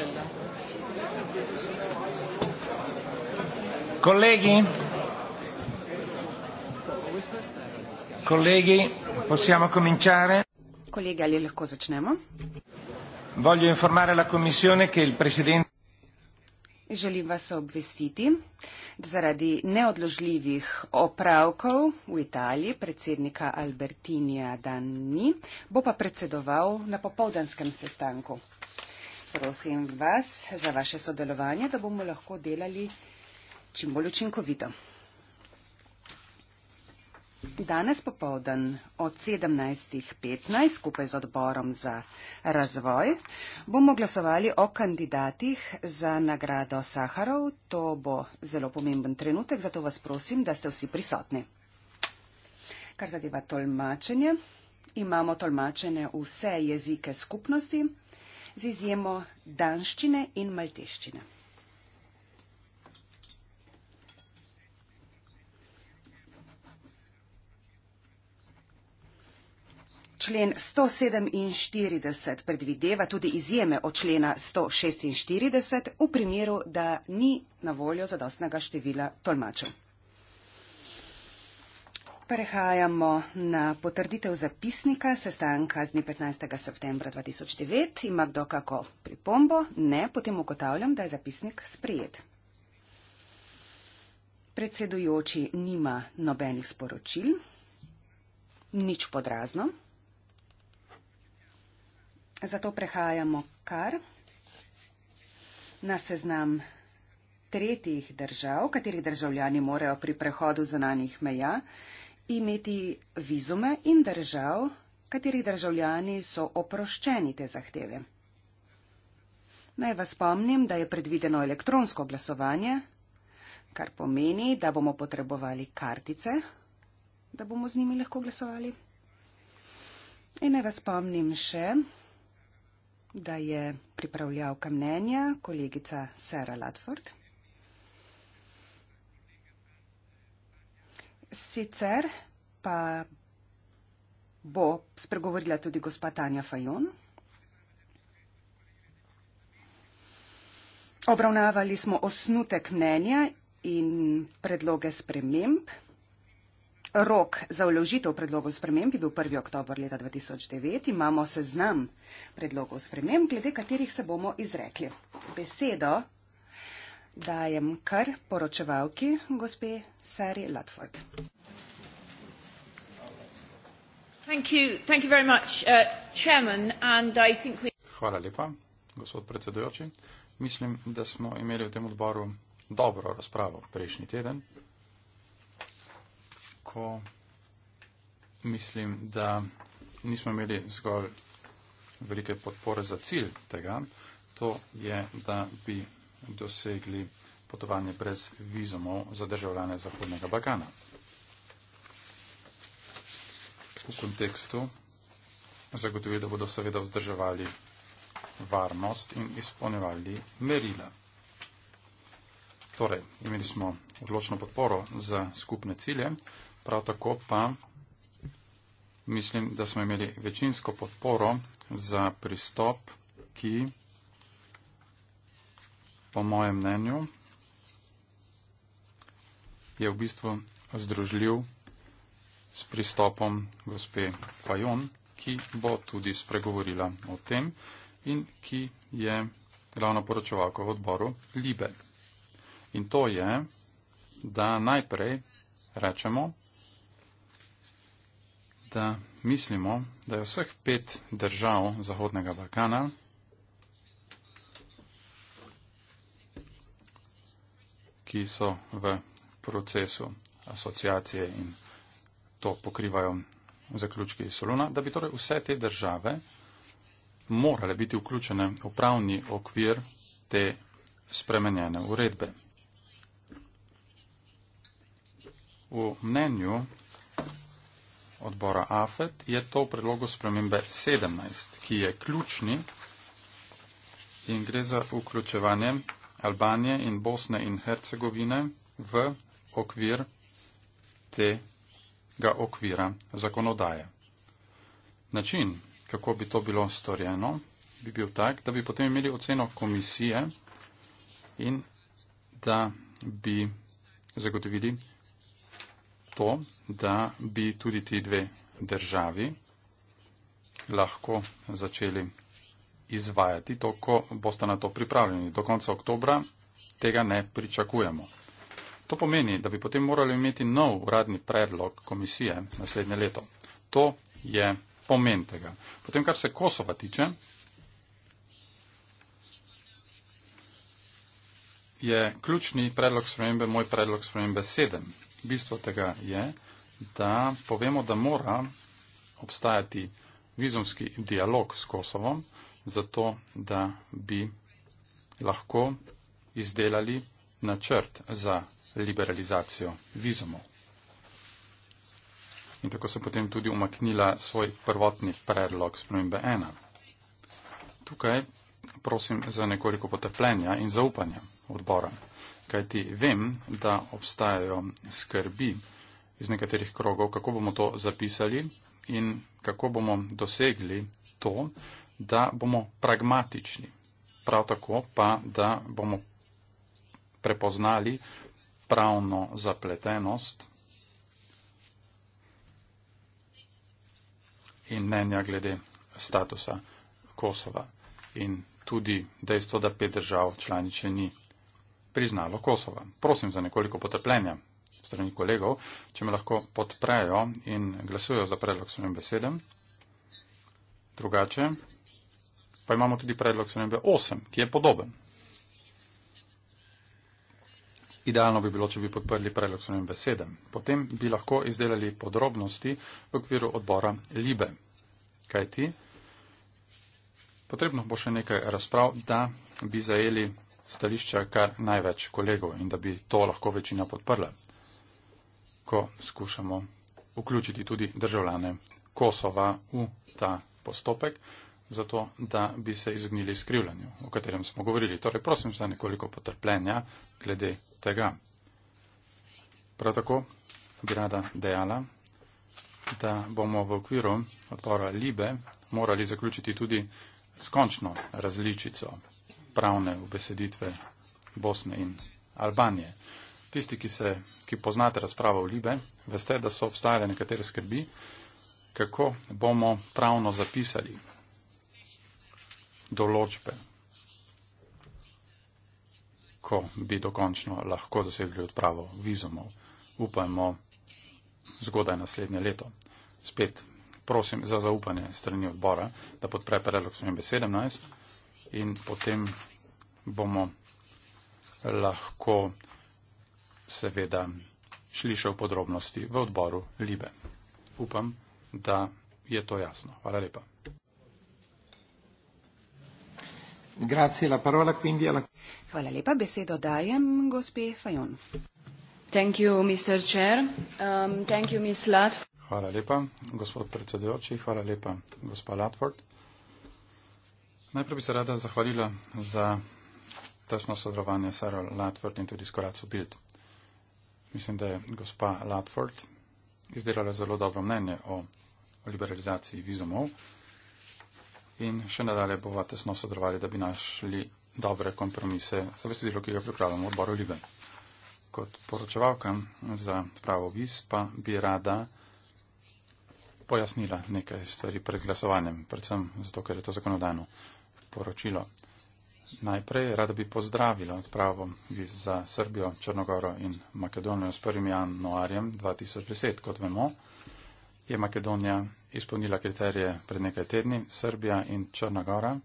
Stella. Colleghi? Colleghi, possiamo cominciare? Colleghi, alle cosa cenemo? Voglio informare la Commissione che il Presidente. Želim vas obvestiti, da zaradi neodložljivih opravkov v Italiji predsednika Albertinija dan ni, bo pa predsedoval na popovdanskem sestanku prosim vas za vaše sodelovanje, da bomo lahko delali čim bolj učinkovito. Danes popovdan od 17.15 skupaj z odborom za razvoj bomo glasovali o kandidatih za nagrado Saharov. To bo zelo pomemben trenutek, zato vas prosim, da ste vsi prisotni. Kar zadeva tolmačenje, imamo tolmačene vse jezike skupnosti z izjemo danščine in malteščine. Člen 147 predvideva tudi izjeme od člena 146 v primeru, da ni na voljo zadostnega števila tolmačev prehajamo na potrditev zapisnika sestanka z dne 15. septembra 2009. Ima kdo kako pripombo? Ne, potem ugotavljam, da je zapisnik sprijet. Predsedujoči nima nobenih sporočil, nič podrazno. Zato prehajamo kar na seznam tretjih držav, katerih državljani morajo pri prehodu zunanjih meja imeti vizume in držav, katerih državljani so oproščeni te zahteve. Naj vas spomnim, da je predvideno elektronsko glasovanje, kar pomeni, da bomo potrebovali kartice, da bomo z njimi lahko glasovali. In naj vas spomnim še, da je pripravljavka mnenja kolegica Sara Latford. sicer pa bo spregovorila tudi gospa Tanja Fajon. Obravnavali smo osnutek mnenja in predloge sprememb. Rok za vložitev predlogov sprememb je bil 1. oktober leta 2009. Imamo seznam predlogov sprememb, glede katerih se bomo izrekli. Besedo dajem kar poročevalki, gospe Sari Latford. Uh, Hvala lepa, gospod predsedujoči. Mislim, da smo imeli v tem odboru dobro razpravo prejšnji teden, ko mislim, da nismo imeli zgolj velike podpore za cilj tega. To je, da bi dosegli potovanje brez vizumov za državljane Zahodnega Bagana. V kontekstu zagotovili, da bodo seveda vzdrževali varnost in izpolnjevali merila. Torej, imeli smo odločno podporo za skupne cilje, prav tako pa mislim, da smo imeli večinsko podporo za pristop, ki po mojem mnenju, je v bistvu združljiv s pristopom gospe Fajon, ki bo tudi spregovorila o tem in ki je glavna poročevalka v odboru Libe. In to je, da najprej rečemo, da mislimo, da je vseh pet držav Zahodnega Balkana ki so v procesu asociacije in to pokrivajo zaključki iz Soluna, da bi torej vse te države morale biti vključene v pravni okvir te spremenjene uredbe. V mnenju odbora AFET je to v predlogu spremembe 17, ki je ključni in gre za vključevanje Albanije in Bosne in Hercegovine v okvir tega okvira zakonodaje. Način, kako bi to bilo storjeno, bi bil tak, da bi potem imeli oceno komisije in da bi zagotovili to, da bi tudi ti dve državi lahko začeli izvajati, to, ko boste na to pripravljeni. Do konca oktobra tega ne pričakujemo. To pomeni, da bi potem morali imeti nov uradni predlog komisije naslednje leto. To je pomen tega. Potem, kar se Kosova tiče, je ključni predlog spremembe moj predlog spremembe 7. Bistvo tega je, da povemo, da mora obstajati vizumski dialog s Kosovom, zato, da bi lahko izdelali načrt za liberalizacijo vizumov. In tako sem potem tudi umaknila svoj prvotni predlog spremembe 1. Tukaj prosim za nekoliko potrpljenja in zaupanja odbora, kajti vem, da obstajajo skrbi iz nekaterih krogov, kako bomo to zapisali in kako bomo dosegli to, da bomo pragmatični, prav tako pa, da bomo prepoznali pravno zapletenost in mnenja glede statusa Kosova in tudi dejstvo, da pet držav članiče ni priznalo Kosova. Prosim za nekoliko potrpljenja strani kolegov, če me lahko podprejo in glasujo za predlog svojim besedem. Drugače pa imamo tudi predlog spremembe 8, ki je podoben. Idealno bi bilo, če bi podprli predlog spremembe 7. Potem bi lahko izdelali podrobnosti v okviru odbora Libe. Kaj ti? Potrebno bo še nekaj razprav, da bi zajeli stališča kar največ kolegov in da bi to lahko večina podprla, ko skušamo vključiti tudi državljane Kosova v ta postopek zato, da bi se izognili skrivljanju, o katerem smo govorili. Torej, prosim za nekoliko potrpljenja glede tega. Prav tako bi rada dejala, da bomo v okviru odpora Libe morali zaključiti tudi skončno različico pravne obeseditve Bosne in Albanije. Tisti, ki, se, ki poznate razpravo v Libe, veste, da so obstajale nekatere skrbi, kako bomo pravno zapisali določbe, ko bi dokončno lahko dosegli odpravo vizumov. Upajmo zgodaj naslednje leto. Spet prosim za zaupanje strani odbora, da podpre predlog spremembe 17 in potem bomo lahko seveda šli še v podrobnosti v odboru Libe. Upam, da je to jasno. Hvala lepa. Grazie, la parola quindi alla... Hvala lepa, besedo dajem gospe Fajon. Thank you, Mr. Chair. Um, thank you, Ms. Latford. Hvala lepa, gospod predsedujoči, hvala lepa, gospa Latford. Najprej bi se rada zahvalila za tesno sodelovanje s Sarah Latford in tudi s Koracu Bild. Mislim, da je gospa Latford izdelala zelo dobro mnenje o liberalizaciji vizumov in še nadalje bova tesno sodelovali, da bi našli dobre kompromise za besedilo, ki ga pripravljamo v odboru Libe. Kot poročevalka za pravo vispa bi rada pojasnila nekaj stvari pred glasovanjem, predvsem zato, ker je to zakonodajno poročilo. Najprej rada bi pozdravila odpravo viz za Srbijo, Črnogoro in Makedonijo s 1. januarjem 2010, kot vemo je Makedonija izpolnila kriterije pred nekaj tedni, Srbija in Črnagora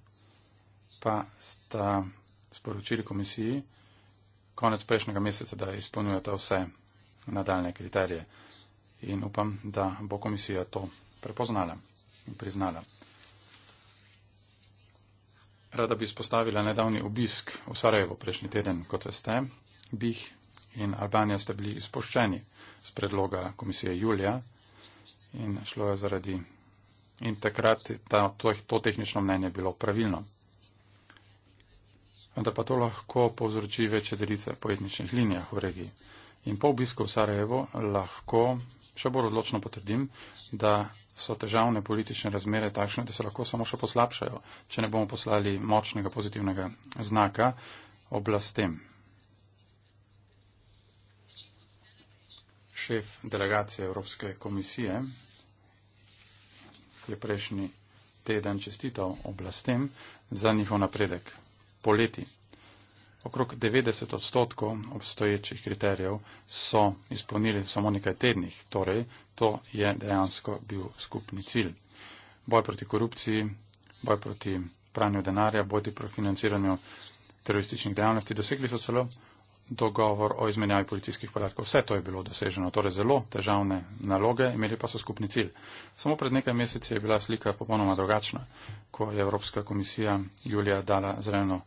pa sta sporočili komisiji konec prejšnjega meseca, da izpolnjujete vse nadaljne kriterije. In upam, da bo komisija to prepoznala in priznala. Rada bi izpostavila nedavni obisk v Sarajevo prejšnji teden, kot veste. Bih in Albanija sta bili izpoščeni z predloga komisije Julija in šlo je zaradi. In takrat ta, to, to tehnično mnenje bilo pravilno. Vendar pa to lahko povzroči večje delitve po etničnih linijah v regiji. In po obisku v Sarajevo lahko še bolj odločno potrdim, da so težavne politične razmere takšne, da se lahko samo še poslabšajo, če ne bomo poslali močnega pozitivnega znaka oblastem. šef delegacije Evropske komisije, je prejšnji teden čestital oblastem za njihov napredek poleti. Okrog 90 odstotkov obstoječih kriterijev so izpolnili v samo nekaj tednih, torej to je dejansko bil skupni cilj. Boj proti korupciji, boj proti pranju denarja, boj proti financiranju terorističnih dejavnosti, dosegli so celo dogovor o izmenjavi policijskih podatkov. Vse to je bilo doseženo, torej zelo težavne naloge, imeli pa so skupni cilj. Samo pred nekaj meseci je bila slika popolnoma drugačna, ko je Evropska komisija julija dala zeleno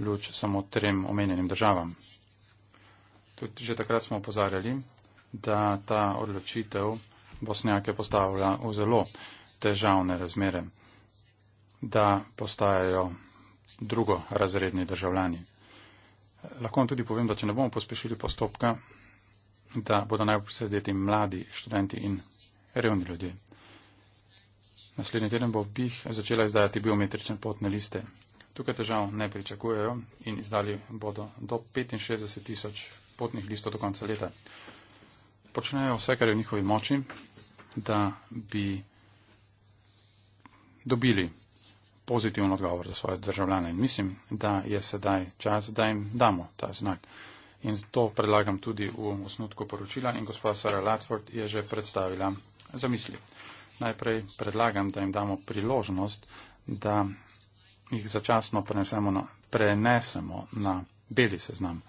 luč samo trem omenjenim državam. Tudi že takrat smo opozarjali, da ta odločitev Bosnjake postavlja v zelo težavne razmere, da postajajo drugo razredni državljani. Lahko vam tudi povem, da če ne bomo pospešili postopka, da bodo najbolj prisedeti mladi študenti in revni ljudje. Naslednji teden bo BIH začela izdajati biometrične potne liste. Tukaj težav ne pričakujejo in izdali bodo do 65 tisoč potnih listov do konca leta. Počnejo vse, kar je v njihovi moči, da bi dobili pozitiven odgovor za svoje državljane. In mislim, da je sedaj čas, da jim damo ta znak. In to predlagam tudi v osnutku poročila in gospod Sara Latford je že predstavila zamisli. Najprej predlagam, da jim damo priložnost, da jih začasno prenesemo na, prenesemo na beli seznam.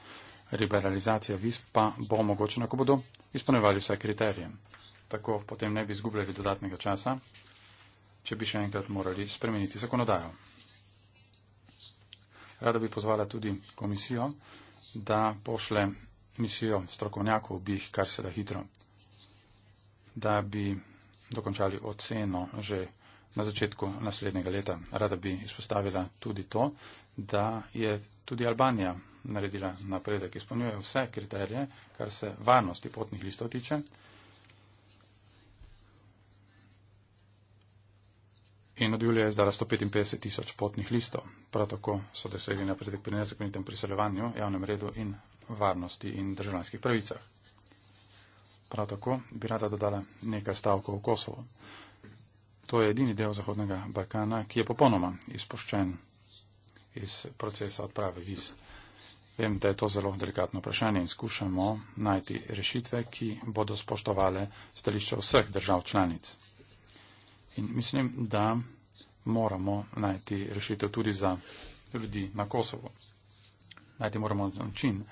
Liberalizacija viz pa bo omogočena, ko bodo izpolnevali vse kriterije. Tako potem ne bi izgubljali dodatnega časa če bi še enkrat morali spremeniti zakonodajo. Rada bi pozvala tudi komisijo, da pošle misijo strokovnjakov bih kar se da hitro, da bi dokončali oceno že na začetku naslednjega leta. Rada bi izpostavila tudi to, da je tudi Albanija naredila napredek, izpolnjuje vse kriterije, kar se varnosti potnih listov tiče. in od julija je izdala 155 tisoč potnih listov. Prav tako so dosegli napredek pri nezakonitem priseljevanju, javnem redu in varnosti in državljanskih pravicah. Prav tako bi rada dodala nekaj stavkov v Kosovo. To je edini del Zahodnega Balkana, ki je popolnoma izpuščen iz procesa odprave viz. Vem, da je to zelo delikatno vprašanje in skušamo najti rešitve, ki bodo spoštovale stališče vseh držav članic. In mislim, da moramo najti rešitev tudi za ljudi na Kosovo. Najti moramo način,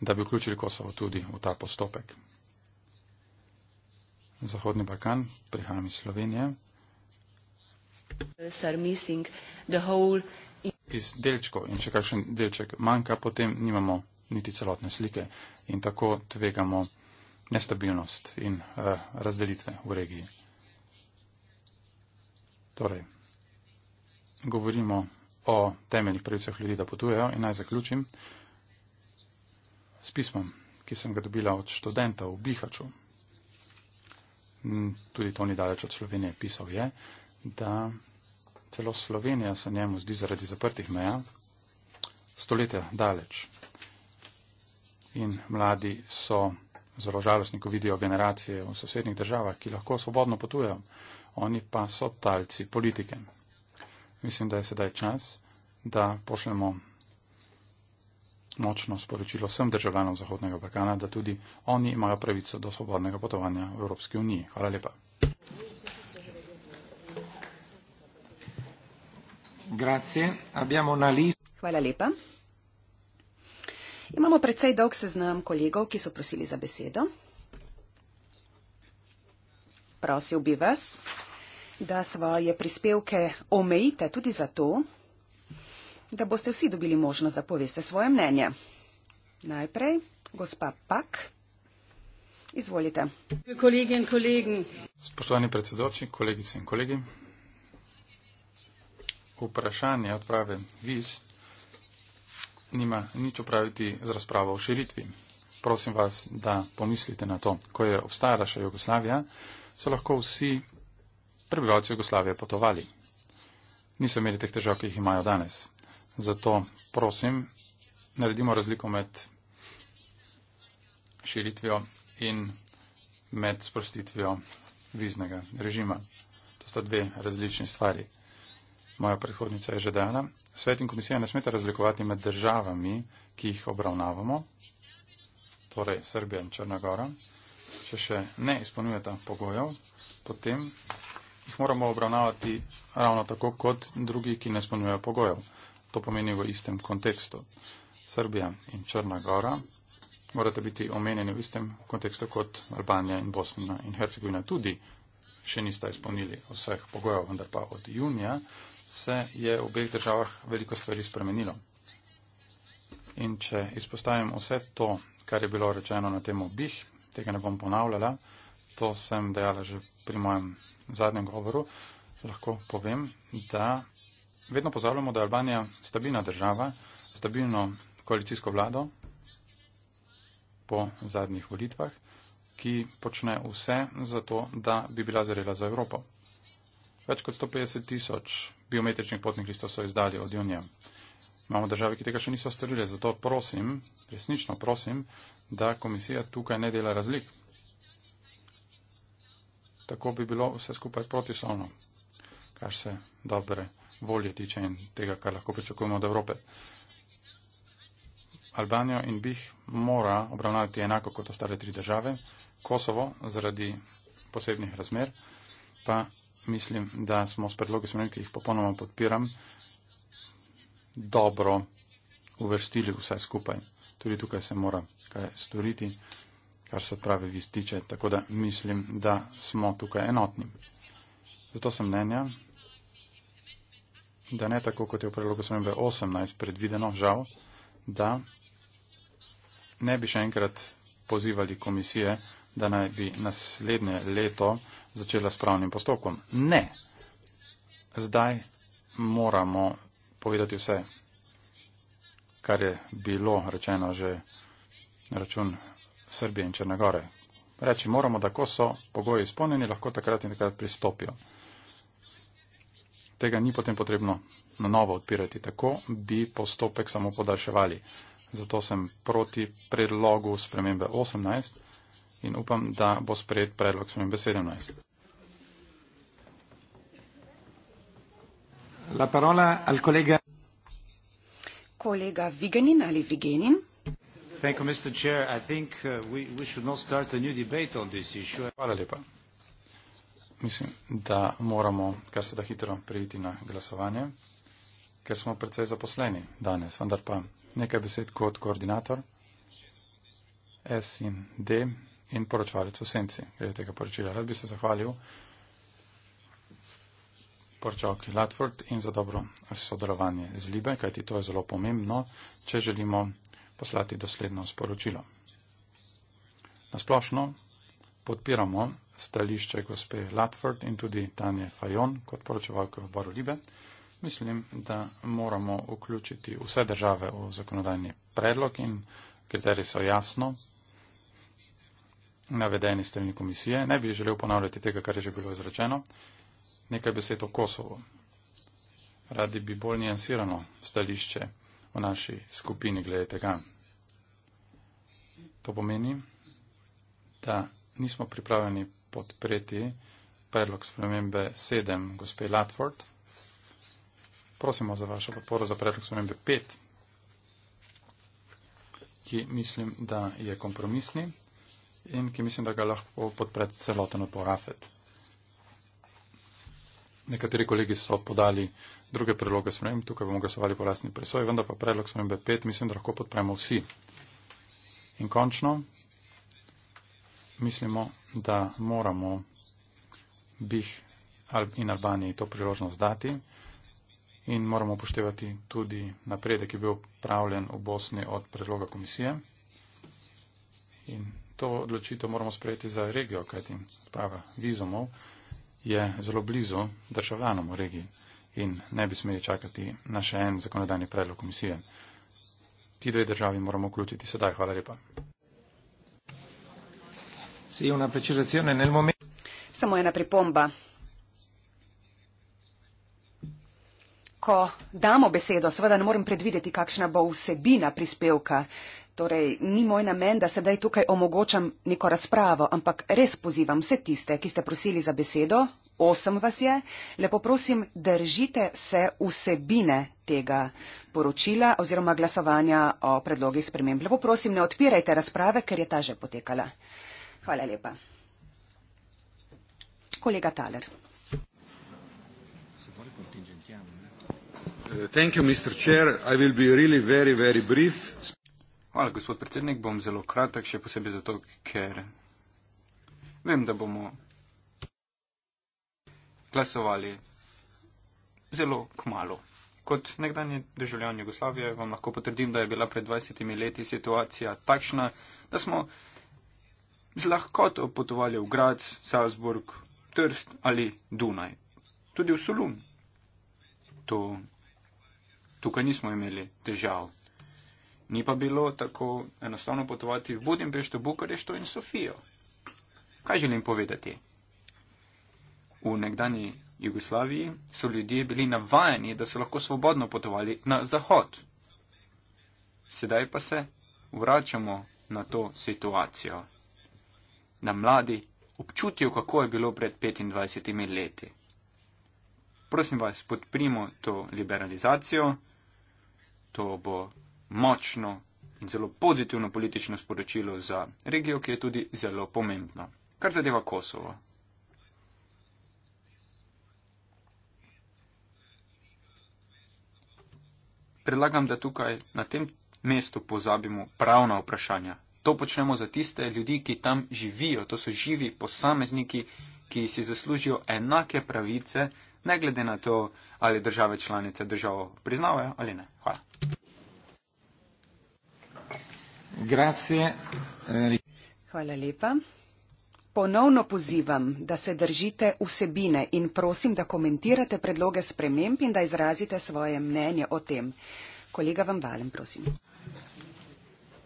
da bi vključili Kosovo tudi v ta postopek. Zahodni Balkan, prihajam iz Slovenije. Iz delčkov in če kakšen delček manjka, potem nimamo niti celotne slike in tako tvegamo nestabilnost in uh, razdelitve v regiji. Torej, govorimo o temeljnih pravicah ljudi, da potujejo in naj zaključim s pismom, ki sem ga dobila od študenta v Bihaču. Tudi to ni daleč od Slovenije, pisal je, da celo Slovenija se njemu zdi zaradi zaprtih meja stoletja daleč. In mladi so zelo žalostni, ko vidijo generacije v sosednjih državah, ki lahko svobodno potujejo oni pa so talci politike. Mislim, da je sedaj čas, da pošljemo močno sporočilo vsem državljanom Zahodnega Balkana, da tudi oni imajo pravico do svobodnega potovanja v Evropski uniji. Hvala lepa. Hvala lepa. Imamo precej dolg seznam kolegov, ki so prosili za besedo. Prosil bi vas, da svoje prispevke omejite tudi zato, da boste vsi dobili možnost, da poveste svoje mnenje. Najprej, gospa Pak, izvolite. Spoštovani predsedoči, kolegice in kolegi, vprašanje odprave viz nima nič opraviti z razpravo o širitvi. Prosim vas, da pomislite na to. Ko je obstajala še Jugoslavija, so lahko vsi prebivalci Jugoslavije potovali. Niso imeli teh težav, ki jih imajo danes. Zato prosim, naredimo razliko med širitvijo in med sprostitvijo viznega režima. To sta dve različni stvari. Moja predhodnica je že dana. Svet in komisija ne smete razlikovati med državami, ki jih obravnavamo, torej Srbija in Črnagora če še ne izpolnjujeta pogojev, potem jih moramo obravnavati ravno tako kot drugi, ki ne izpolnjujejo pogojev. To pomeni v istem kontekstu. Srbija in Črna Gora morata biti omenjeni v istem kontekstu kot Albanija in Bosna in Hercegovina tudi. Še nista izpolnili vseh pogojev, vendar pa od junija se je v obeh državah veliko stvari spremenilo. In če izpostavim vse to, kar je bilo rečeno na temo BIH, tega ne bom ponavljala, to sem dejala že pri mojem zadnjem govoru, lahko povem, da vedno pozabljamo, da je Albanija stabilna država, stabilno koalicijsko vlado po zadnjih volitvah, ki počne vse za to, da bi bila zrela za Evropo. Več kot 150 tisoč biometričnih potnih listov so izdali od junija. Imamo države, ki tega še niso storili, zato prosim, resnično prosim, da komisija tukaj ne dela razlik. Tako bi bilo vse skupaj protislovno, kar se dobre volje tiče in tega, kar lahko pričakujemo od Evrope. Albanijo in Bih mora obravnavati enako kot ostale tri države. Kosovo zaradi posebnih razmer, pa mislim, da smo s predlogi smer, ki jih popolnoma podpiram, dobro uvrstili vse skupaj. Tudi tukaj se mora kaj storiti, kar se pravi vističe. Tako da mislim, da smo tukaj enotni. Zato sem mnenja, da ne tako, kot je v predlogu SMB 18 predvideno, žal, da ne bi še enkrat pozivali komisije, da naj bi naslednje leto začela s pravnim postopkom. Ne. Zdaj moramo povedati vse, kar je bilo rečeno že račun Srbije in Črnagore. Reči moramo, da ko so pogoji izpolnjeni, lahko takrat in takrat pristopijo. Tega ni potem potrebno na novo odpirati, tako bi postopek samo podaljševali. Zato sem proti predlogu spremembe 18 in upam, da bo sprejet predlog spremembe 17. La parola al collega. Collega Vigenin ali Vigenin? Thank you, Mr. Chair. I think uh, we, we should not start a new debate on this issue. Hvala lepa. Mislim, da moramo kar se da hitro prijeti na glasovanje, ker smo predvsej zaposleni danes, vendar pa nekaj besed kot koordinator S in D in poročevalec v senci, gre tega poročila. Rad bi se zahvalil poročavki Latford in za dobro sodelovanje z Libe, kajti to je zelo pomembno, če želimo poslati dosledno sporočilo. Nasplošno podpiramo stališče gospe Latford in tudi Tanje Fajon kot poročevalke v Baru Libe. Mislim, da moramo vključiti vse države v zakonodajni predlog in kriteriji so jasno navedeni strani komisije. Ne bi želel ponavljati tega, kar je že bilo izrečeno. Nekaj besed o Kosovo. Radi bi bolj nijansirano stališče v naši skupini glede tega. To pomeni, da nismo pripravljeni podpreti predlog spremembe 7 gospe Latford. Prosimo za vašo podporo za predlog spremembe 5, ki mislim, da je kompromisni in ki mislim, da ga lahko podpreti celoten odpor AFED. Nekateri kolegi so podali druge predloge sprememb, tukaj bomo glasovali po lastni presoji, vendar pa predlog spremembe 5 mislim, da lahko podpremo vsi. In končno mislimo, da moramo BIH in Albaniji to priložnost dati in moramo upoštevati tudi napredek, ki je bil pravljen v Bosni od predloga komisije. In to odločitev moramo sprejeti za regijo, kajti prava vizumov je zelo blizu državljanom v regiji in ne bi smeli čakati na še en zakonodajni predlog komisije. Ti dve državi moramo vključiti sedaj. Hvala lepa. Samo ena pripomba. Ko damo besedo, seveda ne morem predvideti, kakšna bo vsebina prispevka. Torej, ni moj namen, da sedaj tukaj omogočam neko razpravo, ampak res pozivam vse tiste, ki ste prosili za besedo, osem vas je. Lepo prosim, držite se vsebine tega poročila oziroma glasovanja o predlogih sprememb. Lepo prosim, ne odpirajte razprave, ker je ta že potekala. Hvala lepa. Kolega Taler. Eh, Hvala, gospod predsednik. Bom zelo kratek, še posebej zato, ker vem, da bomo glasovali zelo kmalo. Kot nekdanji državljan Jugoslavije vam lahko potrdim, da je bila pred 20 leti situacija takšna, da smo z lahkoto potovali v Grad, Salzburg, Trst ali Dunaj. Tudi v Solun. To, tukaj nismo imeli težav. Ni pa bilo tako enostavno potovati v Budimpešto, Bukareštu in Sofijo. Kaj želim povedati? V nekdani Jugoslaviji so ljudje bili navajeni, da so lahko svobodno potovali na zahod. Sedaj pa se vračamo na to situacijo. Na mladi občutijo, kako je bilo pred 25 leti. Prosim vas, podprimo to liberalizacijo. To bo močno in zelo pozitivno politično sporočilo za regijo, ki je tudi zelo pomembno. Kar zadeva Kosovo. predlagam, da tukaj na tem mestu pozabimo pravna vprašanja. To počnemo za tiste ljudi, ki tam živijo, to so živi posamezniki, ki si zaslužijo enake pravice, ne glede na to, ali države članice državo priznavajo ali ne. Hvala. Grazie. Hvala lepa. Ponovno pozivam, da se držite vsebine in prosim, da komentirate predloge sprememb in da izrazite svoje mnenje o tem. Kolega Van Valen, prosim.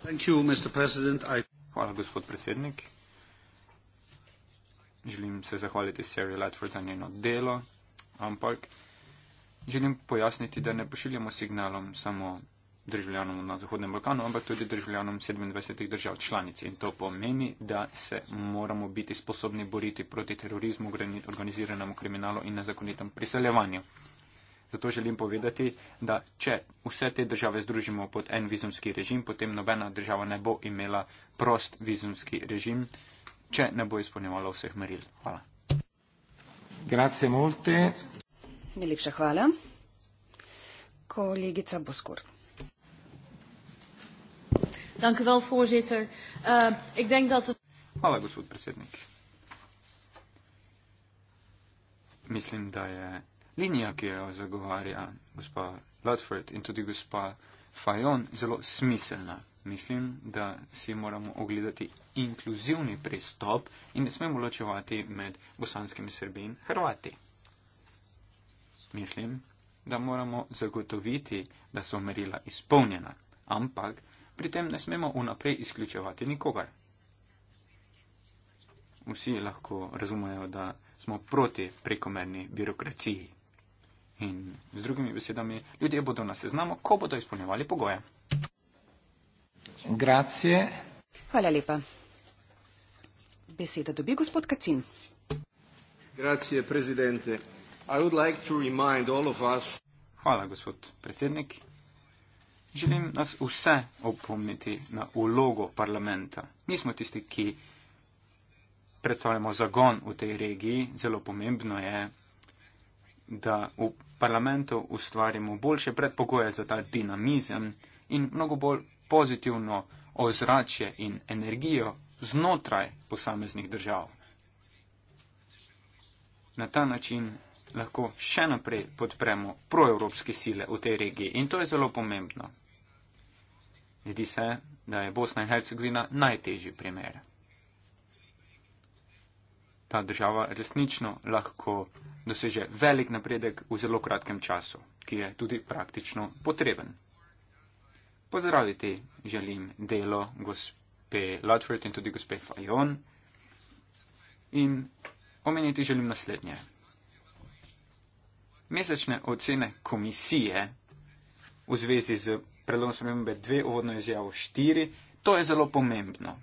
You, I... Hvala, gospod predsednik. Želim se zahvaliti Sari Ledford za njeno delo, ampak želim pojasniti, da ne pošiljamo signalom samo državljanom na Zahodnem Balkanu, ampak tudi državljanom 27 držav članic. In to pomeni, da se moramo biti sposobni boriti proti terorizmu, organiziranemu kriminalu in nezakonitem priseljevanju. Zato želim povedati, da če vse te države združimo pod en vizumski režim, potem nobena država ne bo imela prost vizumski režim, če ne bo izpolnjevala vseh meril. Hvala. Najlepša hvala. Kolegica Boskurt. Dank u wel, voorzitter. Uh, ik denk dat het... Hvala, gospod predsednik. Mislim, da je linija, ki jo zagovarja gospa Ludford in tudi gospa Fajon, zelo smiselna. Mislim, da si moramo ogledati inkluzivni pristop in ne smemo ločevati med bosanskimi Srbi in Hrvati. Mislim, da moramo zagotoviti, da so merila izpolnjena, ampak pri tem ne smemo vnaprej izključevati nikogar. Vsi lahko razumejo, da smo proti prekomerni birokraciji. In z drugimi besedami, ljudje bodo na seznamu, ko bodo izpolnjevali pogoje. Gracije. Hvala lepa. Beseda dobi gospod Kacin. Gracije, prezidente. Hvala, gospod predsednik. Želim nas vse opomniti na ulogo parlamenta. Mi smo tisti, ki predstavljamo zagon v tej regiji. Zelo pomembno je, da v parlamentu ustvarimo boljše predpogoje za ta dinamizem in mnogo bolj pozitivno ozračje in energijo znotraj posameznih držav. Na ta način lahko še naprej podpremo proevropske sile v tej regiji in to je zelo pomembno. Zdi se, da je Bosna in Hercegovina najtežji primer. Ta država resnično lahko doseže velik napredek v zelo kratkem času, ki je tudi praktično potreben. Pozdraviti želim delo gospe Ludford in tudi gospe Fajon in omeniti želim naslednje. Mesečne ocene komisije v zvezi z predlogom spremembe dve, uvodno izjavo štiri. To je zelo pomembno.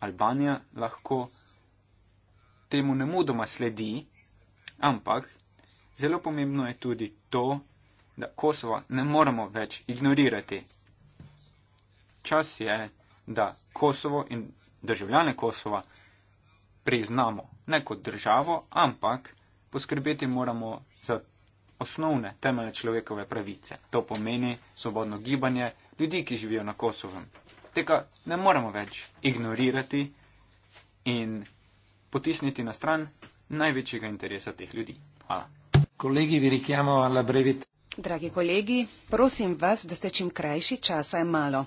Albanija lahko temu ne mudoma sledi, ampak zelo pomembno je tudi to, da Kosova ne moramo več ignorirati. Čas je, da Kosovo in državljane Kosova priznamo ne kot državo, ampak poskrbeti moramo za to, osnovne temeljne človekove pravice. To pomeni svobodno gibanje ljudi, ki živijo na Kosovem. Tega ne moremo več ignorirati in potisniti na stran največjega interesa teh ljudi. Hvala. Kolegi, vi rekjamo alla brevit. Dragi kolegi, prosim vas, da ste čim krajši, časa je malo.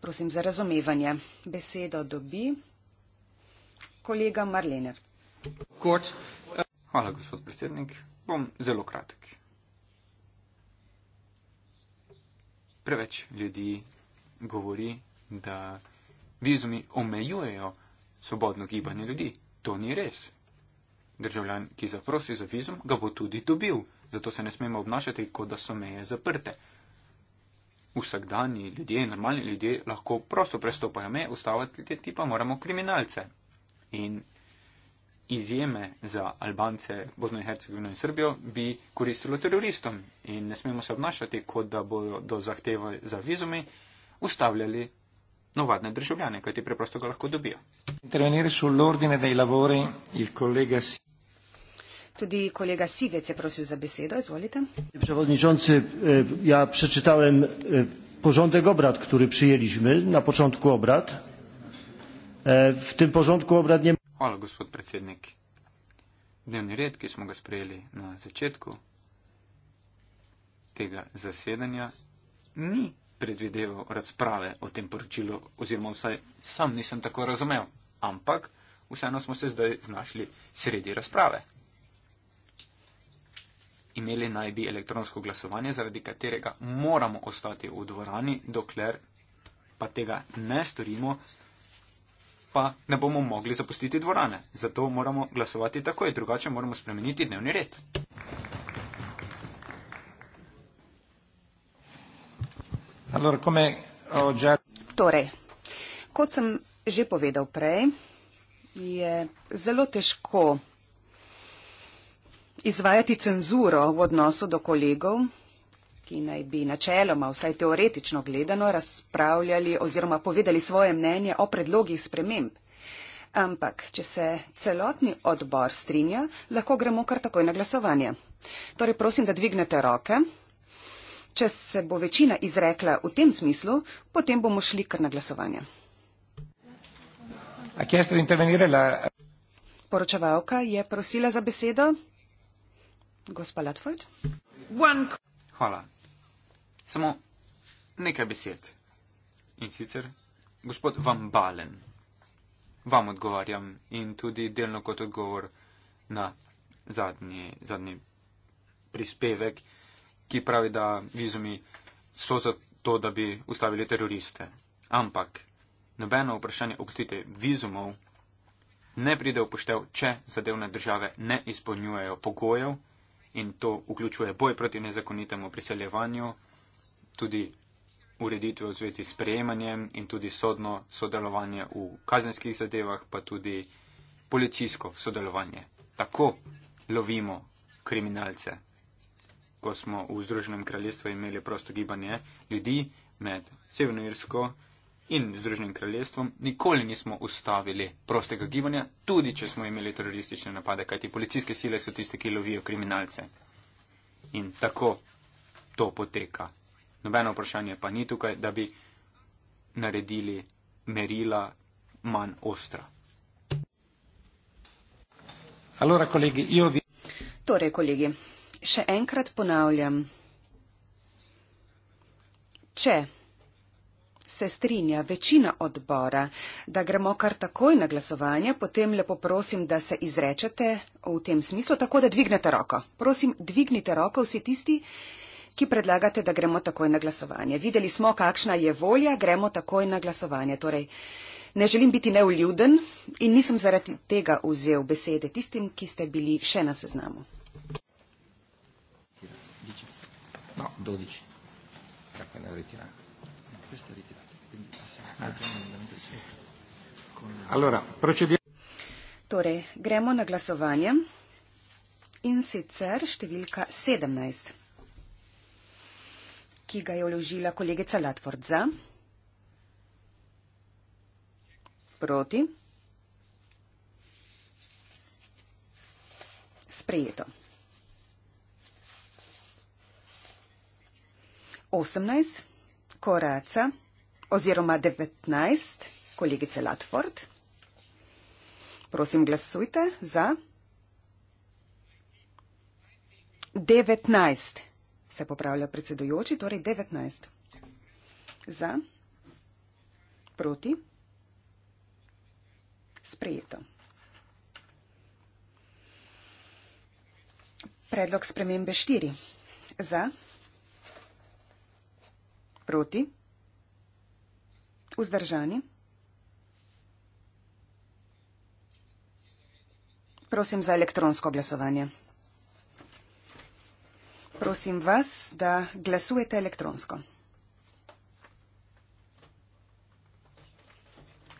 Prosim za razumevanje. Besedo dobi kolega Marlener. Kort. Hvala, gospod predsednik. Bom zelo kratek. Preveč ljudi govori, da vizumi omejujejo svobodno gibanje ljudi. To ni res. Državljan, ki zaprosi za vizum, ga bo tudi dobil. Zato se ne smemo obnašati, kot da so meje zaprte. Vsakdani ljudje, normalni ljudje lahko prosto prestopajo meje, ustavljati te tipa moramo kriminalce. In izjeme za Albance, Bosno in Hercegovino in Srbijo bi koristilo teroristom in ne smemo se obnašati, kot da bodo do zahteve za vizumi ustavljali novadne državljane, kaj ti preprosto ga lahko dobijo. Tudi kolega Sigec je prosil za besedo, izvolite. Prevodničonce, ja prečitalem e, porządek obrad, ki smo prijeli na začetku obrad. V e, tem porządku obrad ne. Hvala, gospod predsednik. Dnevni red, ki smo ga sprejeli na začetku tega zasedanja, ni predvideval razprave o tem poročilu, oziroma vsaj sam nisem tako razumel, ampak vseeno smo se zdaj znašli sredi razprave. Imeli naj bi elektronsko glasovanje, zaradi katerega moramo ostati v dvorani, dokler pa tega ne storimo, pa ne bomo mogli zapustiti dvorane. Zato moramo glasovati takoj, drugače moramo spremeniti dnevni red. Torej, kot sem že povedal prej, je zelo težko izvajati cenzuro v odnosu do kolegov, ki naj bi načeloma, vsaj teoretično gledano, razpravljali oziroma povedali svoje mnenje o predlogih sprememb. Ampak, če se celotni odbor strinja, lahko gremo kar takoj na glasovanje. Torej, prosim, da dvignete roke. Če se bo večina izrekla v tem smislu, potem bomo šli kar na glasovanje. Poročevalka je prosila za besedo. Gospa Latford. One... Hvala. Samo nekaj besed. In sicer, gospod Van Balen, vam odgovarjam in tudi delno kot odgovor na zadnji, zadnji prispevek, ki pravi, da vizumi so za to, da bi ustavili teroriste. Ampak nobeno vprašanje oktite vizumov ne pride v poštev, če zadevne države ne izpolnjujejo pogojev in to vključuje boj proti nezakonitemu priseljevanju tudi ureditve v zvezi s prejemanjem in tudi sodno sodelovanje v kazenskih zadevah, pa tudi policijsko sodelovanje. Tako lovimo kriminalce. Ko smo v Združenem kraljestvu imeli prosto gibanje ljudi med Severnoirsko in Združenim kraljestvom, nikoli nismo ustavili prostega gibanja, tudi če smo imeli teroristične napade, kajti policijske sile so tiste, ki lovijo kriminalce. In tako to poteka. Nobeno vprašanje pa ni tukaj, da bi naredili merila manj ostra. Allora, kolegi, io... Torej, kolegi, še enkrat ponavljam. Če se strinja večina odbora, da gremo kar takoj na glasovanje, potem lepo prosim, da se izrečete v tem smislu, tako da dvignete roko. Prosim, dvignite roko vsi tisti, ki predlagate, da gremo takoj na glasovanje. Videli smo, kakšna je volja, gremo takoj na glasovanje. Torej, ne želim biti neuljuden in nisem zaradi tega vzel besede tistim, ki ste bili še na seznamu. No, Allora, torej, gremo na glasovanje in sicer številka 17 ki ga je vložila kolegica Latford za. Proti. Sprejeto. 18. Koraca oziroma 19. Kolegice Latford. Prosim, glasujte za 19 se popravlja predsedujoči, torej 19. Za, proti, sprejeto. Predlog spremembe 4. Za, proti, vzdržani. Prosim za elektronsko glasovanje prosim vas, da glasujete elektronsko.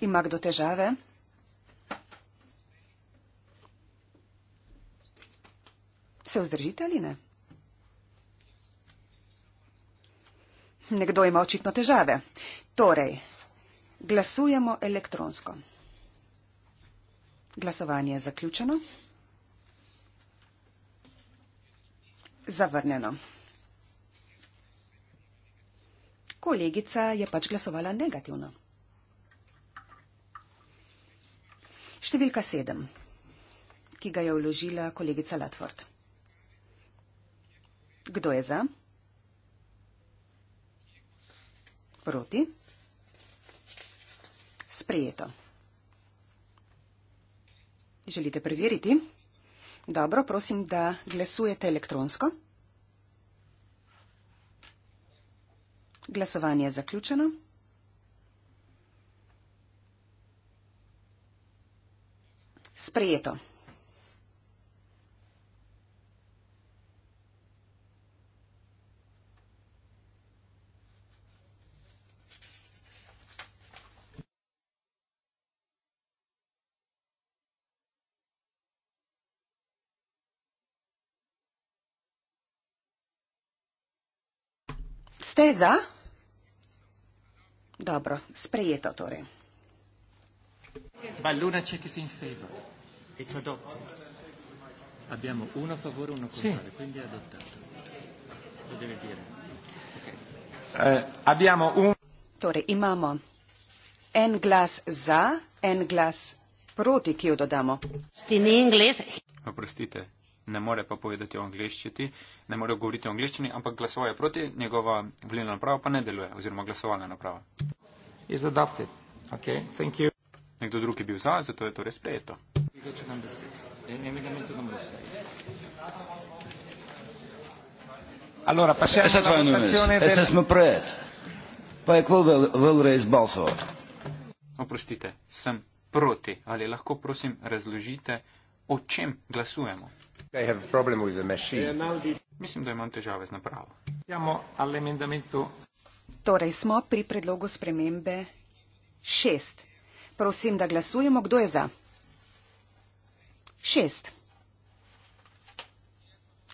Ima kdo težave? Se vzdržite ali ne? Nekdo ima očitno težave. Torej, glasujemo elektronsko. Glasovanje je zaključeno. zavrnjeno. Kolegica je pač glasovala negativno. Številka sedem, ki ga je vložila kolegica Latford. Kdo je za? Proti? Sprejeto. Želite preveriti? Dobro, prosim, da glasujete elektronsko. Glasovanje je zaključeno. Sprejeto. Ste za? Dobro, sprejeto torej. Balluna check is in favor. It's adopted. Abbiamo uno a favore, uno contrario, sì. quindi è adottato. Lo deve dire. Okay. Eh, abbiamo un... Torej, imamo en glas za, en glas proti, ki jo dodamo. Stini in glas. Oprostite, ne more pa povedati o angliščini, ne more govoriti o angliščini, ampak glasoval je proti, njegova volilna naprava pa ne deluje, oziroma glasovalna naprava. Okay, Nekdo drug je bil za, zato je to res sprejeto. Allora, pa še enkrat, se smo pred. Pa je kul vel rejs balsov. Oprostite, sem proti. Ali lahko prosim razložite, o čem glasujemo? Mislim, da imam težave z napravo. Torej smo pri predlogu spremembe šest. Prosim, da glasujemo, kdo je za. Šest.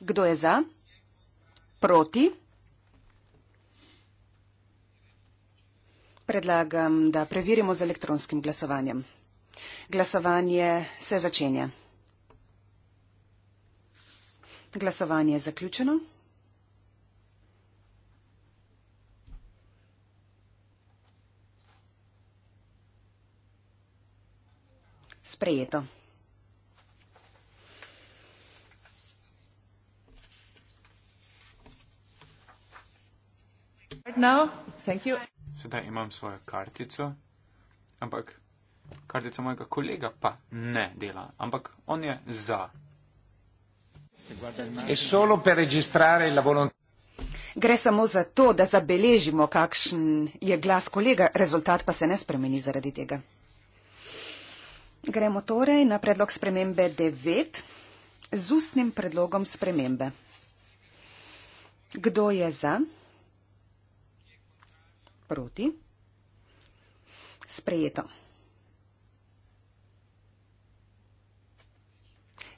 Kdo je za? Proti? Predlagam, da preverimo z elektronskim glasovanjem. Glasovanje se začenja. Glasovanje je zaključeno. Sprejeto. Sedaj imam svojo kartico, ampak kartica mojega kolega pa ne dela, ampak on je za. E solo per registrare la volontà. Gre samo za to, da zabeležimo, kakšen je glas kolega, rezultat pa se ne spremeni zaradi tega. Gremo torej na predlog spremembe 9 z ustnim predlogom spremembe. Kdo je za? Proti? Sprejeto.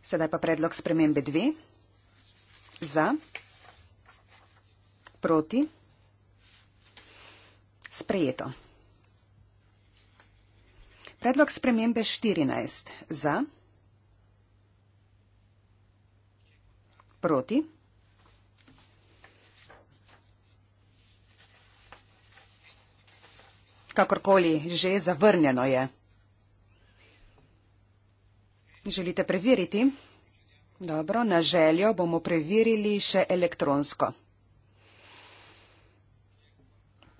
Sedaj pa predlog spremembe dve. Za, proti, sprejeto. Predlog spremembe 14. Za, proti, kakorkoli že zavrnjeno je. Želite preveriti? Dobro, na željo bomo preverili še elektronsko.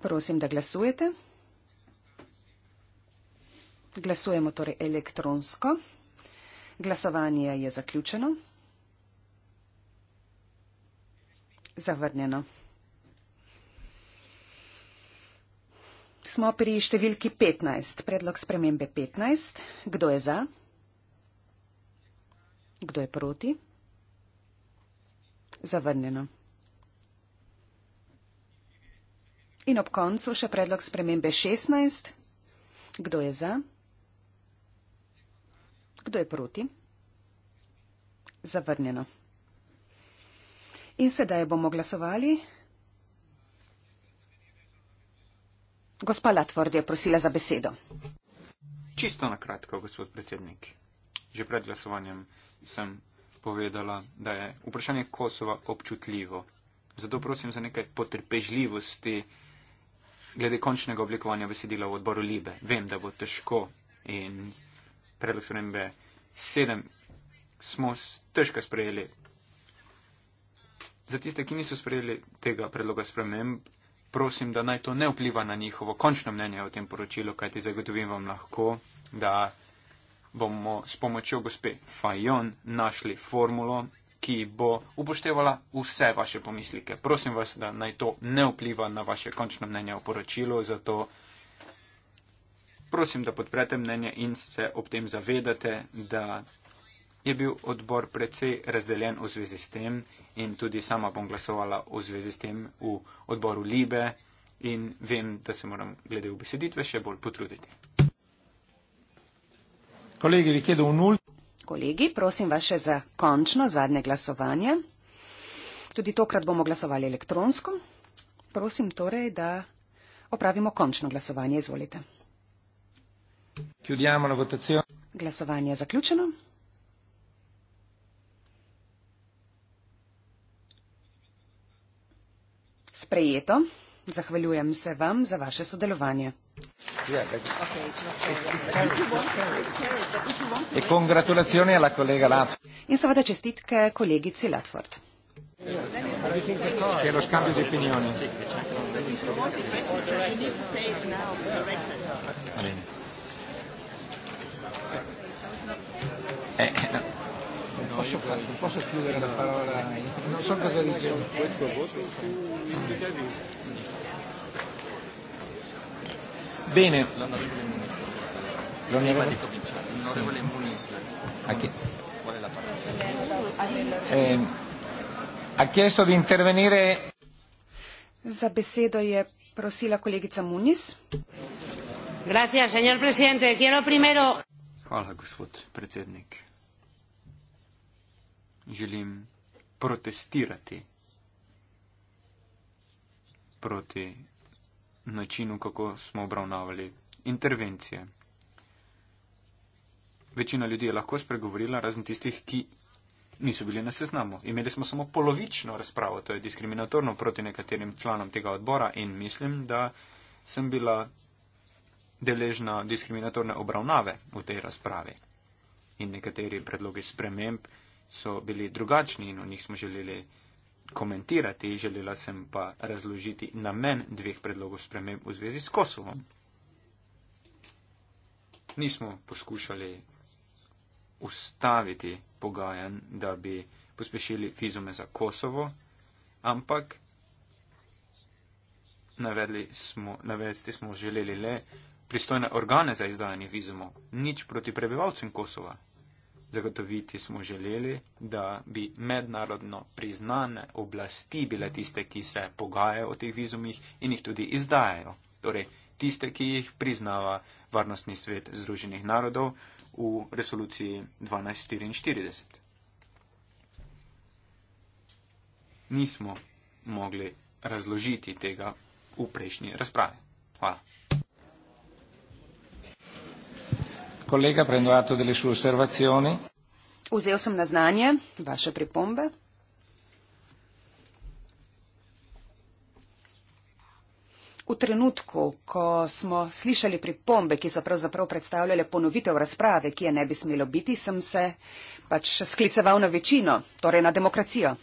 Prosim, da glasujete. Glasujemo torej elektronsko. Glasovanje je zaključeno. Zavrnjeno. Smo pri številki 15, predlog spremembe 15. Kdo je za? Kdo je proti? Zavrnjeno. In ob koncu še predlog spremembe 16. Kdo je za? Kdo je proti? Zavrnjeno. In sedaj bomo glasovali. Gospa Latvord je prosila za besedo. Čisto na kratko, gospod predsednik. Že pred glasovanjem sem povedala, da je vprašanje Kosova občutljivo. Zato prosim za nekaj potrpežljivosti glede končnega oblikovanja besedila v odboru Libe. Vem, da bo težko in predlog spremembe 7 smo težko sprejeli. Za tiste, ki niso sprejeli tega predloga sprememb, prosim, da naj to ne vpliva na njihovo končno mnenje o tem poročilu, kajti zagotovim vam lahko, da bomo s pomočjo gospe Fajon našli formulo, ki bo upoštevala vse vaše pomislike. Prosim vas, da naj to ne vpliva na vaše končno mnenje o poročilu, zato prosim, da podprete mnenje in se ob tem zavedate, da je bil odbor precej razdeljen v zvezi s tem in tudi sama bom glasovala v zvezi s tem v odboru Libe in vem, da se moram glede v beseditve še bolj potruditi. Kolegi, li chiedo un ultimo. Kolegi, prosim vas še za končno, zadnje glasovanje. Tudi tokrat bomo glasovali elektronsko. Prosim torej, da opravimo končno glasovanje. Izvolite. Glasovanje je zaključeno. Sprejeto. Zahvaljujem se vam za vaše sodelovanje. E congratulazioni alla collega Latford. Insomma, da cestitke collegici Latford. Che lo scambio di opinioni. Eh. eh non posso, fare, non posso chiudere la parola, non so cosa dice questo voto. Bene. L'onorevole Muniz. L'onorevole Muniz. A chi? Qual è la parola? Ehm, ha chiesto di intervenire. Za besedo je prosila kolegica Muniz. Grazie, signor Presidente. Quiero primero... Hvala, gospod predsednik. Želim protestirati proti načinu, kako smo obravnavali intervencije. Večina ljudi je lahko spregovorila, razen tistih, ki niso bili na seznamu. Imeli smo samo polovično razpravo, to je diskriminatorno proti nekaterim članom tega odbora in mislim, da sem bila deležna diskriminatorne obravnave v tej razpravi. In nekateri predlogi sprememb so bili drugačni in o njih smo želeli komentirati, želela sem pa razložiti namen dveh predlogov sprememb v zvezi s Kosovom. Nismo poskušali ustaviti pogajanj, da bi pospešili fizume za Kosovo, ampak smo, navesti smo želeli le pristojne organe za izdajanje vizumov, nič proti prebivalcem Kosova, Zagotoviti smo želeli, da bi mednarodno priznane oblasti bile tiste, ki se pogajajo o teh vizumih in jih tudi izdajajo. Torej, tiste, ki jih priznava Varnostni svet Združenih narodov v resoluciji 1244. Nismo mogli razložiti tega v prejšnji razpravi. Hvala. Kolega, prendo atto delle sue osservazioni. Uzeo sam na znanje vaše pripombe. V trenutku, ko smo slišali pripombe, ki so pravzaprav predstavljale ponovitev razprave, ki je ne bi smelo biti, sem se pač skliceval na večino, torej na demokracijo.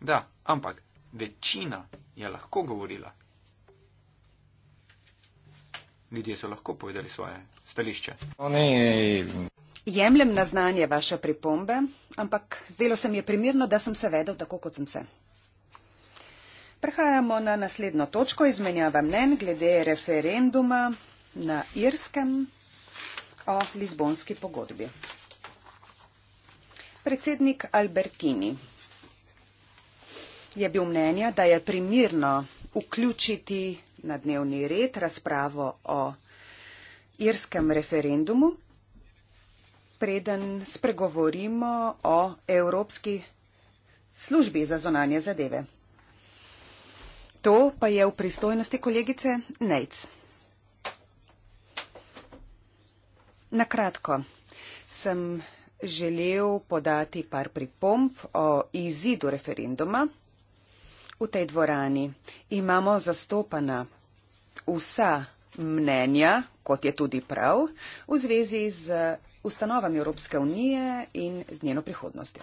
Da, ampak večina je lahko govorila. Ljudje so lahko povedali svoje stališče. Jemljem na znanje vaše pripombe, ampak zdelo se mi je primirno, da sem se vedel tako, kot sem se. Prehajamo na naslednjo točko izmenjava mnen glede referenduma na Irskem o Lizbonski pogodbi. Predsednik Albertini je bil mnenja, da je primirno vključiti na dnevni red razpravo o irskem referendumu. Preden spregovorimo o Evropski službi za zonanje zadeve. To pa je v pristojnosti kolegice Nejc. Nakratko sem želel podati par pripomp o izidu referenduma v tej dvorani imamo zastopana vsa mnenja, kot je tudi prav, v zvezi z ustanovami Evropske unije in z njeno prihodnostjo.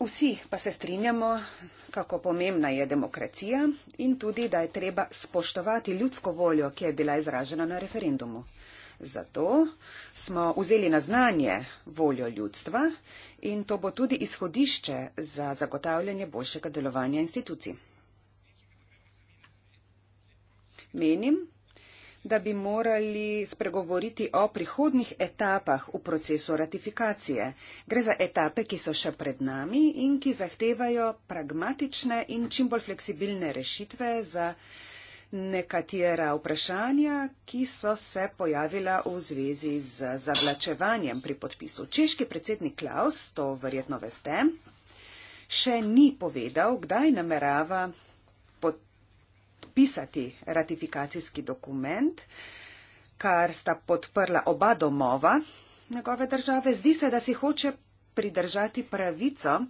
Vsi pa se strinjamo, kako pomembna je demokracija in tudi, da je treba spoštovati ljudsko voljo, ki je bila izražena na referendumu. Zato smo vzeli na znanje voljo ljudstva in to bo tudi izhodišče za zagotavljanje boljšega delovanja institucij. Menim, da bi morali spregovoriti o prihodnih etapah v procesu ratifikacije. Gre za etape, ki so še pred nami in ki zahtevajo pragmatične in čim bolj fleksibilne rešitve za nekatera vprašanja, ki so se pojavila v zvezi z zavlačevanjem pri podpisu. Češki predsednik Klaus, to verjetno veste, še ni povedal, kdaj namerava podpisati ratifikacijski dokument, kar sta podprla oba domova njegove države. Zdi se, da si hoče pridržati pravico,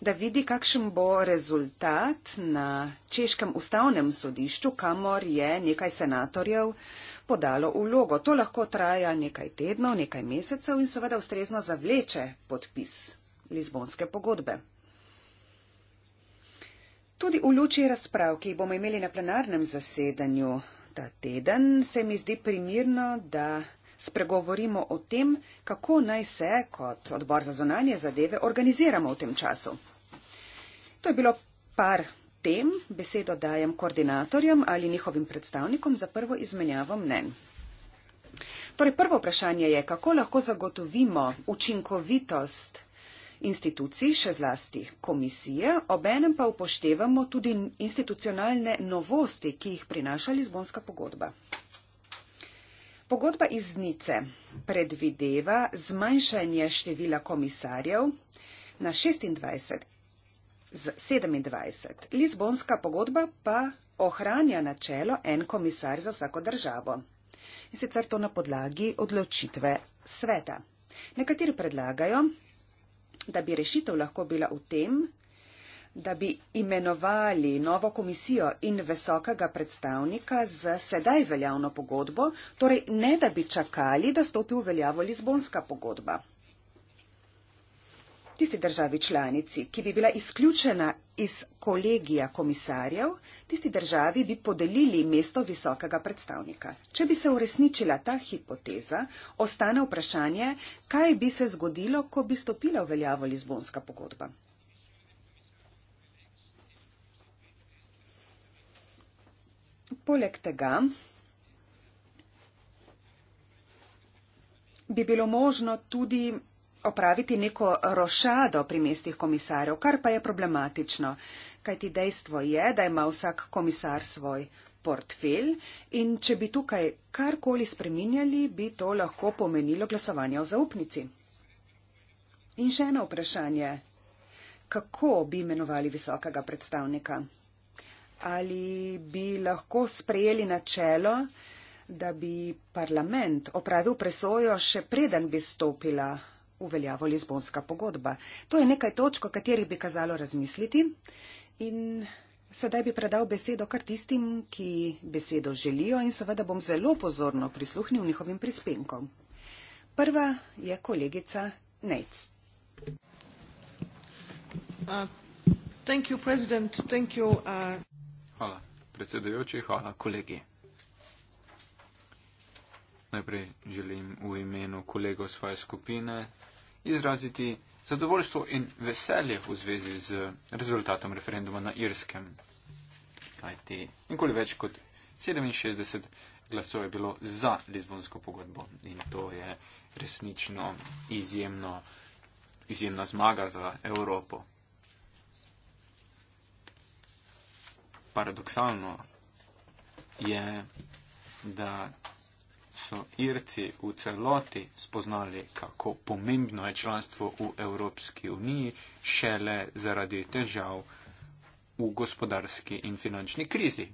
da vidi, kakšen bo rezultat na češkem ustavnem sodišču, kamor je nekaj senatorjev podalo vlogo. To lahko traja nekaj tednov, nekaj mesecev in seveda ustrezno zavleče podpis Lizbonske pogodbe. Tudi v luči razprav, ki bomo imeli na plenarnem zasedanju ta teden, se mi zdi primirno, da spregovorimo o tem, kako naj se kot odbor za zonanje zadeve organiziramo v tem času. To je bilo par tem, besedo dajem koordinatorjem ali njihovim predstavnikom za prvo izmenjavo mnen. Torej, prvo vprašanje je, kako lahko zagotovimo učinkovitost institucij, še zlasti komisije, obenem pa upoštevamo tudi institucionalne novosti, ki jih prinaša Lizbonska pogodba. Pogodba iz Nice predvideva zmanjšanje števila komisarjev na 26 z 27. Lizbonska pogodba pa ohranja načelo en komisar za vsako državo. In sicer to na podlagi odločitve sveta. Nekateri predlagajo, da bi rešitev lahko bila v tem, da bi imenovali novo komisijo in visokega predstavnika z sedaj veljavno pogodbo, torej ne da bi čakali, da stopi v veljavo Lizbonska pogodba. Tisti državi članici, ki bi bila izključena iz kolegija komisarjev, tisti državi bi podelili mesto visokega predstavnika. Če bi se uresničila ta hipoteza, ostane vprašanje, kaj bi se zgodilo, ko bi stopila v veljavo Lizbonska pogodba. Poleg tega bi bilo možno tudi opraviti neko rošado pri mestih komisarjev, kar pa je problematično, kajti dejstvo je, da ima vsak komisar svoj portfelj in če bi tukaj karkoli spreminjali, bi to lahko pomenilo glasovanje o zaupnici. In še eno vprašanje. Kako bi imenovali visokega predstavnika? ali bi lahko sprejeli načelo, da bi parlament opravil presojo še preden bi stopila v veljavo Lizbonska pogodba. To je nekaj točk, o katerih bi kazalo razmisliti. In sedaj bi predal besedo kar tistim, ki besedo želijo in seveda bom zelo pozorno prisluhnil njihovim prispevkom. Prva je kolegica Nec. Uh, thank you, President. Thank you. Uh... Hvala predsedujoči, hvala kolegi. Najprej želim v imenu kolego svoje skupine izraziti zadovoljstvo in veselje v zvezi z rezultatom referenduma na Irskem. Kajti nikoli več kot 67 glasov je bilo za Lizbonsko pogodbo in to je resnično izjemno, izjemna zmaga za Evropo. paradoksalno je, da so Irci v celoti spoznali, kako pomembno je članstvo v Evropski uniji, šele zaradi težav v gospodarski in finančni krizi.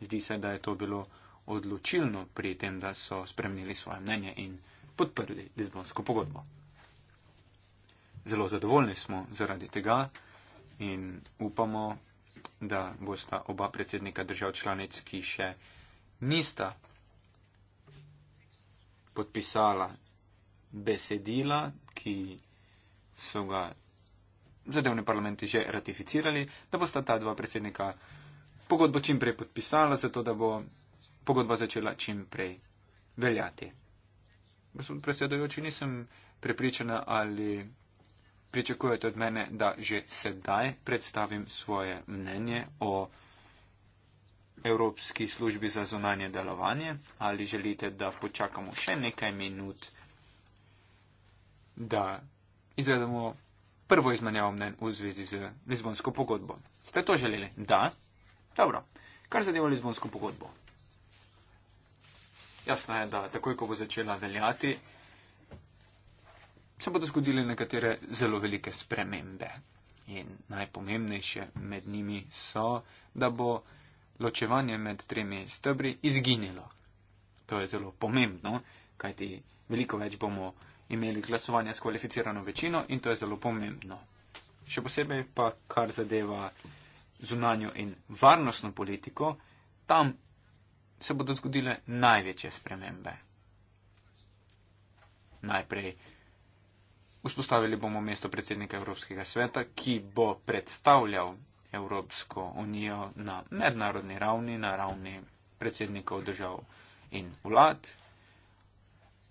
Zdi se, da je to bilo odločilno pri tem, da so spremenili svoje mnenje in podprli Lizbonsko pogodbo. Zelo zadovoljni smo zaradi tega in upamo, da bosta oba predsednika držav članic, ki še nista podpisala besedila, ki so ga zadevni parlamenti že ratificirali, da bosta ta dva predsednika pogodbo čim prej podpisala, zato da bo pogodba začela čim prej veljati. Gospod predsedujoči, nisem prepričana, ali pričakujete od mene, da že sedaj predstavim svoje mnenje o Evropski službi za zunanje delovanje ali želite, da počakamo še nekaj minut, da izvedemo prvo izmenjavo mnen v zvezi z Lizbonsko pogodbo. Ste to želeli? Da? Dobro. Kar zadeva Lizbonsko pogodbo. Jasno je, da takoj, ko bo začela veljati, se bodo zgodile nekatere zelo velike spremembe. In najpomembnejše med njimi so, da bo ločevanje med tremi stebri izginilo. To je zelo pomembno, kajti veliko več bomo imeli glasovanja s kvalificirano večino in to je zelo pomembno. Še posebej pa, kar zadeva zunanjo in varnostno politiko, tam se bodo zgodile največje spremembe. Najprej Vzpostavili bomo mesto predsednika Evropskega sveta, ki bo predstavljal Evropsko unijo na mednarodni ravni, na ravni predsednikov držav in vlad.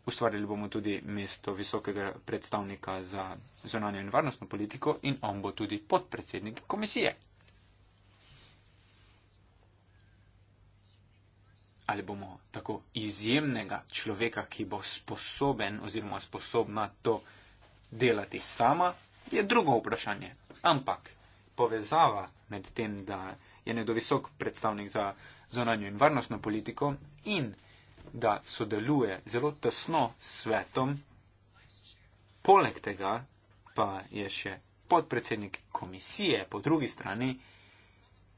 Ustvarili bomo tudi mesto visokega predstavnika za zonanje in varnostno politiko in on bo tudi podpredsednik komisije. Ali bomo tako izjemnega človeka, ki bo sposoben oziroma sposobna to delati sama, je drugo vprašanje. Ampak povezava med tem, da je nekdo visok predstavnik za zonanjo in varnostno politiko in da sodeluje zelo tesno s svetom, poleg tega pa je še podpredsednik komisije po drugi strani,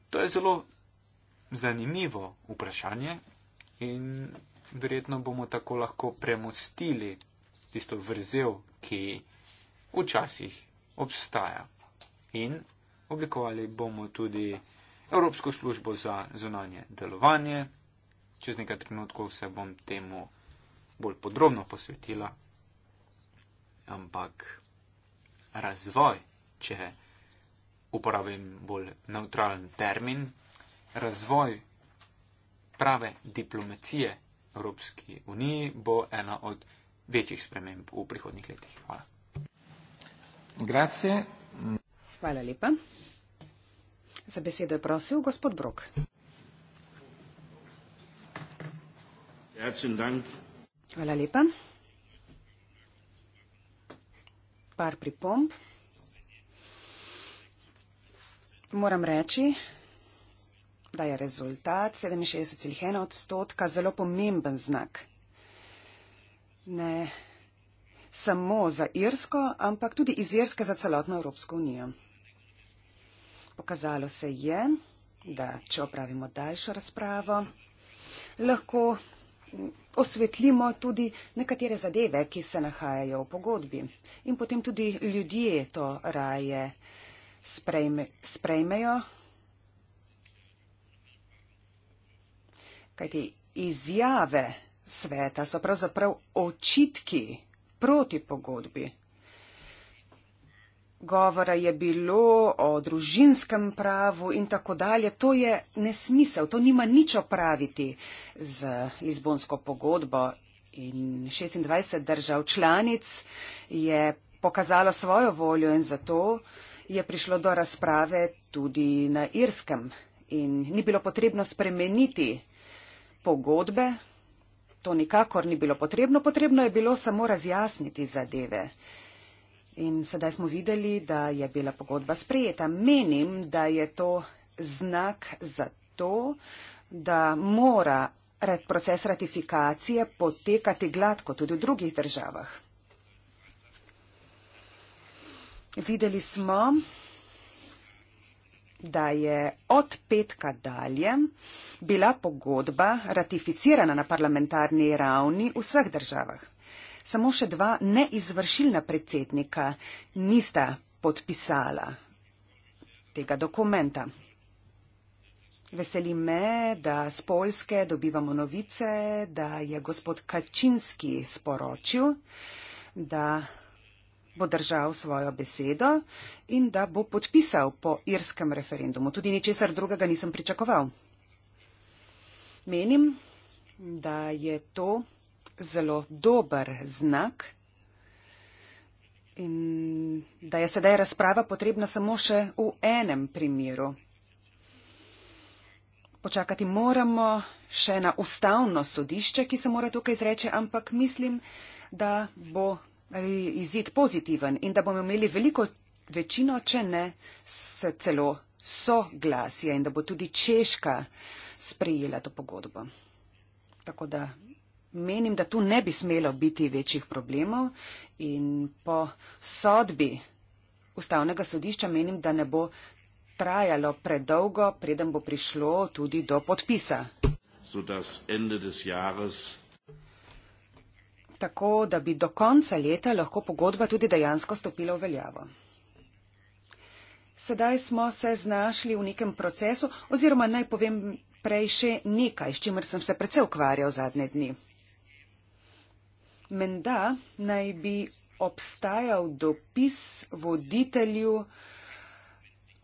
to je zelo zanimivo vprašanje in verjetno bomo tako lahko premostili tisto vrzel, ki včasih obstaja. In oblikovali bomo tudi Evropsko službo za zunanje delovanje. Čez nekaj trenutkov se bom temu bolj podrobno posvetila. Ampak razvoj, če uporabim bolj neutralen termin, razvoj prave diplomacije Evropski uniji bo ena od večjih sprememb v prihodnih letih. Hvala. Hvala lepa. Za besedo je prosil gospod Brok. Hvala lepa. Par pripomb. Moram reči, da je rezultat 67,1 odstotka zelo pomemben znak. Ne, samo za Irsko, ampak tudi iz Irske za celotno Evropsko unijo. Pokazalo se je, da če opravimo daljšo razpravo, lahko osvetlimo tudi nekatere zadeve, ki se nahajajo v pogodbi in potem tudi ljudje to raje sprejme, sprejmejo. Kajti izjave sveta so pravzaprav očitki proti pogodbi. Govora je bilo o družinskem pravu in tako dalje. To je nesmisel, to nima nič opraviti z Lizbonsko pogodbo. In 26 držav članic je pokazalo svojo voljo in zato je prišlo do razprave tudi na Irskem. In ni bilo potrebno spremeniti pogodbe, To nikakor ni bilo potrebno, potrebno je bilo samo razjasniti zadeve. In sedaj smo videli, da je bila pogodba sprejeta. Menim, da je to znak za to, da mora proces ratifikacije potekati gladko tudi v drugih državah. Videli smo, da je od petka dalje bila pogodba ratificirana na parlamentarni ravni v vseh državah. Samo še dva neizvršilna predsednika nista podpisala tega dokumenta. Veseli me, da z Polske dobivamo novice, da je gospod Kačinski sporočil, da bo držal svojo besedo in da bo podpisal po irskem referendumu. Tudi ničesar drugega nisem pričakoval. Menim, da je to zelo dober znak in da je sedaj razprava potrebna samo še v enem primeru. Počakati moramo še na ustavno sodišče, ki se mora tukaj izreči, ampak mislim, da bo ali izid pozitiven in da bomo imeli veliko večino, če ne celo soglasje in da bo tudi Češka sprejela to pogodbo. Tako da menim, da tu ne bi smelo biti večjih problemov in po sodbi ustavnega sodišča menim, da ne bo trajalo predolgo, preden bo prišlo tudi do podpisa tako, da bi do konca leta lahko pogodba tudi dejansko stopila v veljavo. Sedaj smo se znašli v nekem procesu, oziroma naj povem prej še nekaj, s čimer sem se precej ukvarjal zadnje dni. Menda naj bi obstajal dopis voditelju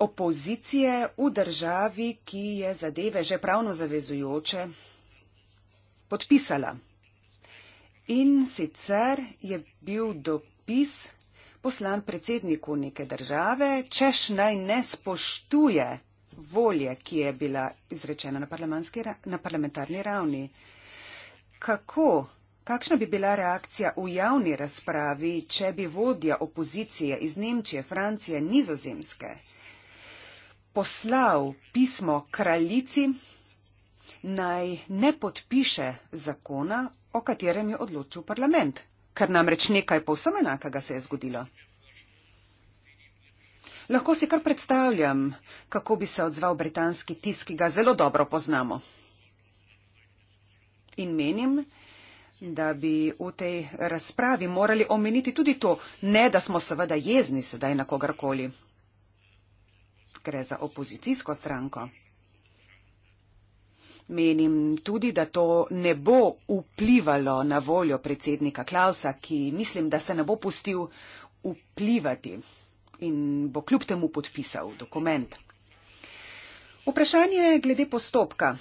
opozicije v državi, ki je zadeve že pravno zavezujoče podpisala. In sicer je bil dopis poslan predsedniku neke države, češ naj ne spoštuje volje, ki je bila izrečena na, na parlamentarni ravni. Kako, kakšna bi bila reakcija v javni razpravi, če bi vodja opozicije iz Nemčije, Francije, Nizozemske poslal pismo kraljici, naj ne podpiše zakona o katerem je odločil parlament, ker namreč nekaj povsem enakega se je zgodilo. Lahko si kar predstavljam, kako bi se odzval britanski tisk, ki ga zelo dobro poznamo. In menim, da bi v tej razpravi morali omeniti tudi to, ne da smo seveda jezni sedaj na kogarkoli. Gre za opozicijsko stranko. Menim tudi, da to ne bo vplivalo na voljo predsednika Klausa, ki mislim, da se ne bo pustil vplivati in bo kljub temu podpisal dokument. Vprašanje je glede postopka.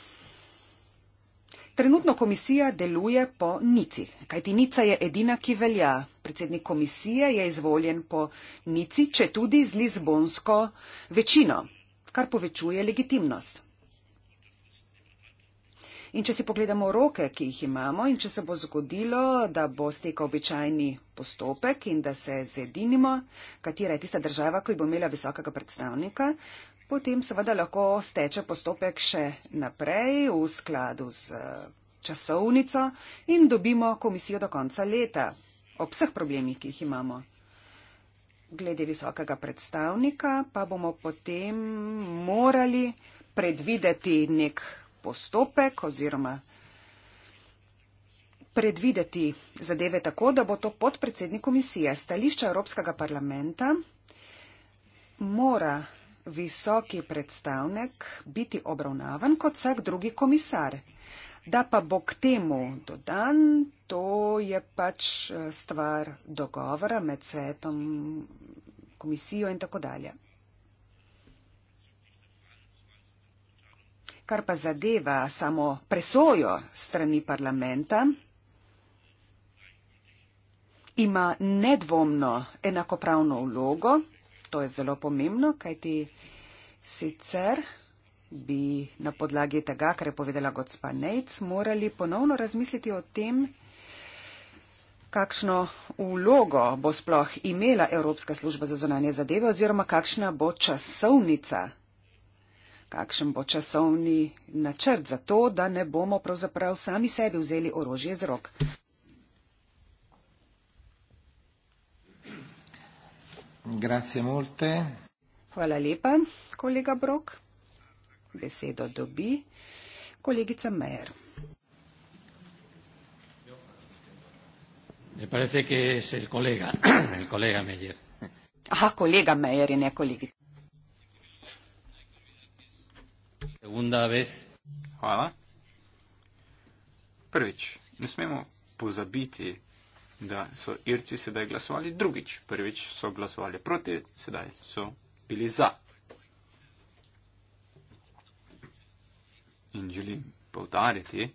Trenutno komisija deluje po Nici, kajti Nica je edina, ki velja. Predsednik komisije je izvoljen po Nici, če tudi z Lizbonsko večino, kar povečuje legitimnost. In če si pogledamo roke, ki jih imamo in če se bo zgodilo, da bo stekel običajni postopek in da se zedinimo, katera je tista država, ki bo imela visokega predstavnika, potem seveda lahko steče postopek še naprej v skladu z eh, časovnico in dobimo komisijo do konca leta ob vseh problemih, ki jih imamo. Glede visokega predstavnika pa bomo potem morali predvideti nek postopek oziroma predvideti zadeve tako, da bo to podpredsednik komisije. Stališča Evropskega parlamenta mora visoki predstavnik biti obravnavan kot vsak drugi komisar. Da pa bo k temu dodan, to je pač eh, stvar dogovora med svetom, komisijo in tako dalje. Kar pa zadeva samo presojo strani parlamenta, ima nedvomno enakopravno vlogo. To je zelo pomembno, kajti sicer bi na podlagi tega, kar je povedala gospa Nejc, morali ponovno razmisliti o tem, kakšno vlogo bo sploh imela Evropska služba za zonanje zadeve oziroma kakšna bo časovnica kakšen bo časovni načrt za to, da ne bomo pravzaprav sami sebi vzeli orožje z rok. Molte. Hvala lepa, kolega Brok. Besedo dobi kolegica Mejer. Me parece, que es el kolega, el kolega Mejer. Aha, kolega Mejer je ne kolegica. Segunda vez. Hvala. Prvič, ne smemo pozabiti, da so Irci sedaj glasovali drugič. Prvič so glasovali proti, sedaj so bili za. In želim povdariti,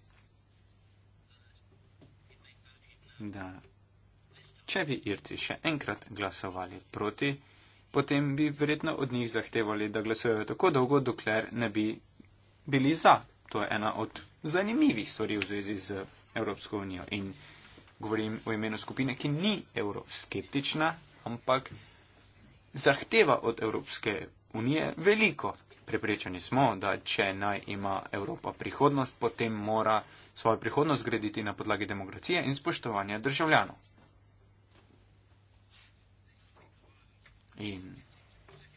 da če bi Irci še enkrat glasovali proti, potem bi verjetno od njih zahtevali, da glasujejo tako dolgo, dokler ne bi bili za. To je ena od zanimivih stvari v zvezi z Evropsko unijo. In govorim v imenu skupine, ki ni evroskeptična, ampak zahteva od Evropske unije veliko. Preprečani smo, da če naj ima Evropa prihodnost, potem mora svojo prihodnost graditi na podlagi demokracije in spoštovanja državljanov. In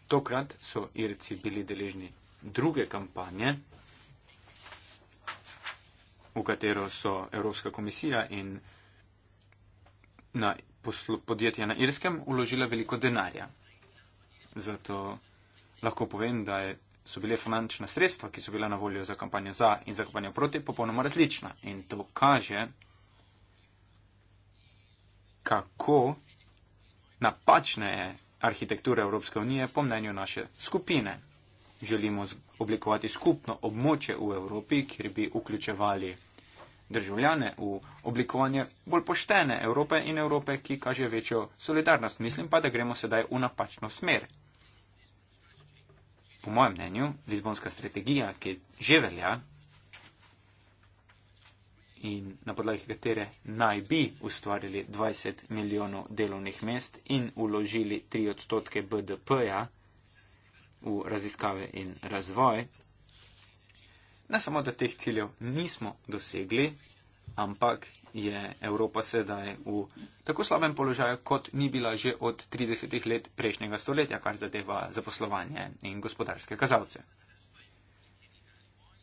tokrat so Irci bili deležni druge kampanje, v katero so Evropska komisija in na poslu, podjetja na Irskem uložila veliko denarja. Zato lahko povem, da je, so bile finančna sredstva, ki so bila na voljo za kampanjo za in za kampanjo proti, popolnoma različna. In to kaže, kako napačne je arhitektura Evropske unije po mnenju naše skupine. Želimo oblikovati skupno območje v Evropi, kjer bi vključevali državljane v oblikovanje bolj poštene Evrope in Evrope, ki kaže večjo solidarnost. Mislim pa, da gremo sedaj v napačno smer. Po mojem mnenju, Lizbonska strategija, ki že velja in na podlagi katere naj bi ustvarili 20 milijonov delovnih mest in uložili 3 odstotke BDP-ja, v raziskave in razvoj. Ne samo, da teh ciljev nismo dosegli, ampak je Evropa sedaj v tako slabem položaju, kot ni bila že od 30 let prejšnjega stoletja, kar zadeva zaposlovanje in gospodarske kazalce.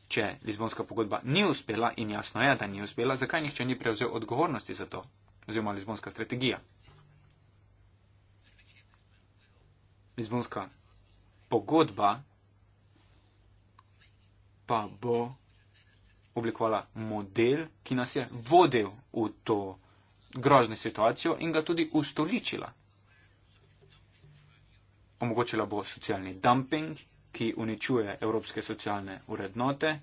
Če Lizbonska pogodba ni uspela in jasno je, da ni uspela, zakaj nihče ni prevzel odgovornosti za to, oziroma Lizbonska strategija? Lizbonska pogodba pa bo oblikovala model, ki nas je vodil v to grozno situacijo in ga tudi ustoličila. Omogočila bo socialni dumping, ki uničuje evropske socialne urednote.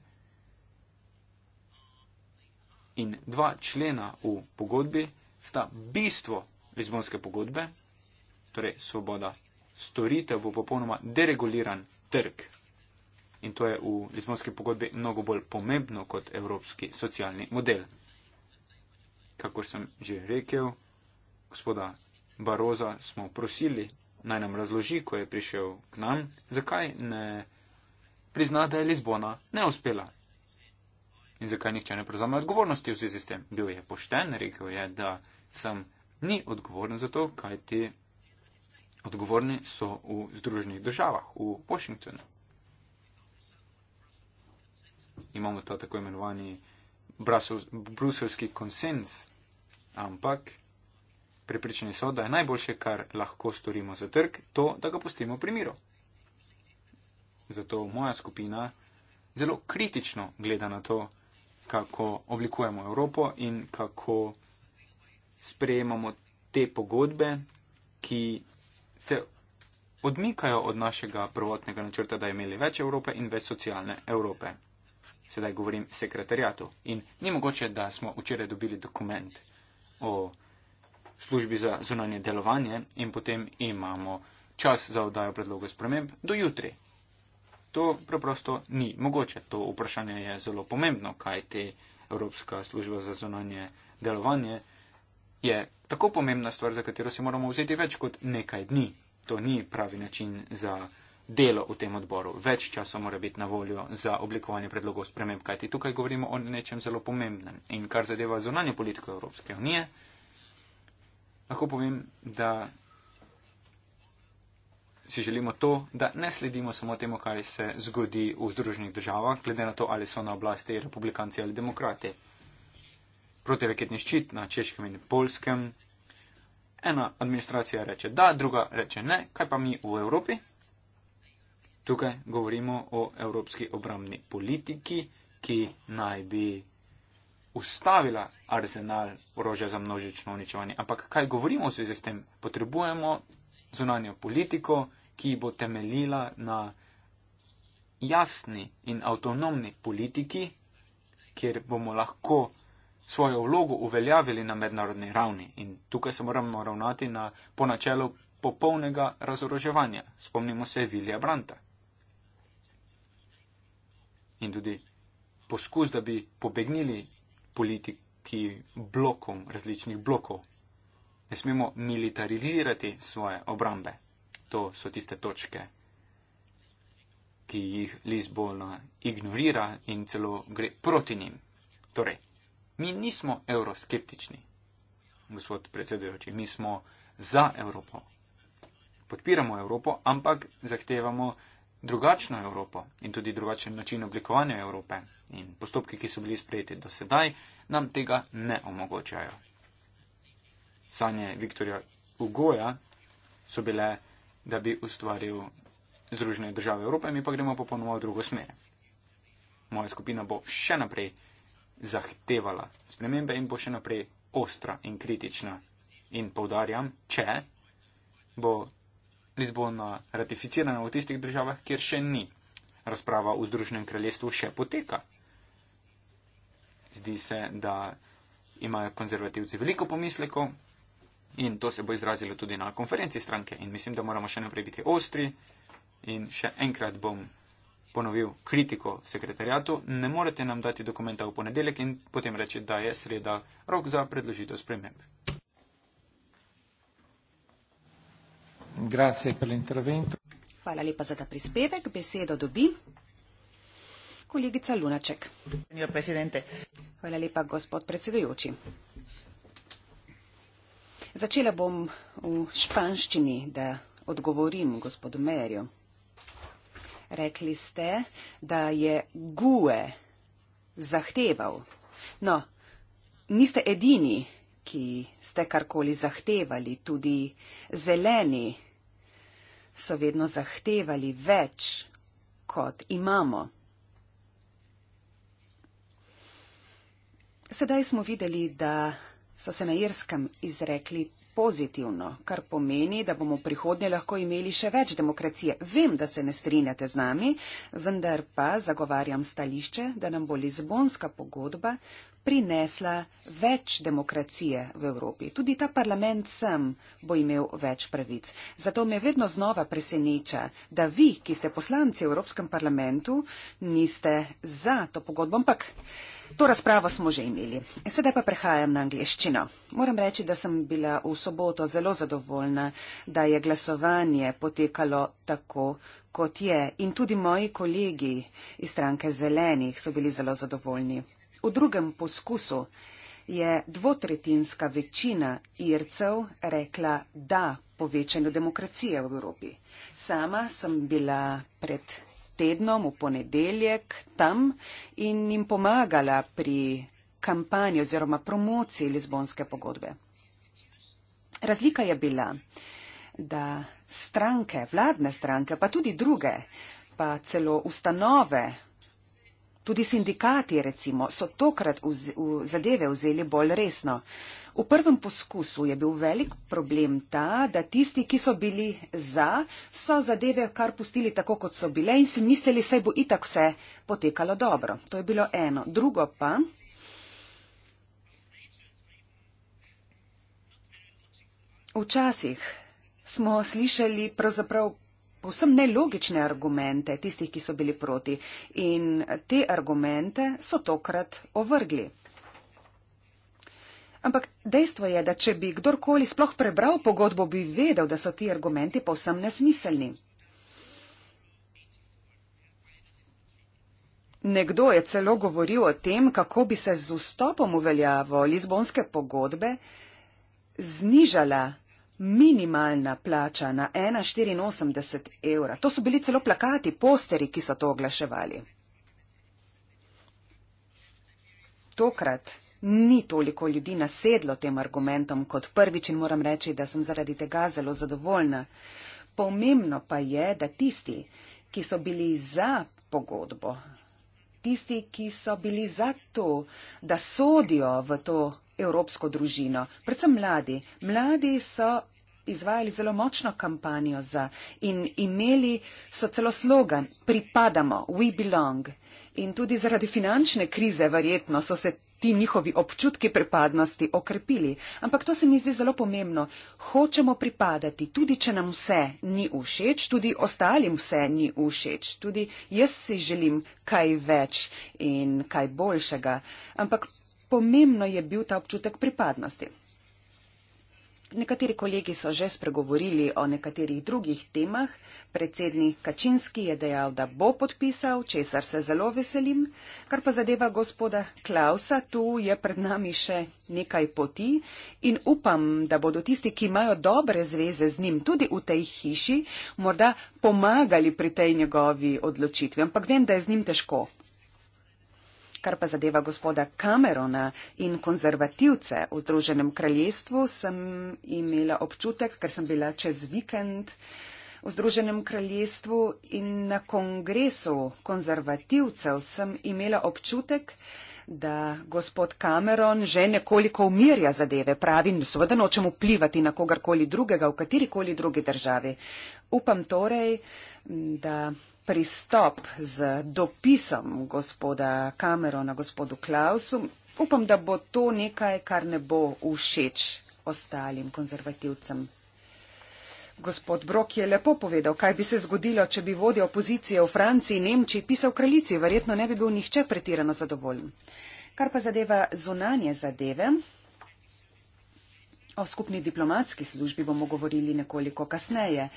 In dva člena v pogodbi sta bistvo Lizbonske pogodbe, torej svoboda storitev bo popolnoma dereguliran trg. In to je v Lizbonski pogodbi mnogo bolj pomembno kot evropski socialni model. Kako sem že rekel, gospoda Baroza smo prosili, naj nam razloži, ko je prišel k nam, zakaj ne prizna, da je Lizbona neuspela. In zakaj nihče ne prevzame odgovornosti v zvezi s tem. Bil je pošten, rekel je, da sem ni odgovoren za to, kaj ti Odgovorni so v Združenih državah, v Washingtonu. Imamo ta tako imenovani bruselski konsens, ampak prepričani so, da je najboljše, kar lahko storimo za trg, to, da ga pustimo pri miru. Zato moja skupina zelo kritično gleda na to, kako oblikujemo Evropo in kako sprejemamo te pogodbe, ki se odmikajo od našega prvotnega načrta, da imeli več Evrope in več socialne Evrope. Sedaj govorim sekretarjatu. In ni mogoče, da smo včeraj dobili dokument o službi za zunanje delovanje in potem imamo čas za oddajo predlogov sprememb do jutri. To preprosto ni mogoče. To vprašanje je zelo pomembno, kaj te Evropska služba za zunanje delovanje je tako pomembna stvar, za katero si moramo vzeti več kot nekaj dni. To ni pravi način za delo v tem odboru. Več časa mora biti na voljo za oblikovanje predlogov sprememb, kajti tukaj govorimo o nečem zelo pomembnem. In kar zadeva zunanje politiko Evropske unije, lahko povem, da si želimo to, da ne sledimo samo temu, kaj se zgodi v združenih državah, glede na to, ali so na oblasti republikanci ali demokrati protiraketni ščit na češkem in polskem. Ena administracija reče da, druga reče ne. Kaj pa mi v Evropi? Tukaj govorimo o evropski obramni politiki, ki naj bi ustavila arzenal orožja za množično uničevanje. Ampak kaj govorimo v zvezi s tem? Potrebujemo zunanjo politiko, ki bo temeljila na jasni in avtonomni politiki, kjer bomo lahko svojo vlogo uveljavili na mednarodni ravni in tukaj se moramo ravnati na, po načelu popolnega razoroževanja. Spomnimo se Vilija Branta. In tudi poskus, da bi pobegnili politiki blokom, različnih blokov. Ne smemo militarizirati svoje obrambe. To so tiste točke, ki jih Lizbona ignorira in celo gre proti njim. Torej, Mi nismo euroskeptični, gospod predsedujoči, mi smo za Evropo. Podpiramo Evropo, ampak zahtevamo drugačno Evropo in tudi drugačen način oblikovanja Evrope. In postopki, ki so bili sprejeti do sedaj, nam tega ne omogočajo. Sanje Viktorja Ugoja so bile, da bi ustvaril Združene države Evrope, mi pa gremo popolnoma v drugo smer. Moja skupina bo še naprej zahtevala spremembe in bo še naprej ostra in kritična. In povdarjam, če bo Lizbona ratificirana v tistih državah, kjer še ni. Razprava v Združenem kraljestvu še poteka. Zdi se, da imajo konzervativci veliko pomislekov in to se bo izrazilo tudi na konferenci stranke. In mislim, da moramo še naprej biti ostri in še enkrat bom ponovil kritiko sekretarjatu, ne morete nam dati dokumenta v ponedeljek in potem reči, da je sreda rok za predložitev sprememb. Hvala lepa za ta prispevek. Besedo dobi kolegica Lunaček. Hvala lepa, gospod predsedujoči. Začela bom v španščini, da odgovorim gospodu Merju rekli ste, da je Gue zahteval. No, niste edini, ki ste karkoli zahtevali, tudi zeleni so vedno zahtevali več, kot imamo. Sedaj smo videli, da so se na Irskem izrekli pozitivno, kar pomeni, da bomo v prihodnje lahko imeli še več demokracije. Vem, da se ne strinjate z nami, vendar pa zagovarjam stališče, da nam bo Lizbonska pogodba prinesla več demokracije v Evropi. Tudi ta parlament sem bo imel več pravic. Zato me vedno znova preseneča, da vi, ki ste poslanci v Evropskem parlamentu, niste za to pogodbo, ampak to razpravo smo že imeli. Sedaj pa prehajam na angliščino. Moram reči, da sem bila v soboto zelo zadovoljna, da je glasovanje potekalo tako, kot je. In tudi moji kolegi iz stranke zelenih so bili zelo zadovoljni. V drugem poskusu je dvotretinska večina Ircev rekla da povečanju demokracije v Evropi. Sama sem bila pred tednom v ponedeljek tam in jim pomagala pri kampanji oziroma promociji Lizbonske pogodbe. Razlika je bila, da stranke, vladne stranke, pa tudi druge, pa celo ustanove Tudi sindikati, recimo, so tokrat v, v zadeve vzeli bolj resno. V prvem poskusu je bil velik problem ta, da tisti, ki so bili za, so zadeve kar pustili tako, kot so bile in si mislili, saj bo itak vse potekalo dobro. To je bilo eno. Drugo pa. Včasih smo slišali pravzaprav povsem nelogične argumente tistih, ki so bili proti. In te argumente so tokrat ovrgli. Ampak dejstvo je, da če bi kdorkoli sploh prebral pogodbo, bi vedel, da so ti argumenti povsem nesmiselni. Nekdo je celo govoril o tem, kako bi se z vstopom uveljavo Lizbonske pogodbe znižala minimalna plača na 1,84 evra. To so bili celo plakati, posteri, ki so to oglaševali. Tokrat ni toliko ljudi nasedlo tem argumentom kot prvič in moram reči, da sem zaradi tega zelo zadovoljna. Pomembno pa je, da tisti, ki so bili za pogodbo, tisti, ki so bili za to, da sodijo v to evropsko družino, predvsem mladi. Mladi so izvajali zelo močno kampanjo za in imeli so celo slogan Pripadamo, we belong. In tudi zaradi finančne krize verjetno so se ti njihovi občutki pripadnosti okrepili. Ampak to se mi zdi zelo pomembno. Hočemo pripadati, tudi če nam vse ni všeč, tudi ostalim vse ni všeč, tudi jaz si želim kaj več in kaj boljšega. Ampak pomembno je bil ta občutek pripadnosti. Nekateri kolegi so že spregovorili o nekaterih drugih temah. Predsednik Kačinski je dejal, da bo podpisal, česar se zelo veselim. Kar pa zadeva gospoda Klausa, tu je pred nami še nekaj poti in upam, da bodo tisti, ki imajo dobre zveze z njim tudi v tej hiši, morda pomagali pri tej njegovi odločitvi. Ampak vem, da je z njim težko kar pa zadeva gospoda Camerona in konzervativce v Združenem kraljestvu, sem imela občutek, ker sem bila čez vikend v Združenem kraljestvu in na kongresu konzervativcev sem imela občutek, da gospod Cameron že nekoliko umirja zadeve, pravi, seveda nočem vplivati na kogarkoli drugega v katerikoli drugi državi. Upam torej, da pristop z dopisom gospoda Camerona gospodu Klausu. Upam, da bo to nekaj, kar ne bo všeč ostalim konzervativcem. Gospod Brok je lepo povedal, kaj bi se zgodilo, če bi vodja opozicije v Franciji, Nemčiji pisal kraljici. Verjetno ne bi bil nihče pretirano zadovoljen. Kar pa zadeva zunanje zadeve, o skupni diplomatski službi bomo govorili nekoliko kasneje.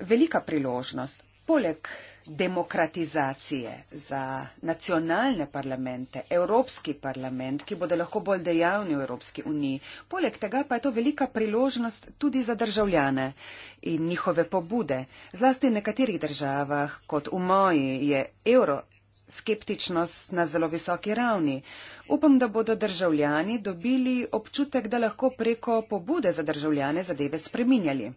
Velika priložnost. Poleg demokratizacije, za nacionalne parlamente, Evropski parlament, ki bodo lahko bolj dejavni v Evropski uniji. Poleg tega pa je to velika priložnost tudi za državljane in njihove pobude. Zlasti v nekaterih državah, kot v moji, je evro skeptičnost na zelo visoki ravni. Upam, da bodo državljani dobili občutek, da lahko preko pobude za državljane zadeve spreminjali.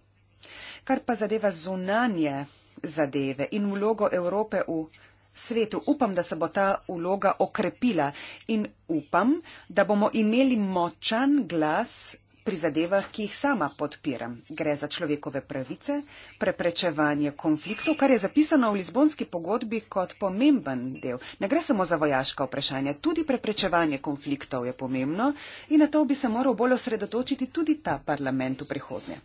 Kar pa zadeva zunanje zadeve in vlogo Evrope v svetu. Upam, da se bo ta vloga okrepila in upam, da bomo imeli močan glas pri zadevah, ki jih sama podpiram. Gre za človekove pravice, preprečevanje konfliktov, kar je zapisano v Lizbonski pogodbi kot pomemben del. Ne gre samo za vojaška vprašanja, tudi preprečevanje konfliktov je pomembno in na to bi se moral bolj osredotočiti tudi ta parlament v prihodnje.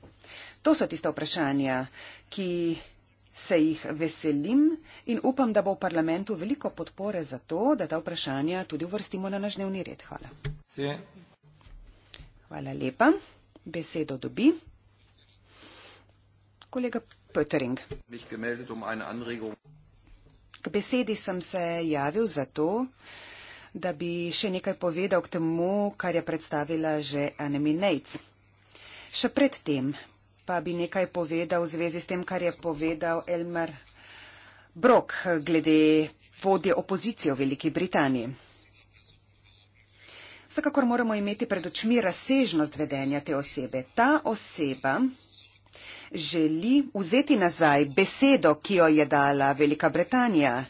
To so tiste vprašanja, ki se jih veselim in upam, da bo v parlamentu veliko podpore za to, da ta vprašanja tudi uvrstimo na naš dnevni red. Hvala. Se. Hvala lepa. Besedo dobi kolega Pöttering. Um k besedi sem se javil zato, da bi še nekaj povedal k temu, kar je predstavila že Anne Minates. Še predtem pa bi nekaj povedal v zvezi s tem, kar je povedal Elmer Brok glede vodje opozicije v Veliki Britaniji. Vsekakor moramo imeti pred očmi razsežnost vedenja te osebe. Ta oseba želi vzeti nazaj besedo, ki jo je dala Velika Britanija.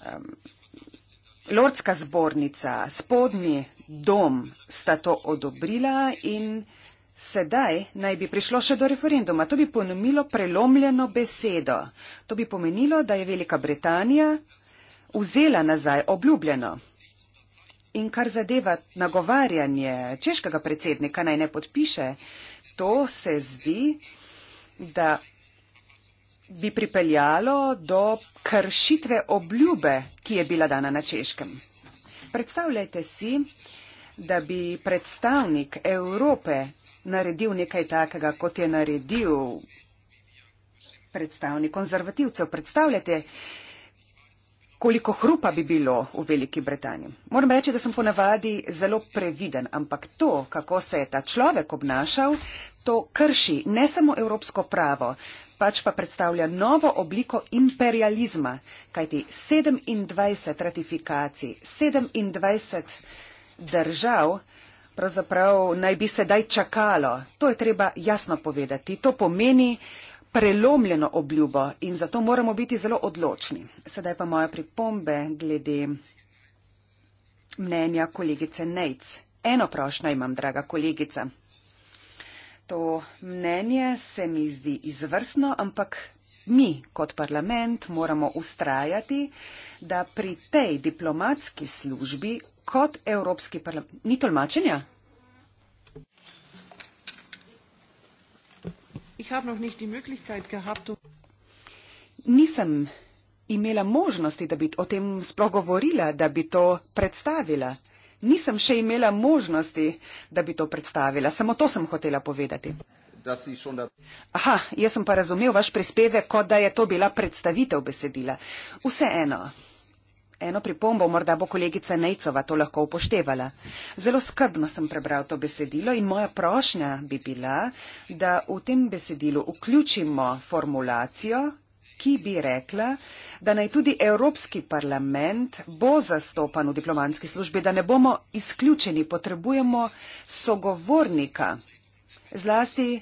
Um, Lordska zbornica, spodnji dom sta to odobrila in. Sedaj naj bi prišlo še do referenduma. To bi pomenilo prelomljeno besedo. To bi pomenilo, da je Velika Britanija vzela nazaj obljubljeno. In kar zadeva nagovarjanje češkega predsednika, naj ne podpiše, to se zdi, da bi pripeljalo do kršitve obljube, ki je bila dana na češkem. Predstavljajte si, da bi predstavnik Evrope naredil nekaj takega, kot je naredil predstavnik konzervativcev. Predstavljate, koliko hrupa bi bilo v Veliki Britaniji. Moram reči, da sem ponavadi zelo previden, ampak to, kako se je ta človek obnašal, to krši ne samo evropsko pravo, pač pa predstavlja novo obliko imperializma, kajti 27 ratifikacij, 27 držav, pravzaprav naj bi sedaj čakalo. To je treba jasno povedati. To pomeni prelomljeno obljubo in zato moramo biti zelo odločni. Sedaj pa moja pripombe glede mnenja kolegice Nejc. Eno prošnjo imam, draga kolegica. To mnenje se mi zdi izvrsno, ampak mi kot parlament moramo ustrajati, da pri tej diplomatski službi kot Evropski parlament. Ni tolmačenja? Um- Nisem imela možnosti, da bi o tem sploh govorila, da bi to predstavila. Nisem še imela možnosti, da bi to predstavila. Samo to sem hotela povedati. Aha, jaz sem pa razumel vaš prispevek, kot da je to bila predstavitev besedila. Vseeno eno pripombo, morda bo kolegica Nejcova to lahko upoštevala. Zelo skrbno sem prebral to besedilo in moja prošnja bi bila, da v tem besedilu vključimo formulacijo, ki bi rekla, da naj tudi Evropski parlament bo zastopan v diplomatski službi, da ne bomo izključeni, potrebujemo sogovornika. Zlasti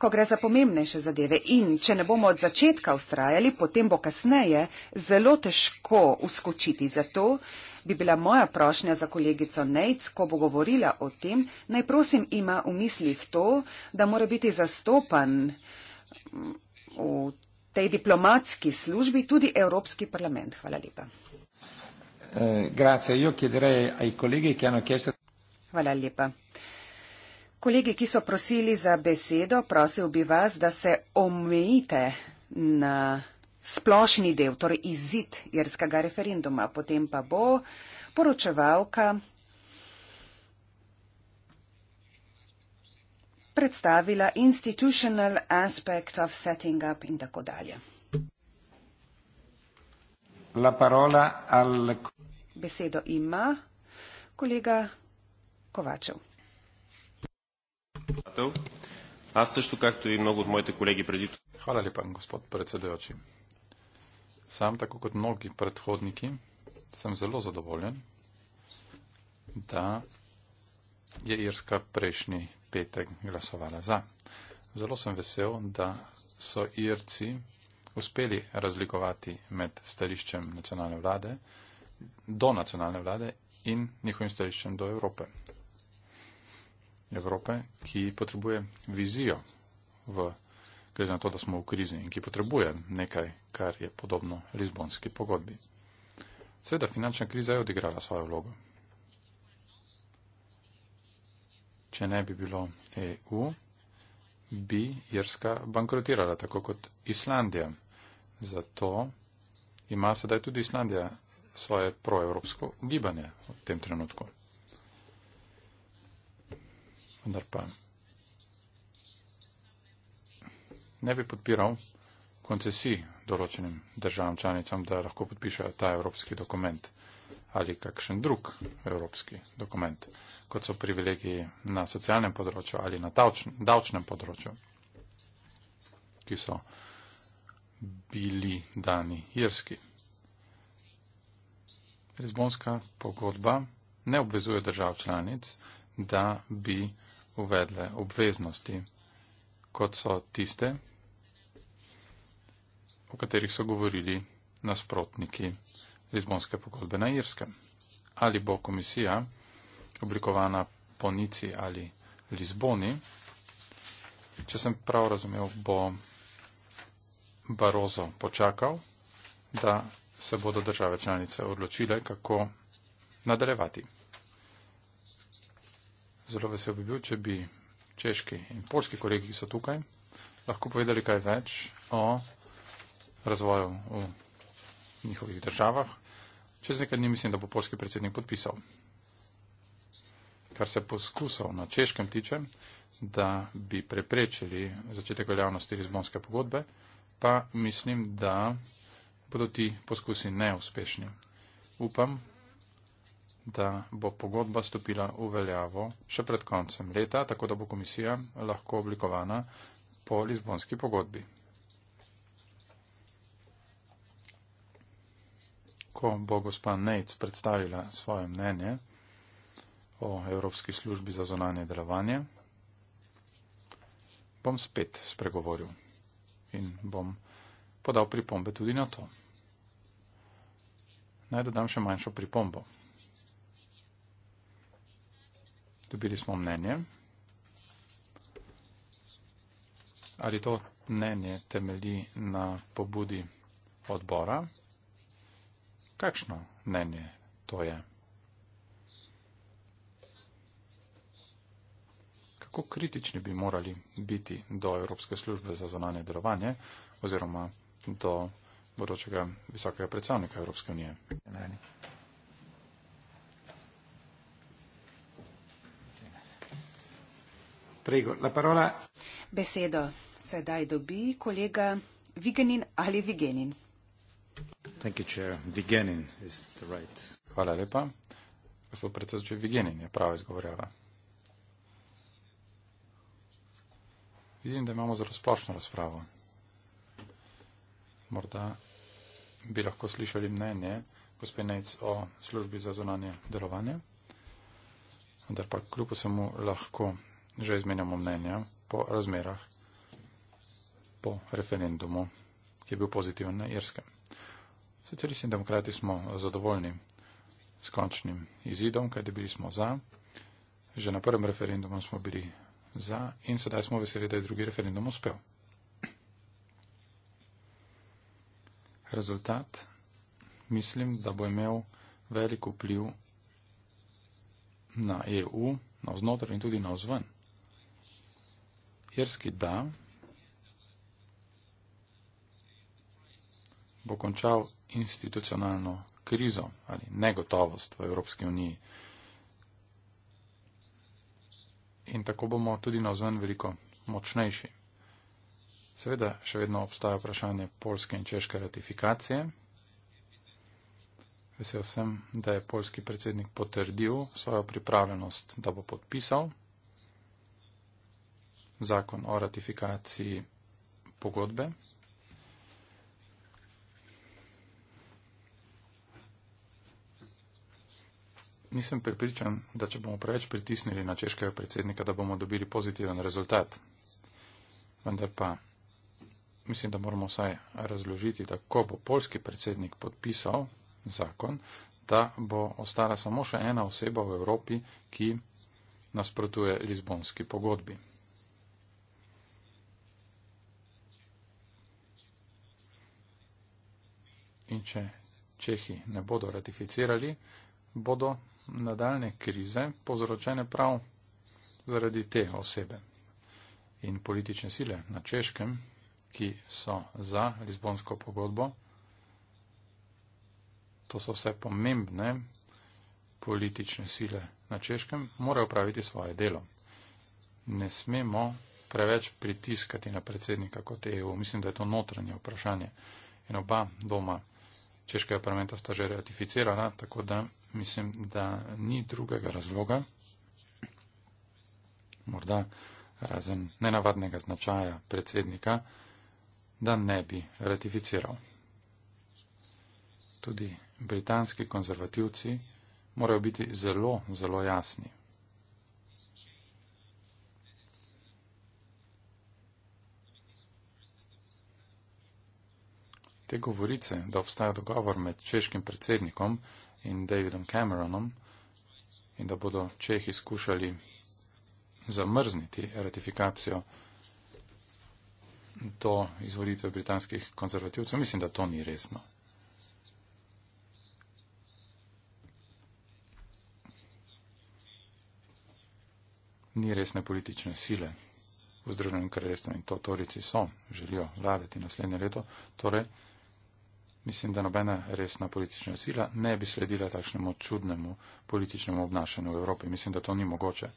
ko gre za pomembnejše zadeve. In če ne bomo od začetka ustrajali, potem bo kasneje zelo težko uskočiti. Zato bi bila moja prošnja za kolegico Nejc, ko bo govorila o tem, naj prosim ima v mislih to, da mora biti zastopan mm, v tej diplomatski službi tudi Evropski parlament. Hvala lepa. Eh, grazie, io chiederei ai colleghi che hanno chiesto. Hvala lepa. Kolegi, ki so prosili za besedo, prosil bi vas, da se omejite na splošni del, torej izid jerskega referenduma. Potem pa bo poročevalka predstavila institutional aspect of setting up in tako dalje. La parola al... Besedo ima kolega Kovačev. Аз също, както и много от моите колеги преди това. Хваля ли, пан господ председател? Сам, така като многи предходники, съм зело задоволен, да je Irska prejšnji petek glasovala za. Zelo sem vesel, da so Irci uspeli razlikovati med stališčem nacionalne vlade do nacionalne vlade in njihovim stališčem do Evrope. Evrope, ki potrebuje vizijo, v, glede na to, da smo v krizi in ki potrebuje nekaj, kar je podobno Lizbonski pogodbi. Seveda, finančna kriza je odigrala svojo vlogo. Če ne bi bilo EU, bi Irska bankrotirala, tako kot Islandija. Zato ima sedaj tudi Islandija svoje proevropsko gibanje v tem trenutku vendar pa ne bi podpiral koncesij določenim državam članicam, da lahko podpišajo ta evropski dokument ali kakšen drug evropski dokument, kot so privilegiji na socialnem področju ali na davčnem področju, ki so bili dani irski. Lizbonska pogodba ne obvezuje držav članic, da bi uvedle obveznosti, kot so tiste, o katerih so govorili nasprotniki Lizbonske pogodbe na Irskem. Ali bo komisija oblikovana po Nici ali Lizboni, če sem prav razumel, bo Barozo počakal, da se bodo države članice odločile, kako nadaljevati. Zelo vesel bi bil, če bi češki in polski kolegi, ki so tukaj, lahko povedali kaj več o razvoju v njihovih državah. Čez nekaj dni mislim, da bo polski predsednik podpisal. Kar se poskusov na češkem tiče, da bi preprečili začetek veljavnosti Lizbonske pogodbe, pa mislim, da bodo ti poskusi neuspešni. Upam, da bo pogodba stopila v veljavo še pred koncem leta, tako da bo komisija lahko oblikovana po Lizbonski pogodbi. Ko bo gospa Neitz predstavila svoje mnenje o Evropski službi za zonanje delovanje, bom spet spregovoril in bom podal pripombe tudi na to. Naj dodam še manjšo pripombo. Dobili smo mnenje. Ali to mnenje temelji na pobudi odbora? Kakšno mnenje to je? Kako kritični bi morali biti do Evropske službe za zonanje delovanje oziroma do bodočega visokega predstavnika Evropske unije? Mnenje. Prego, la parola. Besedo sedaj dobi kolega Vigenin ali Vigenin. Thank you, chair. Vigenin is the right. Hvala lepa. Gospod predsedoče Vigenin je prav izgovorjava. Vidim, da imamo zelo splošno razpravo. Morda bi lahko slišali mnenje gospe Nec o službi za zonanje delovanje, vendar pa kljub vsemu lahko že izmenjamo mnenja po razmerah, po referendumu, ki je bil pozitiven na Irskem. Socialisti in demokrati smo zadovoljni s končnim izidom, kajti bili smo za. Že na prvem referendumu smo bili za in sedaj smo veseli, da je drugi referendum uspel. Rezultat mislim, da bo imel velik vpliv na EU, na vznoter in tudi na vzven irski dam bo končal institucionalno krizo ali negotovost v Evropski uniji. In tako bomo tudi na vzven veliko močnejši. Seveda še vedno obstaja vprašanje polske in češke ratifikacije. Vesel sem, da je polski predsednik potrdil svojo pripravljenost, da bo podpisal zakon o ratifikaciji pogodbe. Nisem pripričan, da če bomo preveč pritisnili na češkega predsednika, da bomo dobili pozitiven rezultat. Vendar pa mislim, da moramo vsaj razložiti, da ko bo polski predsednik podpisal zakon, da bo ostala samo še ena oseba v Evropi, ki nasprotuje Lizbonski pogodbi. in če Čehi ne bodo ratificirali, bodo nadaljne krize povzročene prav zaradi te osebe. In politične sile na Češkem, ki so za Lizbonsko pogodbo, to so vse pomembne politične sile na Češkem, morajo praviti svoje delo. Ne smemo preveč pritiskati na predsednika kot EU. Mislim, da je to notranje vprašanje. In oba doma češkega parlamenta sta že ratificirala, tako da mislim, da ni drugega razloga, morda razen nenavadnega značaja predsednika, da ne bi ratificiral. Tudi britanski konzervativci morajo biti zelo, zelo jasni. te govorice, da obstaja dogovor med češkim predsednikom in Davidom Cameronom in da bodo Čehi skušali zamrzniti ratifikacijo do izvolitve britanskih konzervativcev, mislim, da to ni resno. Ni resne politične sile v Združenem kraljestvu in to torici so, želijo vladati naslednje leto, torej Mislim, da nobena resna politična sila ne bi sledila takšnemu čudnemu političnemu obnašanju v Evropi. Mislim, da to ni mogoče.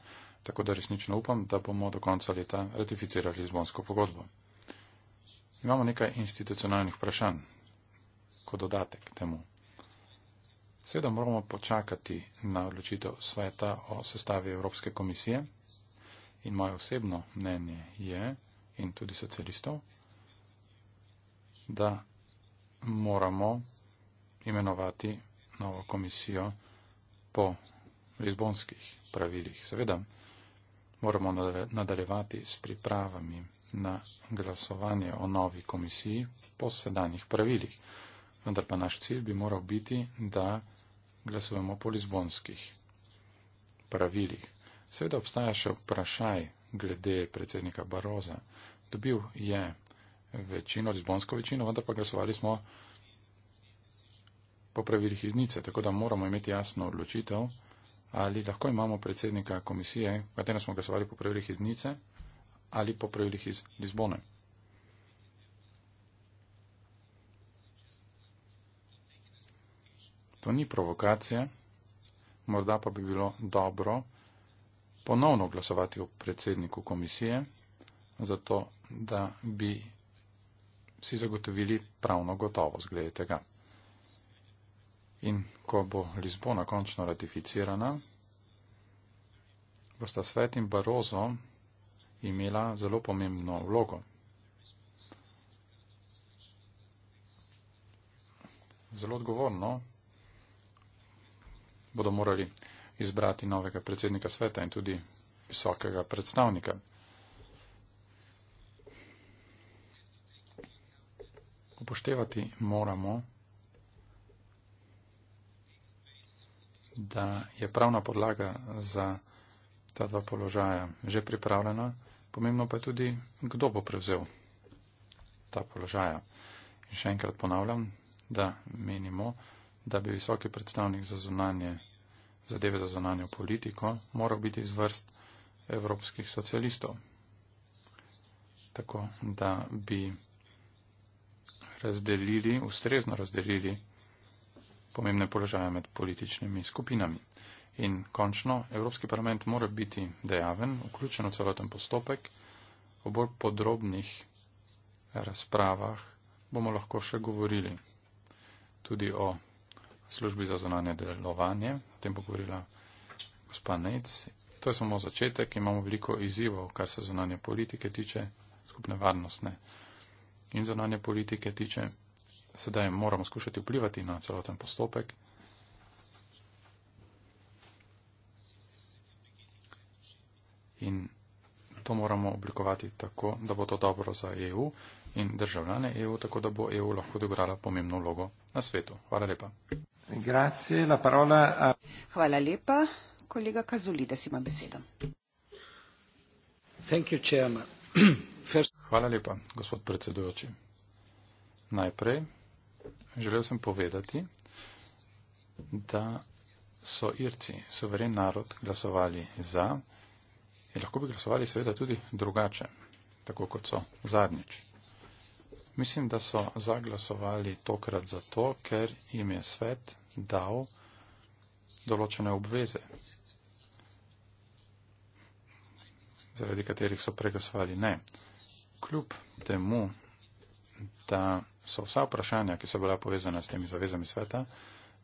Tako da resnično upam, da bomo do konca leta ratificirali Lizbonsko pogodbo. Imamo nekaj institucionalnih vprašanj kot dodatek temu. Seveda moramo počakati na odločitev sveta o sestavi Evropske komisije in moje osebno mnenje je in tudi socialistov, da moramo imenovati novo komisijo po lizbonskih pravilih. Seveda moramo nadaljevati s pripravami na glasovanje o novi komisiji po sedanjih pravilih. Vendar pa naš cilj bi moral biti, da glasujemo po lizbonskih pravilih. Seveda obstaja še vprašaj glede predsednika Baroza. Dobil je večino, lizbonsko večino, vendar pa glasovali smo po pravilih iz Nice, tako da moramo imeti jasno odločitev, ali lahko imamo predsednika komisije, v katerem smo glasovali po pravilih iz Nice, ali po pravilih iz Lizbone. To ni provokacija, morda pa bi bilo dobro ponovno glasovati o predsedniku komisije, zato da bi si zagotovili pravno gotovost glede tega. In ko bo Lizbona končno ratificirana, bosta svet in Barozo imela zelo pomembno vlogo. Zelo odgovorno bodo morali izbrati novega predsednika sveta in tudi visokega predstavnika. upoštevati moramo, da je pravna podlaga za ta dva položaja že pripravljena, pomembno pa je tudi, kdo bo prevzel ta položaja. In še enkrat ponavljam, da menimo, da bi visoki predstavnik za zunanje, zadeve za zunanjo politiko moral biti iz vrst evropskih socialistov. Tako da bi razdelili, ustrezno razdelili pomembne položaje med političnimi skupinami. In končno, Evropski parlament mora biti dejaven, vključen v celoten postopek. O bolj podrobnih razpravah bomo lahko še govorili tudi o službi za zonanje delovanje. O tem bo govorila gospa Nec. To je samo začetek. Imamo veliko izzivov, kar se zonanje politike tiče, skupne varnostne in zonanje politike tiče, sedaj moramo skušati vplivati na celoten postopek. In to moramo oblikovati tako, da bo to dobro za EU in državljane EU, tako da bo EU lahko odigrala pomembno vlogo na svetu. Hvala lepa. Grazie, la parola, a... Hvala lepa, kolega Kazuli, da si ima besedo. Thank you, chairman. First... Hvala lepa, gospod predsedujoči. Najprej želel sem povedati, da so Irci, suveren narod, glasovali za in lahko bi glasovali seveda tudi drugače, tako kot so zadnjič. Mislim, da so zaglasovali tokrat zato, ker jim je svet dal določene obveze, zaradi katerih so preglasovali ne kljub temu, da so vsa vprašanja, ki so bila povezana s temi zavezami sveta,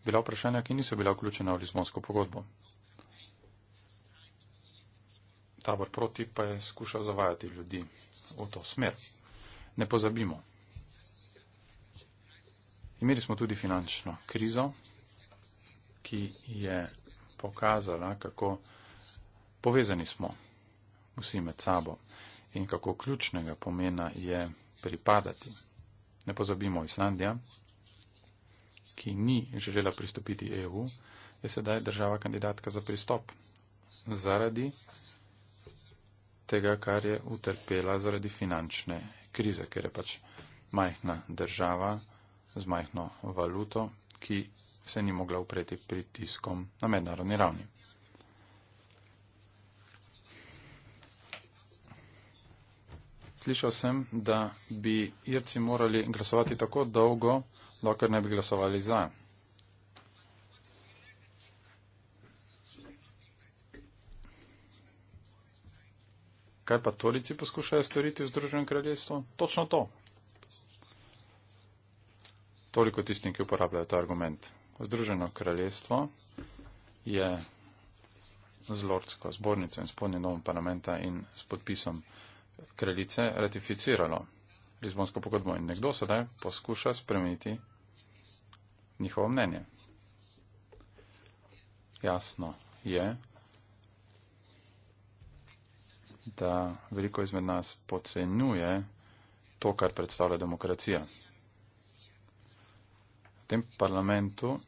bila vprašanja, ki niso bila vključena v Lizbonsko pogodbo. Tabor proti pa je skušal zavajati ljudi v to smer. Ne pozabimo. Imeli smo tudi finančno krizo, ki je pokazala, kako povezani smo vsi med sabo in kako ključnega pomena je pripadati. Ne pozabimo, Islandija, ki ni želela pristopiti EU, je sedaj država kandidatka za pristop zaradi tega, kar je utrpela zaradi finančne krize, ker je pač majhna država z majhno valuto, ki se ni mogla upreti pritiskom na mednarodni ravni. Slišal sem, da bi Irci morali glasovati tako dolgo, dokler ne bi glasovali za. Kaj pa tolici poskušajo storiti v Združenem kraljestvu? Točno to. Toliko tistih, ki uporabljajo ta argument. Združeno kraljestvo je z lordsko zbornico in spodnjim domom parlamenta in s podpisom kraljice ratificiralo Lizbonsko pogodbo in nekdo sedaj poskuša spremeniti njihovo mnenje. Jasno je, da veliko izmed nas pocenjuje to, kar predstavlja demokracija. V tem parlamentu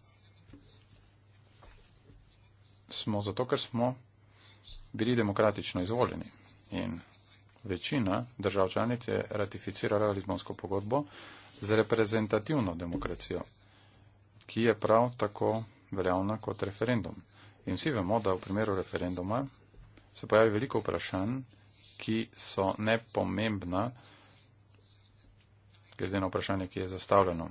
smo zato, ker smo bili demokratično izvoljeni in večina držav članic je ratificirala Lizbonsko pogodbo z reprezentativno demokracijo, ki je prav tako veljavna kot referendum. In vsi vemo, da v primeru referenduma se pojavi veliko vprašanj, ki so nepomembna, glede na vprašanje, ki je zastavljeno.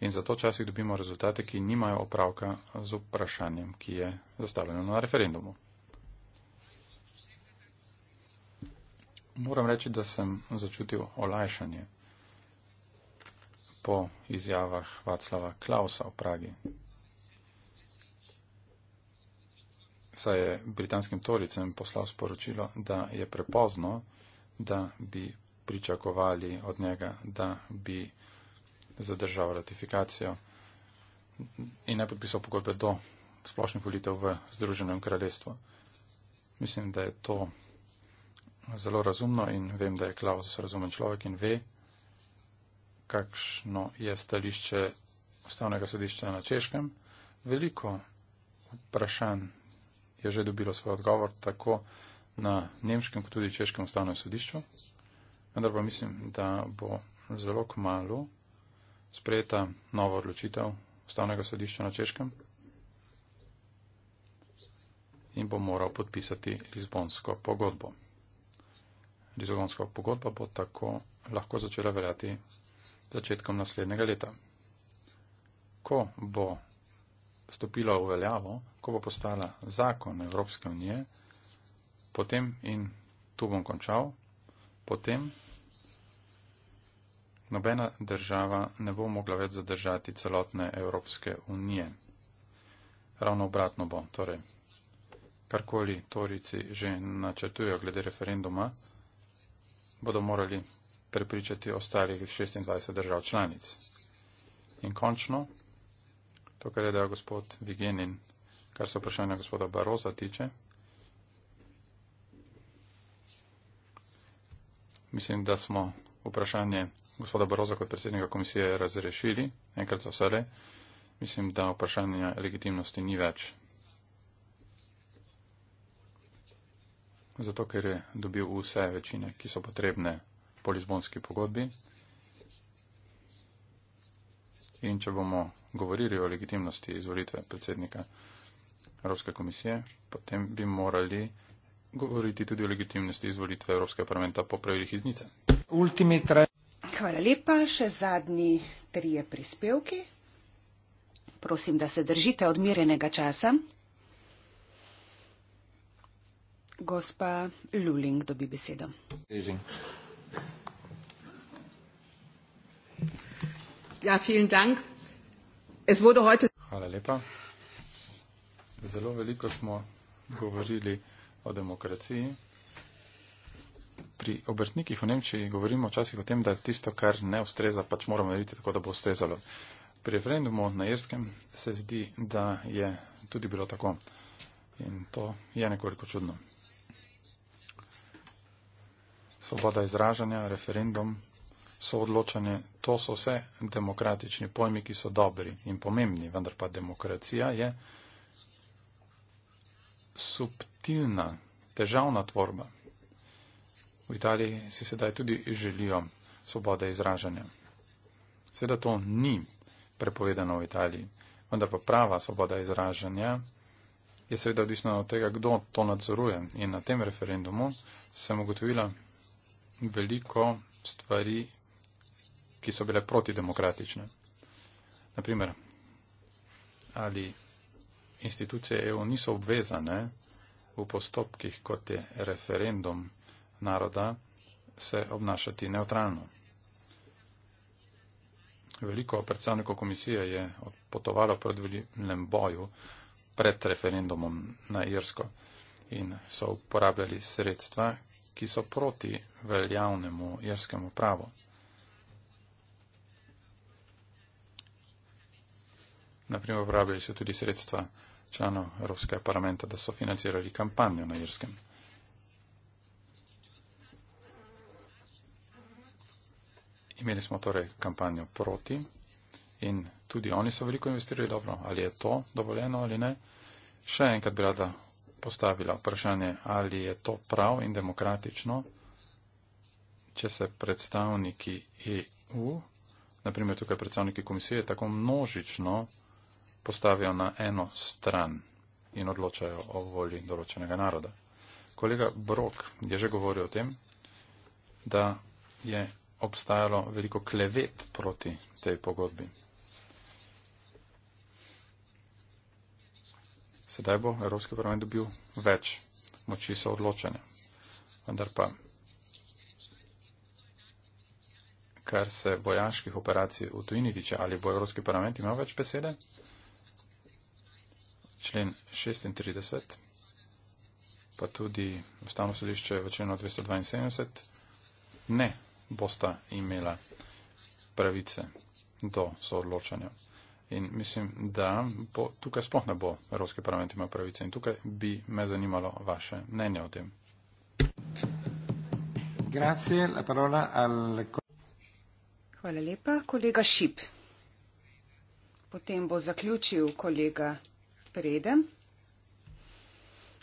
In zato včasih dobimo rezultate, ki nimajo opravka z vprašanjem, ki je zastavljeno na referendumu. moram reči, da sem začutil olajšanje po izjavah Vaclava Klausa v Pragi. Saj je britanskim toricem poslal sporočilo, da je prepozno, da bi pričakovali od njega, da bi zadržal ratifikacijo in ne podpisal pogodbe do splošnih volitev v Združenem kraljestvu. Mislim, da je to zelo razumno in vem, da je Klaus razumen človek in ve, kakšno je stališče ustavnega sodišča na Češkem. Veliko vprašanj je že dobilo svoj odgovor tako na nemškem, kot tudi češkem ustavnem sodišču. Vendar pa mislim, da bo zelo k malu sprejeta nova odločitev ustavnega sodišča na Češkem in bo moral podpisati Lizbonsko pogodbo. Lizogonska pogodba bo tako lahko začela veljati začetkom naslednjega leta. Ko bo stopila v veljavo, ko bo postala zakon Evropske unije, potem in tu bom končal, potem nobena država ne bo mogla več zadržati celotne Evropske unije. Ravno obratno bo, torej, karkoli torici že načrtujejo glede referenduma, bodo morali prepričati ostalih 26 držav članic. In končno, to, kar je dejal gospod Vigen in kar se vprašanja gospoda Baroza tiče, mislim, da smo vprašanje gospoda Baroza kot predsednika komisije razrešili enkrat za vse. Mislim, da vprašanja legitimnosti ni več zato ker je dobil vse večine, ki so potrebne po Lizbonski pogodbi. In če bomo govorili o legitimnosti izvolitve predsednika Evropske komisije, potem bi morali govoriti tudi o legitimnosti izvolitve Evropskega parlamenta po pravilih iznice. Hvala lepa. Še zadnji trije prispevki. Prosim, da se držite odmirenega časa. Gospa Luling dobi besedo. Ja, vielen Dank. Es wurde heute. Hvala lepa. Zelo veliko smo govorili o demokraciji. Pri obrtnikih v Nemčiji govorimo včasih o tem, da tisto, kar ne ustreza, pač moramo narediti tako, da bo ustrezalo. Pri referendumu na Irskem se zdi, da je tudi bilo tako. In to je nekoliko čudno svoboda izražanja, referendum, soodločanje, to so vse demokratični pojmi, ki so dobri in pomembni, vendar pa demokracija je subtilna, težavna tvorba. V Italiji si sedaj tudi želijo svobode izražanja. Seveda to ni prepovedano v Italiji, vendar pa prava svoboda izražanja je seveda odvisna od tega, kdo to nadzoruje. In na tem referendumu sem ugotovila, veliko stvari, ki so bile protidemokratične. Naprimer, ali institucije EU niso obvezane v postopkih, kot je referendum naroda, se obnašati neutralno. Veliko predstavnikov komisije je potovalo pred volilnem boju pred referendumom na Irsko in so uporabljali sredstva, ki so proti veljavnemu jerskemu pravu. Naprimer, uporabljali so tudi sredstva članov Evropskega parlamenta, da so financirali kampanjo na jerskem. Imeli smo torej kampanjo proti in tudi oni so veliko investirali dobro. Ali je to dovoljeno ali ne? Še enkrat bi rada postavila vprašanje, ali je to prav in demokratično, če se predstavniki EU, naprimer tukaj predstavniki komisije, tako množično postavijo na eno stran in odločajo o volji določenega naroda. Kolega Brok je že govoril o tem, da je obstajalo veliko klevet proti tej pogodbi. Sedaj bo Evropski parlament dobil več moči so odločanja. Vendar pa, kar se vojaških operacij v tujini tiče, ali bo Evropski parlament imel več besede, člen 36, pa tudi ustavno sodišče v členu 272, ne bosta imela pravice do soodločanja. In mislim, da bo, tukaj spoh ne bo Evropski parlament imel pravice in tukaj bi me zanimalo vaše mnenje o tem. Grazie, al... Hvala lepa, kolega Šip. Potem bo zaključil kolega Preden.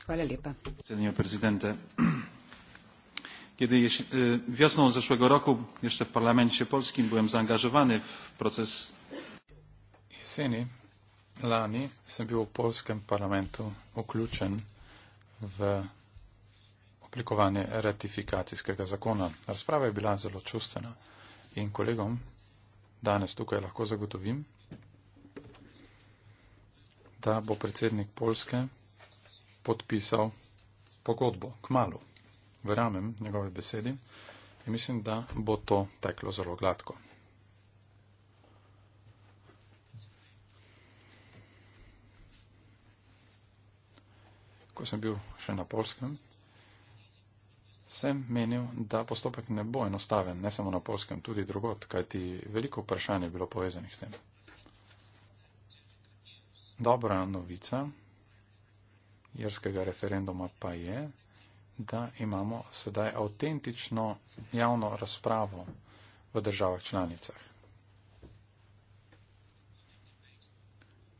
Hvala lepa. Kiedy wiosną zeszłego roku jeszcze w parlamencie polskim byłem zaangażowany w proces jeseni lani sem bil v polskem parlamentu vključen v oblikovanje ratifikacijskega zakona. Razprava je bila zelo čustvena in kolegom danes tukaj lahko zagotovim, da bo predsednik Polske podpisal pogodbo k malu. Verjamem njegove besedi in mislim, da bo to teklo zelo gladko. ko sem bil še na polskem, sem menil, da postopek ne bo enostaven, ne samo na polskem, tudi drugot, kajti veliko vprašanj je bilo povezanih s tem. Dobra novica jerskega referenduma pa je, da imamo sedaj avtentično javno razpravo v državah članicah.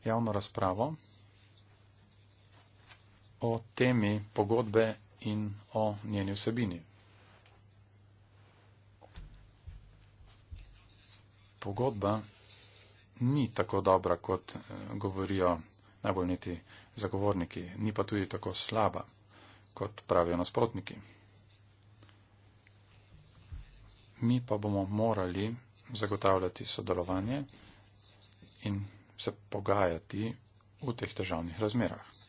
Javno razpravo o temi pogodbe in o njeni vsebini. Pogodba ni tako dobra, kot eh, govorijo najbolj niti zagovorniki, ni pa tudi tako slaba, kot pravijo nasprotniki. Mi pa bomo morali zagotavljati sodelovanje in se pogajati v teh težavnih razmerah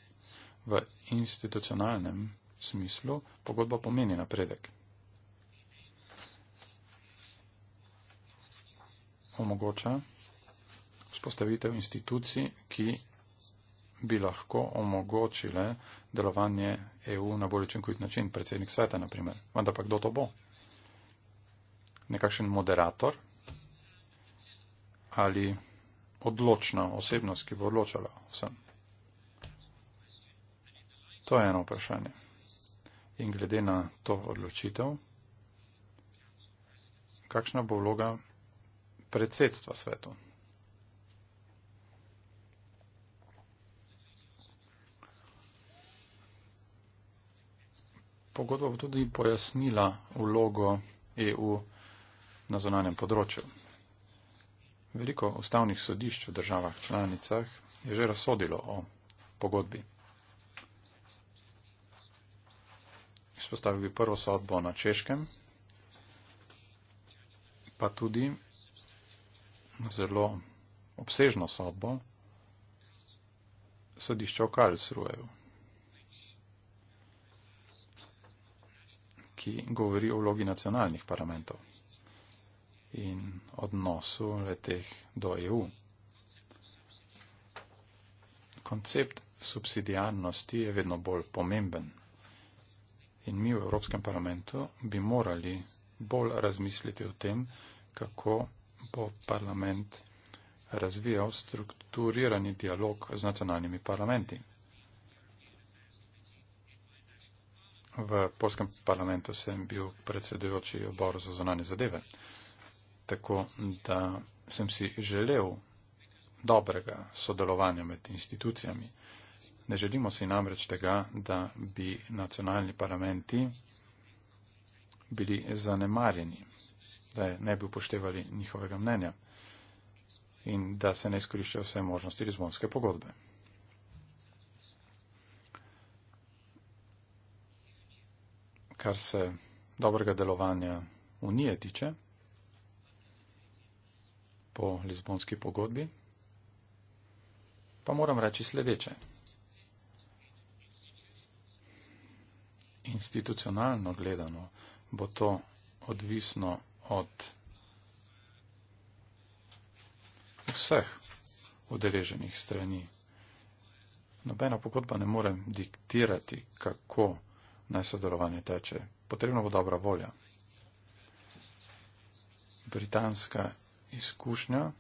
v institucionalnem smislu pogodba pomeni napredek. Omogoča vzpostavitev institucij, ki bi lahko omogočile delovanje EU na bolj učinkovit način, predsednik sveta, naprimer. Vendar pa kdo to bo? Nekakšen moderator ali odločna osebnost, ki bo odločala vsem. To je eno vprašanje. In glede na to odločitev, kakšna bo vloga predsedstva svetu? Pogodba bo tudi pojasnila vlogo EU na zonanjem področju. Veliko ustavnih sodišč v državah članicah je že razsodilo o pogodbi. Izpostavil bi prvo sodbo na Češkem, pa tudi zelo obsežno sodbo sodišča v Karlsruheju, ki govori o vlogi nacionalnih parlamentov in odnosu leteh do EU. Koncept subsidijarnosti je vedno bolj pomemben In mi v Evropskem parlamentu bi morali bolj razmisliti o tem, kako bo parlament razvijal strukturirani dialog z nacionalnimi parlamenti. V Polskem parlamentu sem bil predsedujoči oboru za zonanje zadeve, tako da sem si želel dobrega sodelovanja med institucijami. Ne želimo si namreč tega, da bi nacionalni parlamenti bili zanemarjeni, da ne bi upoštevali njihovega mnenja in da se ne izkoriščajo vse možnosti Lizbonske pogodbe. Kar se dobrega delovanja Unije tiče, po Lizbonski pogodbi, pa moram reči sledeče. institucionalno gledano bo to odvisno od vseh udeleženih strani. Nobena pogodba ne more diktirati, kako naj sodelovanje teče. Potrebna bo dobra volja. Britanska izkušnja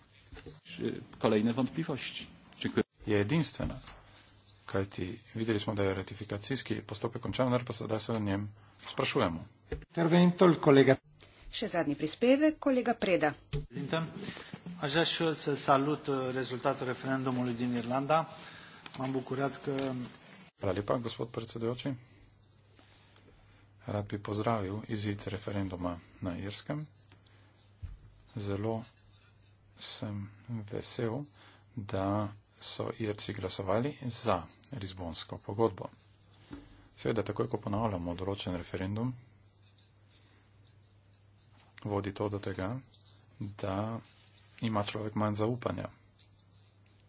je edinstvena kajti videli smo, da je ratifikacijski postopek končan, vendar pa sedaj se o njem sprašujemo. Interventor, kolega. Še zadnji prispevek, kolega Preda. Aș vrea și eu să salut uh, rezultatul referendumului din Irlanda. M-am bucurat că... Hvala lepa, gospod predsedujoči. Rad bi pozdravil izid referenduma na Irskem. Zelo sem vesel, da so Irci glasovali za Lizbonsko pogodbo. Seveda, takoj ko ponavljamo določen referendum, vodi to do tega, da ima človek manj zaupanja.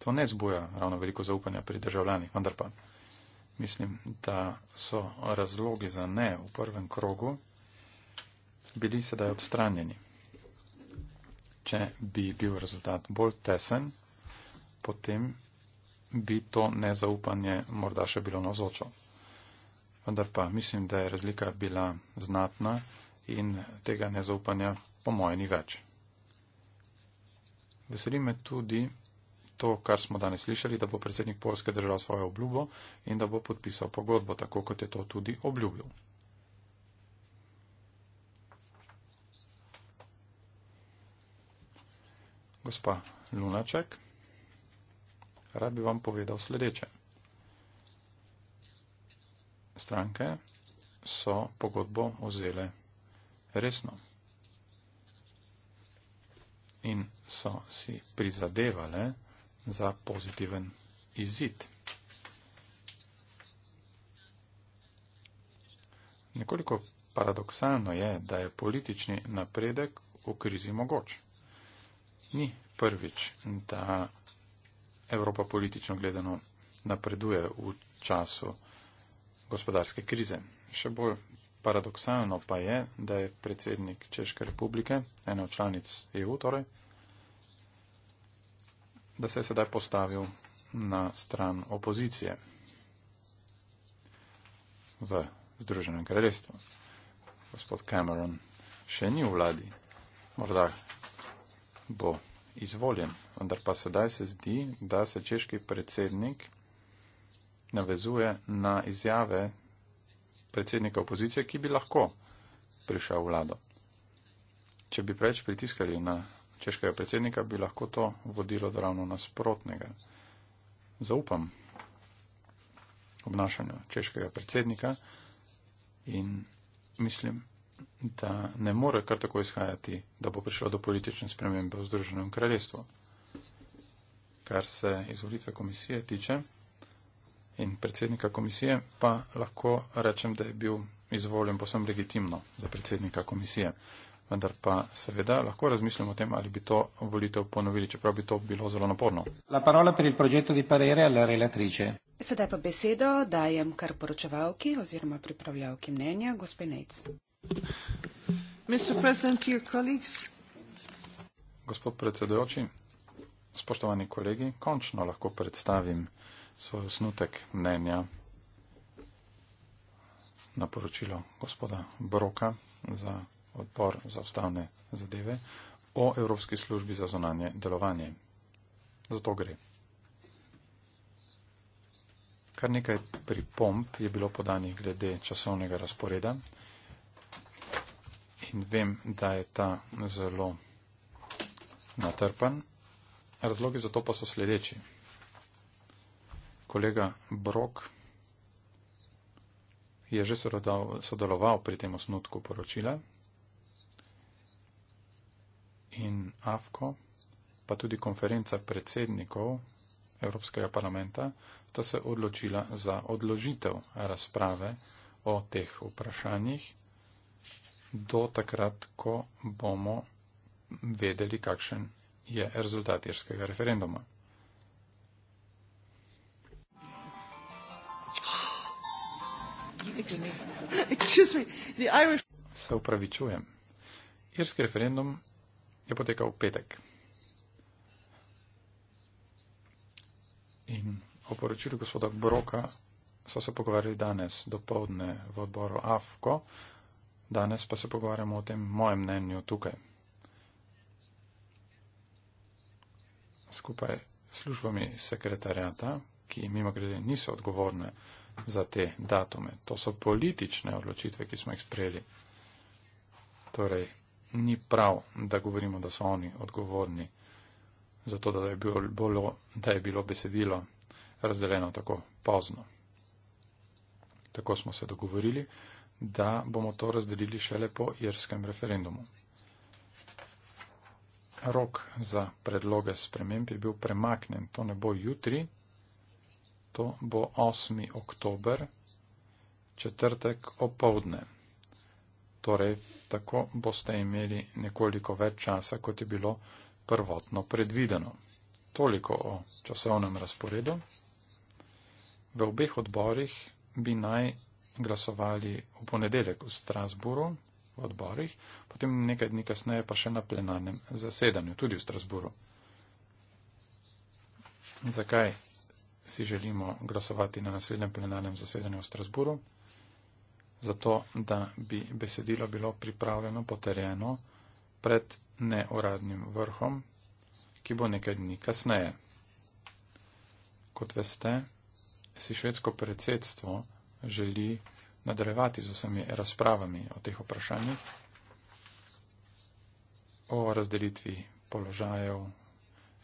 To ne zbuja ravno veliko zaupanja pri državljanih, vendar pa mislim, da so razlogi za ne v prvem krogu bili sedaj odstranjeni. Če bi bil rezultat bolj tesen, potem bi to nezaupanje morda še bilo navzočo. Vendar pa mislim, da je razlika bila znatna in tega nezaupanja po moje ni več. Veseli me tudi to, kar smo danes slišali, da bo predsednik Polske držal svojo obljubo in da bo podpisal pogodbo, tako kot je to tudi obljubil. Gospa Lunaček rad bi vam povedal sledeče. Stranke so pogodbo vzele resno in so si prizadevale za pozitiven izid. Nekoliko paradoksalno je, da je politični napredek v krizi mogoč. Ni prvič, da Evropa politično gledano napreduje v času gospodarske krize. Še bolj paradoksalno pa je, da je predsednik Češke republike, ena od članic EU torej, da se je sedaj postavil na stran opozicije v Združenem kraljestvu. Gospod Cameron še ni v vladi. Morda bo izvoljen. Vendar pa sedaj se zdi, da se češki predsednik navezuje na izjave predsednika opozicije, ki bi lahko prišel vlado. Če bi preveč pritiskali na češkega predsednika, bi lahko to vodilo do ravno nasprotnega. Zaupam obnašanju češkega predsednika in mislim, da ne more kar tako izhajati, da bo prišlo do politične spremembe v Združenem kraljestvu. Kar se izvolitve komisije tiče in predsednika komisije, pa lahko rečem, da je bil izvoljen posem legitimno za predsednika komisije. Vendar pa seveda lahko razmislimo o tem, ali bi to volitev ponovili, čeprav bi to bilo zelo naporno. Sedaj pa besedo dajem kar poročevalki oziroma pripravljavki mnenja, gospe Nec. Gospod predsedujoči, spoštovani kolegi, končno lahko predstavim svoj osnutek mnenja na poročilo gospoda Broka za odbor za ustavne zadeve o Evropski službi za zonanje delovanje. Zato gre. Kar nekaj pripomb je bilo podanih glede časovnega razporeda in vem, da je ta zelo natrpan. Razlogi za to pa so sledeči. Kolega Brok je že sodeloval pri tem osnutku poročila in AFKO, pa tudi konferenca predsednikov Evropskega parlamenta, sta se odločila za odložitev razprave o teh vprašanjih do takrat, ko bomo vedeli, kakšen je rezultat irskega referenduma. Se upravičujem. Irski referendum je potekal v petek. In o poročilu gospoda Broka so se pogovarjali danes do povdne v odboru AFKO. Danes pa se pogovarjamo o tem mojem mnenju tukaj. Skupaj s službami sekretarjata, ki mimo grede niso odgovorne za te datume. To so politične odločitve, ki smo jih sprejeli. Torej, ni prav, da govorimo, da so oni odgovorni za to, da je bilo, bolo, da je bilo besedilo razdeljeno tako pozno. Tako smo se dogovorili da bomo to razdelili šele po irskem referendumu. Rok za predloge sprememb je bil premaknen. To ne bo jutri, to bo 8. oktober, četrtek opovdne. Torej, tako boste imeli nekoliko več časa, kot je bilo prvotno predvideno. Toliko o časovnem razporedu. V obeh odborih bi naj glasovali v ponedeljek v Strasburu v odborih, potem nekaj dni kasneje pa še na plenarnem zasedanju, tudi v Strasburu. Zakaj si želimo glasovati na naslednjem plenarnem zasedanju v Strasburu? Zato, da bi besedilo bilo pripravljeno, poterjeno pred neuradnim vrhom, ki bo nekaj dni kasneje. Kot veste, si švedsko predsedstvo želi nadaljevati z vsemi razpravami o teh vprašanjih, o razdelitvi položajev,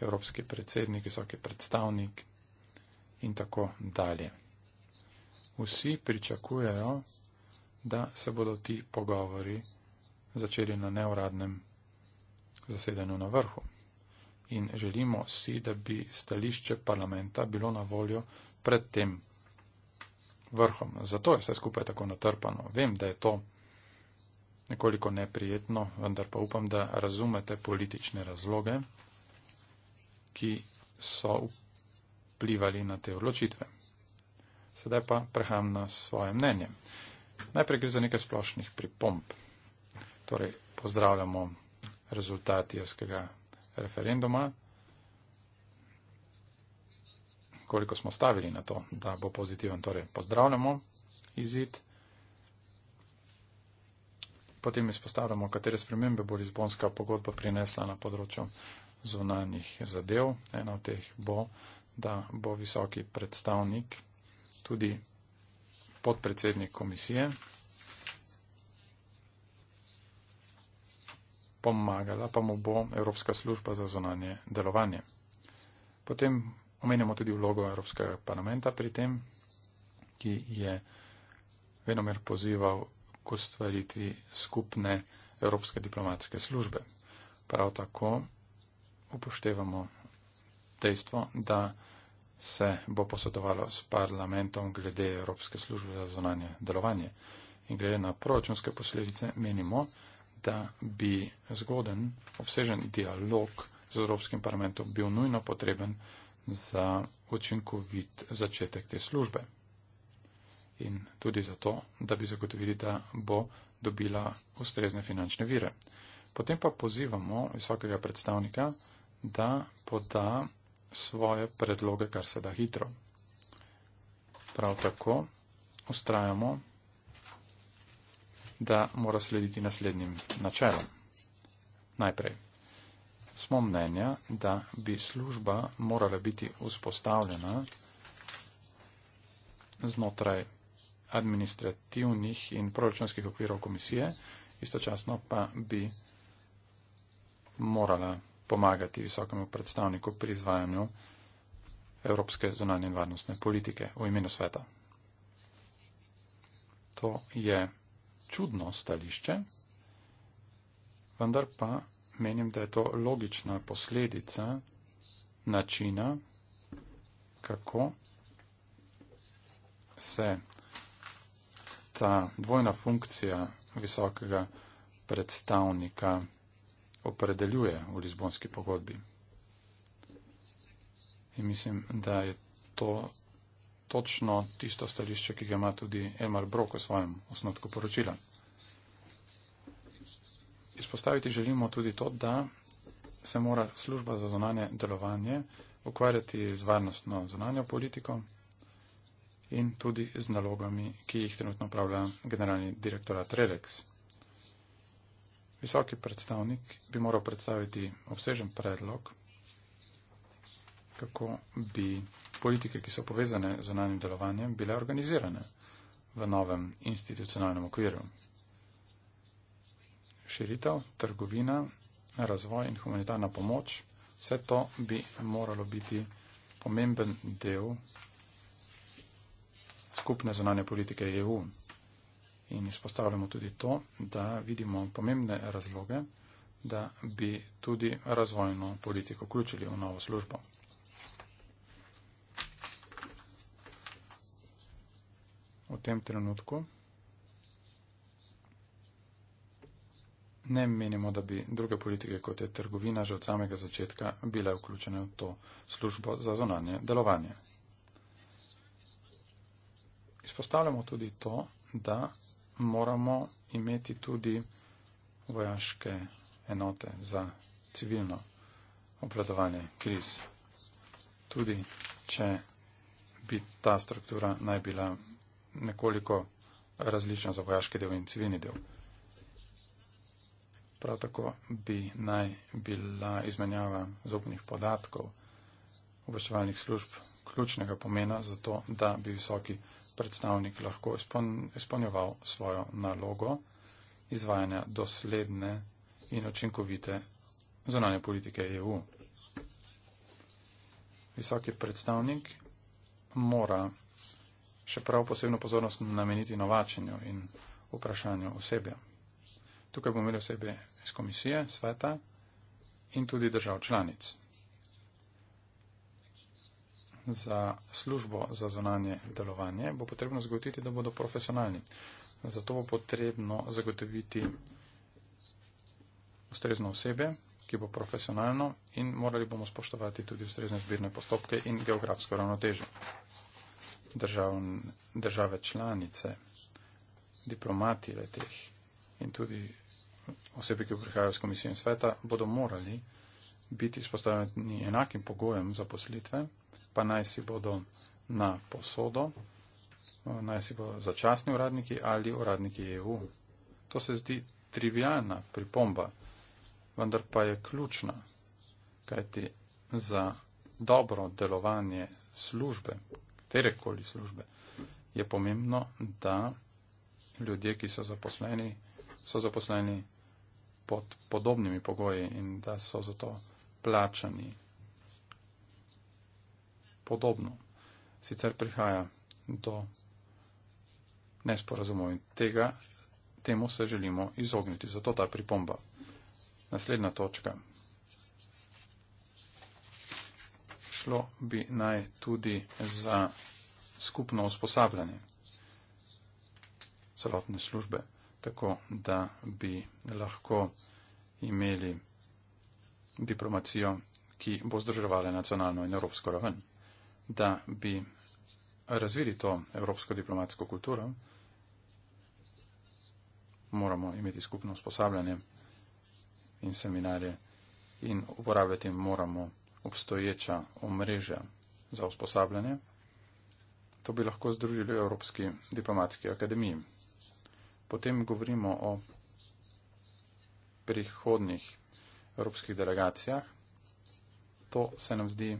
evropski predsednik, visoki predstavnik in tako dalje. Vsi pričakujejo, da se bodo ti pogovori začeli na neuradnem zasedanju na vrhu. In želimo si, da bi stališče parlamenta bilo na voljo pred tem vrhom. Zato je vse skupaj tako natrpano. Vem, da je to nekoliko neprijetno, vendar pa upam, da razumete politične razloge, ki so vplivali na te odločitve. Sedaj pa preham na svoje mnenje. Najprej gre za nekaj splošnih pripomp. Torej, pozdravljamo rezultat jaskega referenduma koliko smo stavili na to, da bo pozitiven. Torej, pozdravljamo izid. Potem izpostavljamo, katere spremembe bo Lizbonska pogodba prinesla na področju zunanjih zadev. Ena od teh bo, da bo visoki predstavnik tudi podpredsednik komisije pomagala, pa mu bo Evropska služba za zunanje delovanje. Potem Omenjamo tudi vlogo Evropskega parlamenta pri tem, ki je venomer pozival k ustvaritvi skupne Evropske diplomatske službe. Prav tako upoštevamo dejstvo, da se bo posodovalo s parlamentom glede Evropske službe za zonanje delovanje. In glede na proračunske posledice menimo, da bi zgoden obsežen dialog z Evropskim parlamentom bil nujno potreben za učinkovit začetek te službe. In tudi zato, da bi zagotovili, da bo dobila ustrezne finančne vire. Potem pa pozivamo vsakega predstavnika, da poda svoje predloge, kar se da hitro. Prav tako ustrajamo, da mora slediti naslednjim načelom. Najprej smo mnenja, da bi služba morala biti vzpostavljena znotraj administrativnih in proračunskih okvirov komisije, istočasno pa bi morala pomagati visokemu predstavniku pri izvajanju evropske zunanje in varnostne politike v imenu sveta. To je čudno stališče, vendar pa menim, da je to logična posledica načina, kako se ta dvojna funkcija visokega predstavnika opredeljuje v Lizbonski pogodbi. In mislim, da je to točno tisto stališče, ki ga ima tudi Elmar Brok v svojem osnotku poročila. Izpostaviti želimo tudi to, da se mora služba za zonanje delovanje ukvarjati z varnostno zonanjo politiko in tudi z nalogami, ki jih trenutno upravlja generalni direktorat Redex. Visoki predstavnik bi moral predstaviti obsežen predlog, kako bi politike, ki so povezane z zonanjem delovanjem, bile organizirane v novem institucionalnem okviru širitev, trgovina, razvoj in humanitarna pomoč. Vse to bi moralo biti pomemben del skupne zonanje politike EU. In izpostavljamo tudi to, da vidimo pomembne razloge, da bi tudi razvojno politiko vključili v novo službo. V tem trenutku ne menimo, da bi druge politike, kot je trgovina, že od samega začetka bile vključene v to službo za zonanje delovanje. Izpostavljamo tudi to, da moramo imeti tudi vojaške enote za civilno obvladovanje kriz. Tudi če bi ta struktura naj bila nekoliko različna za vojaški del in civilni del. Prav tako bi naj bila izmenjava zopnih podatkov obveščevalnih služb ključnega pomena za to, da bi visoki predstavnik lahko izpon, izponjeval svojo nalogo izvajanja dosledne in učinkovite zonalne politike EU. Visoki predstavnik mora še prav posebno pozornost nameniti novačenju in vprašanju osebja. Tukaj bomo imeli osebe iz komisije, sveta in tudi držav članic za službo za zonanje delovanje bo potrebno zagotoviti, da bodo profesionalni. Zato bo potrebno zagotoviti ustrezno osebe, ki bo profesionalno in morali bomo spoštovati tudi ustrezne zbirne postopke in geografsko ravnotežje. Države članice, diplomati le teh in tudi osebe, ki prihajajo z komisije in sveta, bodo morali biti izpostavljeni enakim pogojem za poslitve, pa naj si bodo na posodo, naj si bodo začasni uradniki ali uradniki EU. To se zdi trivialna pripomba, vendar pa je ključna, kajti za dobro delovanje službe, katerekoli službe, je pomembno, da ljudje, ki so zaposleni, so zaposleni pod podobnimi pogoji in da so zato plačani podobno. Sicer prihaja do nesporazumov in tega, temu se želimo izogniti. Zato ta pripomba. Naslednja točka. Šlo bi naj tudi za skupno usposabljanje celotne službe tako da bi lahko imeli diplomacijo, ki bo združevala nacionalno in evropsko raven, da bi razvili to evropsko diplomatsko kulturo, moramo imeti skupno usposabljanje in seminarje in uporabljati moramo obstoječa omrežja za usposabljanje. To bi lahko združili v Evropski diplomatski akademiji. Potem govorimo o prihodnih evropskih delegacijah. To se nam zdi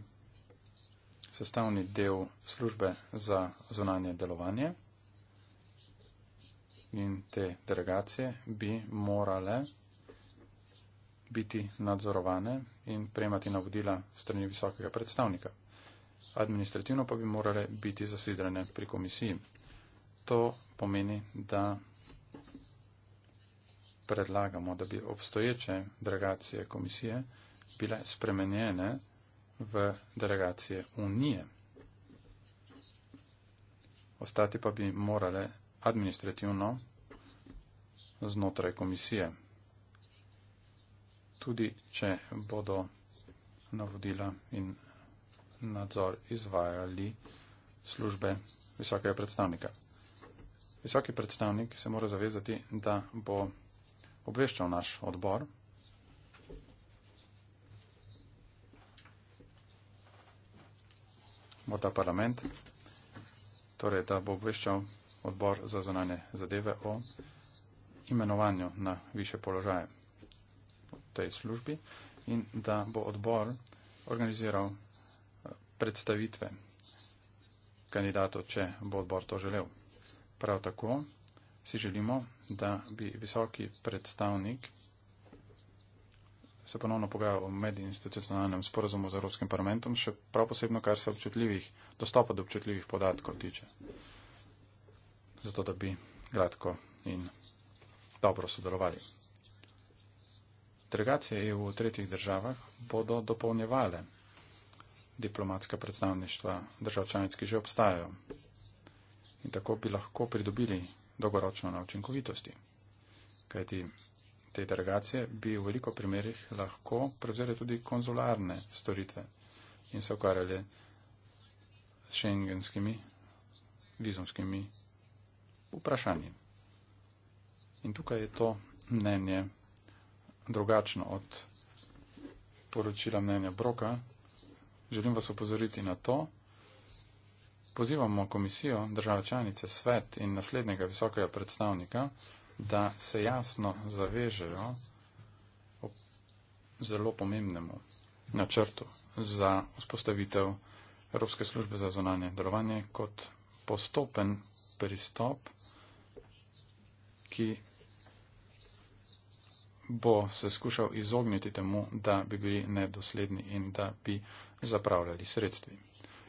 sestavni del službe za zunanje delovanje in te delegacije bi morale biti nadzorovane in prejemati navodila strani visokega predstavnika. Administrativno pa bi morale biti zasidrane pri komisiji. To pomeni, da predlagamo, da bi obstoječe delegacije komisije bile spremenjene v delegacije unije. Ostati pa bi morale administrativno znotraj komisije. Tudi, če bodo navodila in nadzor izvajali službe visokega predstavnika. Visoki predstavnik se mora zavezati, da bo obveščal naš odbor. Morda parlament, torej da bo obveščal odbor za zonanje zadeve o imenovanju na više položaje v tej službi in da bo odbor organiziral eh, predstavitve kandidatov, če bo odbor to želel. Prav tako si želimo, da bi visoki predstavnik se ponovno pogajal o medinstitucionalnem sporazumu z Evropskim parlamentom, še prav posebno, kar se občutljivih, dostopa do občutljivih podatkov tiče. Zato, da bi gladko in dobro sodelovali. Delegacije EU v tretjih državah bodo dopolnjevale diplomatska predstavništva držav članic, ki že obstajajo. In tako bi lahko pridobili dolgoročno na učinkovitosti. Kajti te delegacije bi v veliko primerjih lahko prevzeli tudi konzularne storitve in se ukvarjali s šengenskimi vizumskimi vprašanji. In tukaj je to mnenje drugačno od poročila mnenja Broka. Želim vas opozoriti na to, pozivamo komisijo, država članice, svet in naslednjega visokega predstavnika, da se jasno zavežejo ob zelo pomembnemu načrtu za vzpostavitev Evropske službe za zonanje delovanje kot postopen pristop, ki bo se skušal izogniti temu, da bi bili nedosledni in da bi zapravljali sredstvi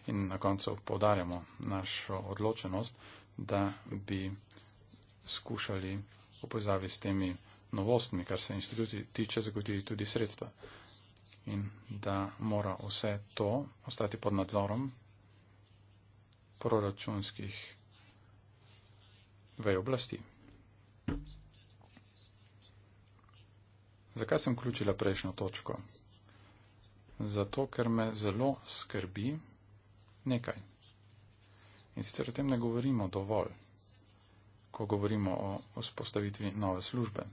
in na koncu povdarjamo našo odločenost, da bi skušali v povezavi s temi novostmi, kar se instituciji tiče, zagotoviti tudi sredstva. In da mora vse to ostati pod nadzorom proračunskih vej oblasti. Zakaj sem vključila prejšnjo točko? Zato, ker me zelo skrbi, nekaj. In sicer o tem ne govorimo dovolj, ko govorimo o vzpostavitvi nove službe.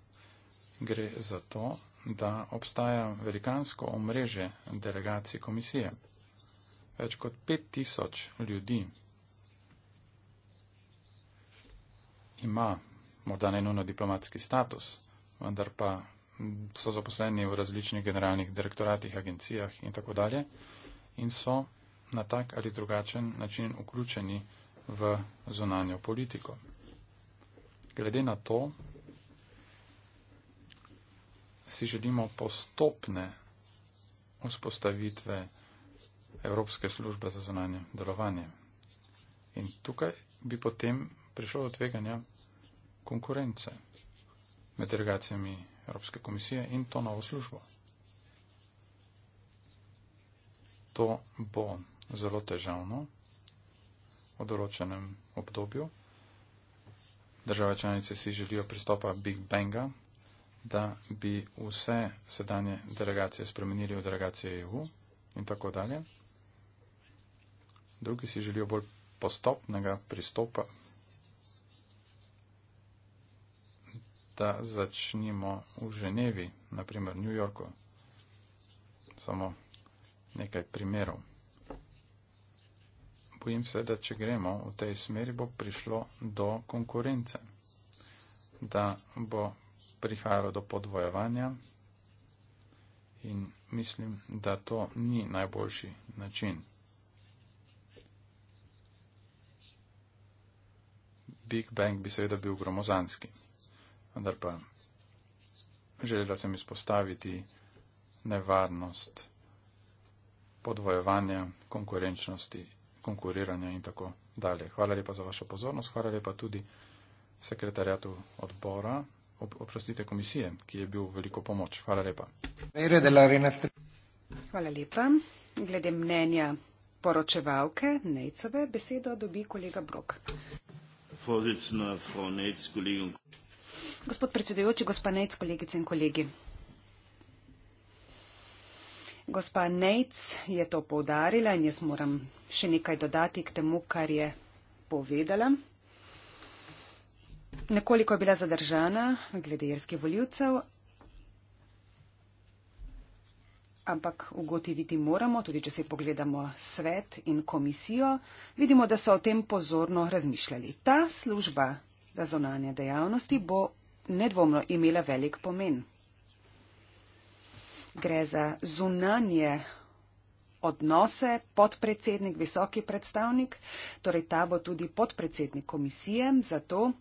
Gre za to, da obstaja velikansko omrežje delegacij komisije. Več kot 5000 ljudi ima morda ne nujno diplomatski status, vendar pa so zaposleni v različnih generalnih direktoratih, agencijah in tako dalje in so na tak ali drugačen način vključeni v zunanjo politiko. Glede na to si želimo postopne vzpostavitve Evropske službe za zunanje delovanje. In tukaj bi potem prišlo do tveganja konkurence med delegacijami Evropske komisije in to novo službo. To bo zelo težavno v določenem obdobju. Države članice si želijo pristopa Big Banga, da bi vse sedanje delegacije spremenili v delegacije EU in tako dalje. Drugi si želijo bolj postopnega pristopa, da začnimo v Ženevi, naprimer v New Yorku. Samo nekaj primerov bojim se, da če gremo v tej smeri, bo prišlo do konkurence, da bo prihajalo do podvojevanja in mislim, da to ni najboljši način. Big Bang bi seveda bil gromozanski, vendar pa želela sem izpostaviti nevarnost podvojevanja konkurenčnosti konkuriranja in tako dalje. Hvala lepa za vašo pozornost, hvala lepa tudi sekretarjatu odbora, ob, oprostite komisije, ki je bil veliko pomoč. Hvala lepa. Hvala lepa. Glede mnenja poročevalke Nejcove, besedo dobi kolega Brok. Gospod predsedujoči, gospa Nejc, kolegice in kolegi. Gospa Nejc je to povdarila in jaz moram še nekaj dodati k temu, kar je povedala. Nekoliko je bila zadržana glede irskih voljivcev, ampak ugotoviti moramo, tudi če se pogledamo svet in komisijo, vidimo, da so o tem pozorno razmišljali. Ta služba za zonanje dejavnosti bo nedvomno imela velik pomen gre za zunanje odnose, podpredsednik, visoki predstavnik, torej ta bo tudi podpredsednik komisije, zato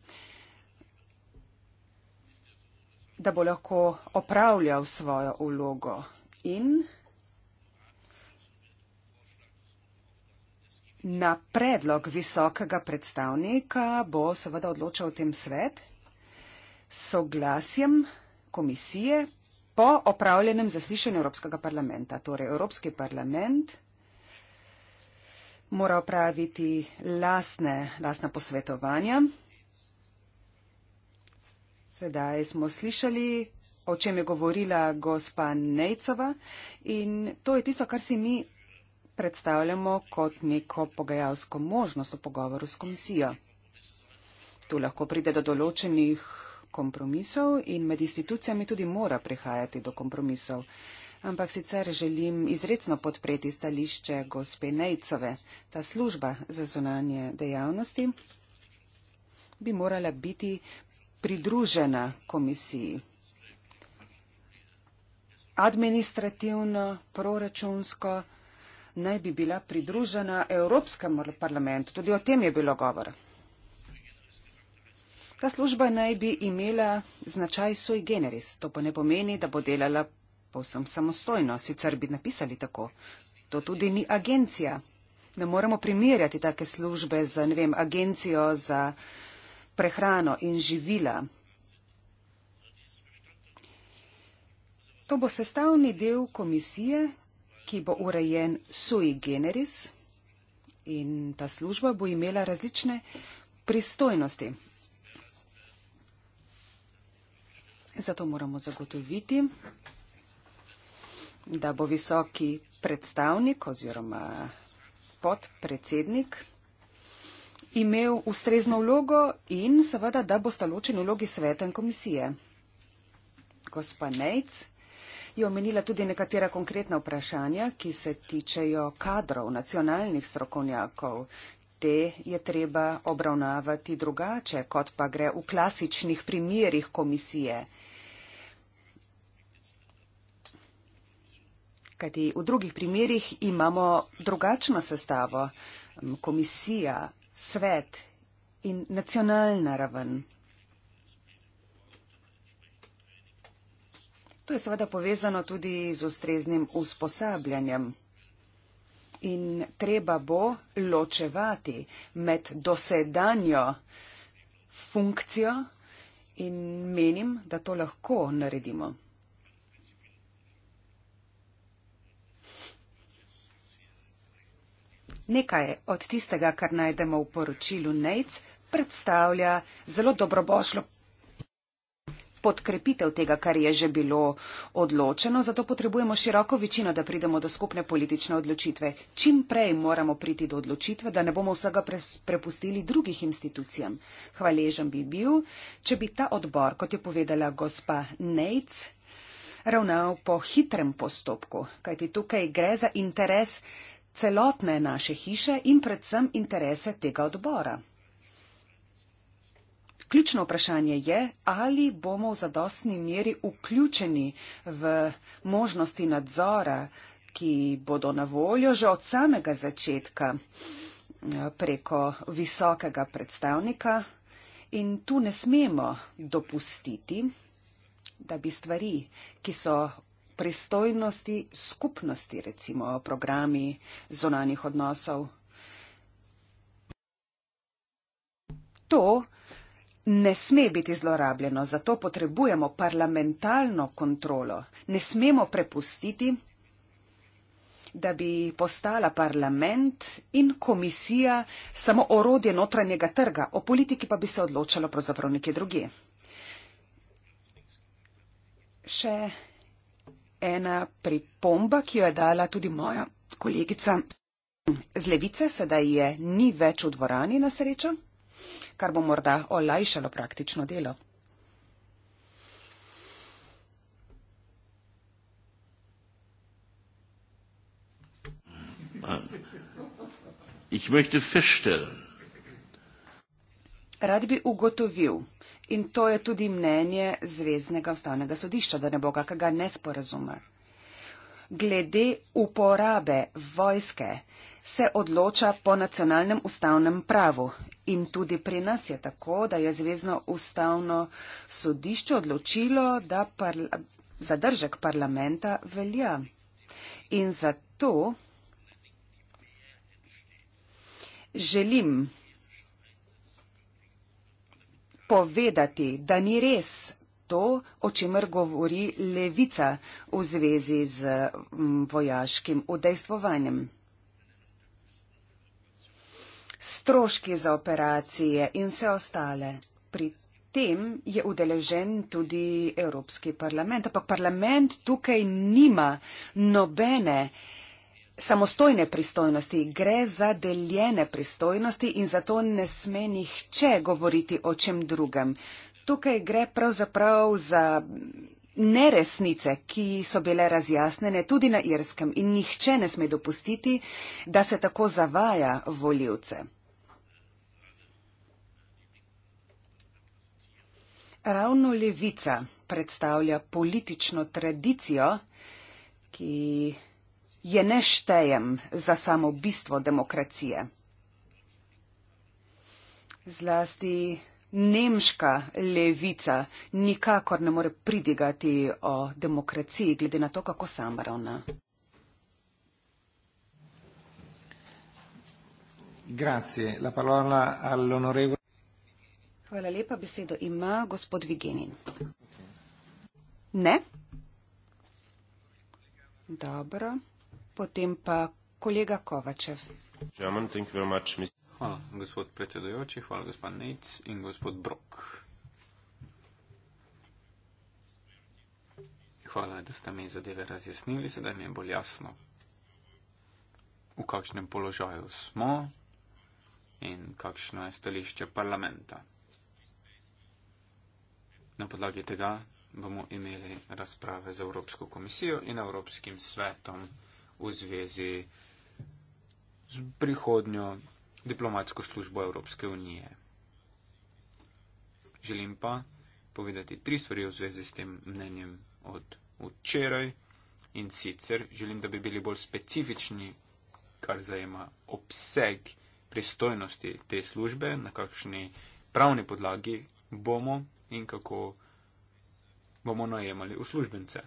da bo lahko opravljal svojo vlogo in na predlog visokega predstavnika bo seveda odločal tem svet, soglasjem komisije po opravljenem zaslišanju Evropskega parlamenta. Torej, Evropski parlament mora opraviti lasne, lasna posvetovanja. Sedaj smo slišali, o čem je govorila gospa Nejcova in to je tisto, kar si mi predstavljamo kot neko pogajalsko možnost v pogovoru s komisijo. Tu lahko pride do določenih kompromisov in med institucijami tudi mora prihajati do kompromisov. Ampak sicer želim izredno podpreti stališče gospe Nejcove. Ta služba za zunanje dejavnosti bi morala biti pridružena komisiji. Administrativno, proračunsko naj bi bila pridružena Evropskemu parlamentu. Tudi o tem je bilo govora. Ta služba naj bi imela značaj sui generis. To pa ne pomeni, da bo delala povsem samostojno, sicer bi napisali tako. To tudi ni agencija. Ne moramo primerjati take službe z, ne vem, agencijo za prehrano in živila. To bo sestavni del komisije, ki bo urejen sui generis in ta služba bo imela različne pristojnosti. Zato moramo zagotoviti, da bo visoki predstavnik oziroma podpredsednik imel ustrezno vlogo in seveda, da bo staločen vlogi sveta in komisije. Gospa Nejc je omenila tudi nekatera konkretna vprašanja, ki se tičejo kadrov, nacionalnih strokovnjakov. Te je treba obravnavati drugače, kot pa gre v klasičnih primerjih komisije. Kajti v drugih primerjih imamo drugačno sestavo, komisija, svet in nacionalna raven. To je seveda povezano tudi z ustreznim usposabljanjem. In treba bo ločevati med dosedanjo funkcijo in menim, da to lahko naredimo. Nekaj od tistega, kar najdemo v poročilu NEJC, predstavlja zelo dobrobošlo podkrepitev tega, kar je že bilo odločeno, zato potrebujemo široko večino, da pridemo do skupne politične odločitve. Čim prej moramo priti do odločitve, da ne bomo vsega prepustili drugih institucijam. Hvaležen bi bil, če bi ta odbor, kot je povedala gospa NEJC, ravnal po hitrem postopku, kajti tukaj gre za interes celotne naše hiše in predvsem interese tega odbora. Ključno vprašanje je, ali bomo v zadostni meri vključeni v možnosti nadzora, ki bodo na voljo že od samega začetka eh, preko visokega predstavnika. In tu ne smemo dopustiti, da bi stvari, ki so pristojnosti skupnosti, recimo programi zonanih odnosov. To ne sme biti zlorabljeno, zato potrebujemo parlamentarno kontrolo. Ne smemo prepustiti, da bi postala parlament in komisija samo orodje notranjega trga, o politiki pa bi se odločalo pravzaprav nekje druge. Še ena pripomba, ki jo je dala tudi moja kolegica z levice, sedaj je ni več v dvorani na srečo, kar bo morda olajšalo praktično delo. Ich möchte feststellen, Rad bi ugotovil, in to je tudi mnenje Zvezdnega ustavnega sodišča, da ne bo kakega nesporazuma. Glede uporabe vojske se odloča po nacionalnem ustavnem pravu in tudi pri nas je tako, da je Zvezdno ustavno sodišče odločilo, da parla zadržek parlamenta velja. In zato želim, povedati, da ni res to, o čemer govori levica v zvezi z vojaškim udejstvovanjem. Stroški za operacije in vse ostale. Pri tem je udeležen tudi Evropski parlament, ampak parlament tukaj nima nobene samostojne pristojnosti, gre za deljene pristojnosti in zato ne sme nihče govoriti o čem drugem. Tukaj gre pravzaprav za neresnice, ki so bile razjasnene tudi na Irskem in nihče ne sme dopustiti, da se tako zavaja voljivce. Ravno levica predstavlja politično tradicijo, ki je ne štejem za samo bistvo demokracije. Zlasti nemška levica nikakor ne more pridigati o demokraciji, glede na to, kako sama ravna. Hvala lepa, besedo ima gospod Vigenin. Ne? Dobro potem pa kolega Kovačev. Hvala, gospod predsedojoči, hvala, gospod Nec in gospod Brok. Hvala, da ste mi zadeve razjasnili, sedaj mi je bolj jasno, v kakšnem položaju smo in kakšno je stališče parlamenta. Na podlagi tega bomo imeli razprave z Evropsko komisijo in Evropskim svetom v zvezi z prihodnjo diplomatsko službo Evropske unije. Želim pa povedati tri stvari v zvezi s tem mnenjem od včeraj in sicer želim, da bi bili bolj specifični, kar zajema obseg pristojnosti te službe, na kakšni pravni podlagi bomo in kako bomo najemali uslužbence.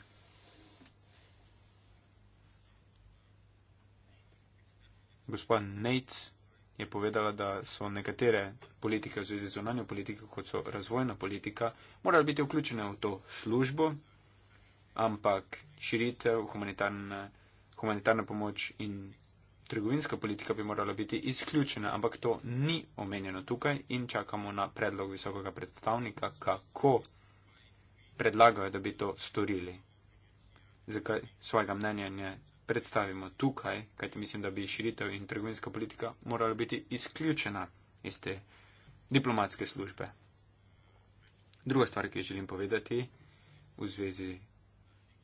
gospa Nates je povedala, da so nekatere politike v zvezi z zonanjo politiko, kot so razvojna politika, morali biti vključene v to službo, ampak širitev, humanitarna pomoč in trgovinska politika bi morala biti izključena, ampak to ni omenjeno tukaj in čakamo na predlog visokega predstavnika, kako predlagajo, da bi to storili. Zakaj svojega mnenja ne predstavimo tukaj, kajti mislim, da bi širitev in trgovinska politika morala biti izključena iz te diplomatske službe. Druga stvar, ki jo želim povedati v zvezi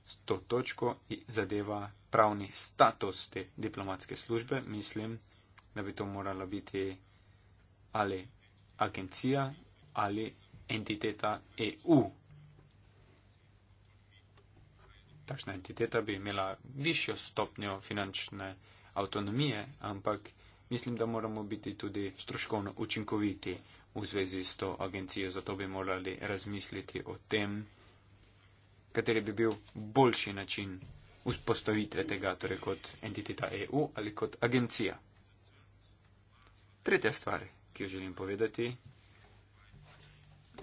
s to točko, zadeva pravni status te diplomatske službe. Mislim, da bi to morala biti ali agencija ali entiteta EU, takšna entiteta bi imela višjo stopnjo finančne avtonomije, ampak mislim, da moramo biti tudi stroškovno učinkoviti v zvezi s to agencijo. Zato bi morali razmisliti o tem, kateri bi bil boljši način vzpostavitve tega, torej kot entiteta EU ali kot agencija. Tretja stvar, ki jo želim povedati,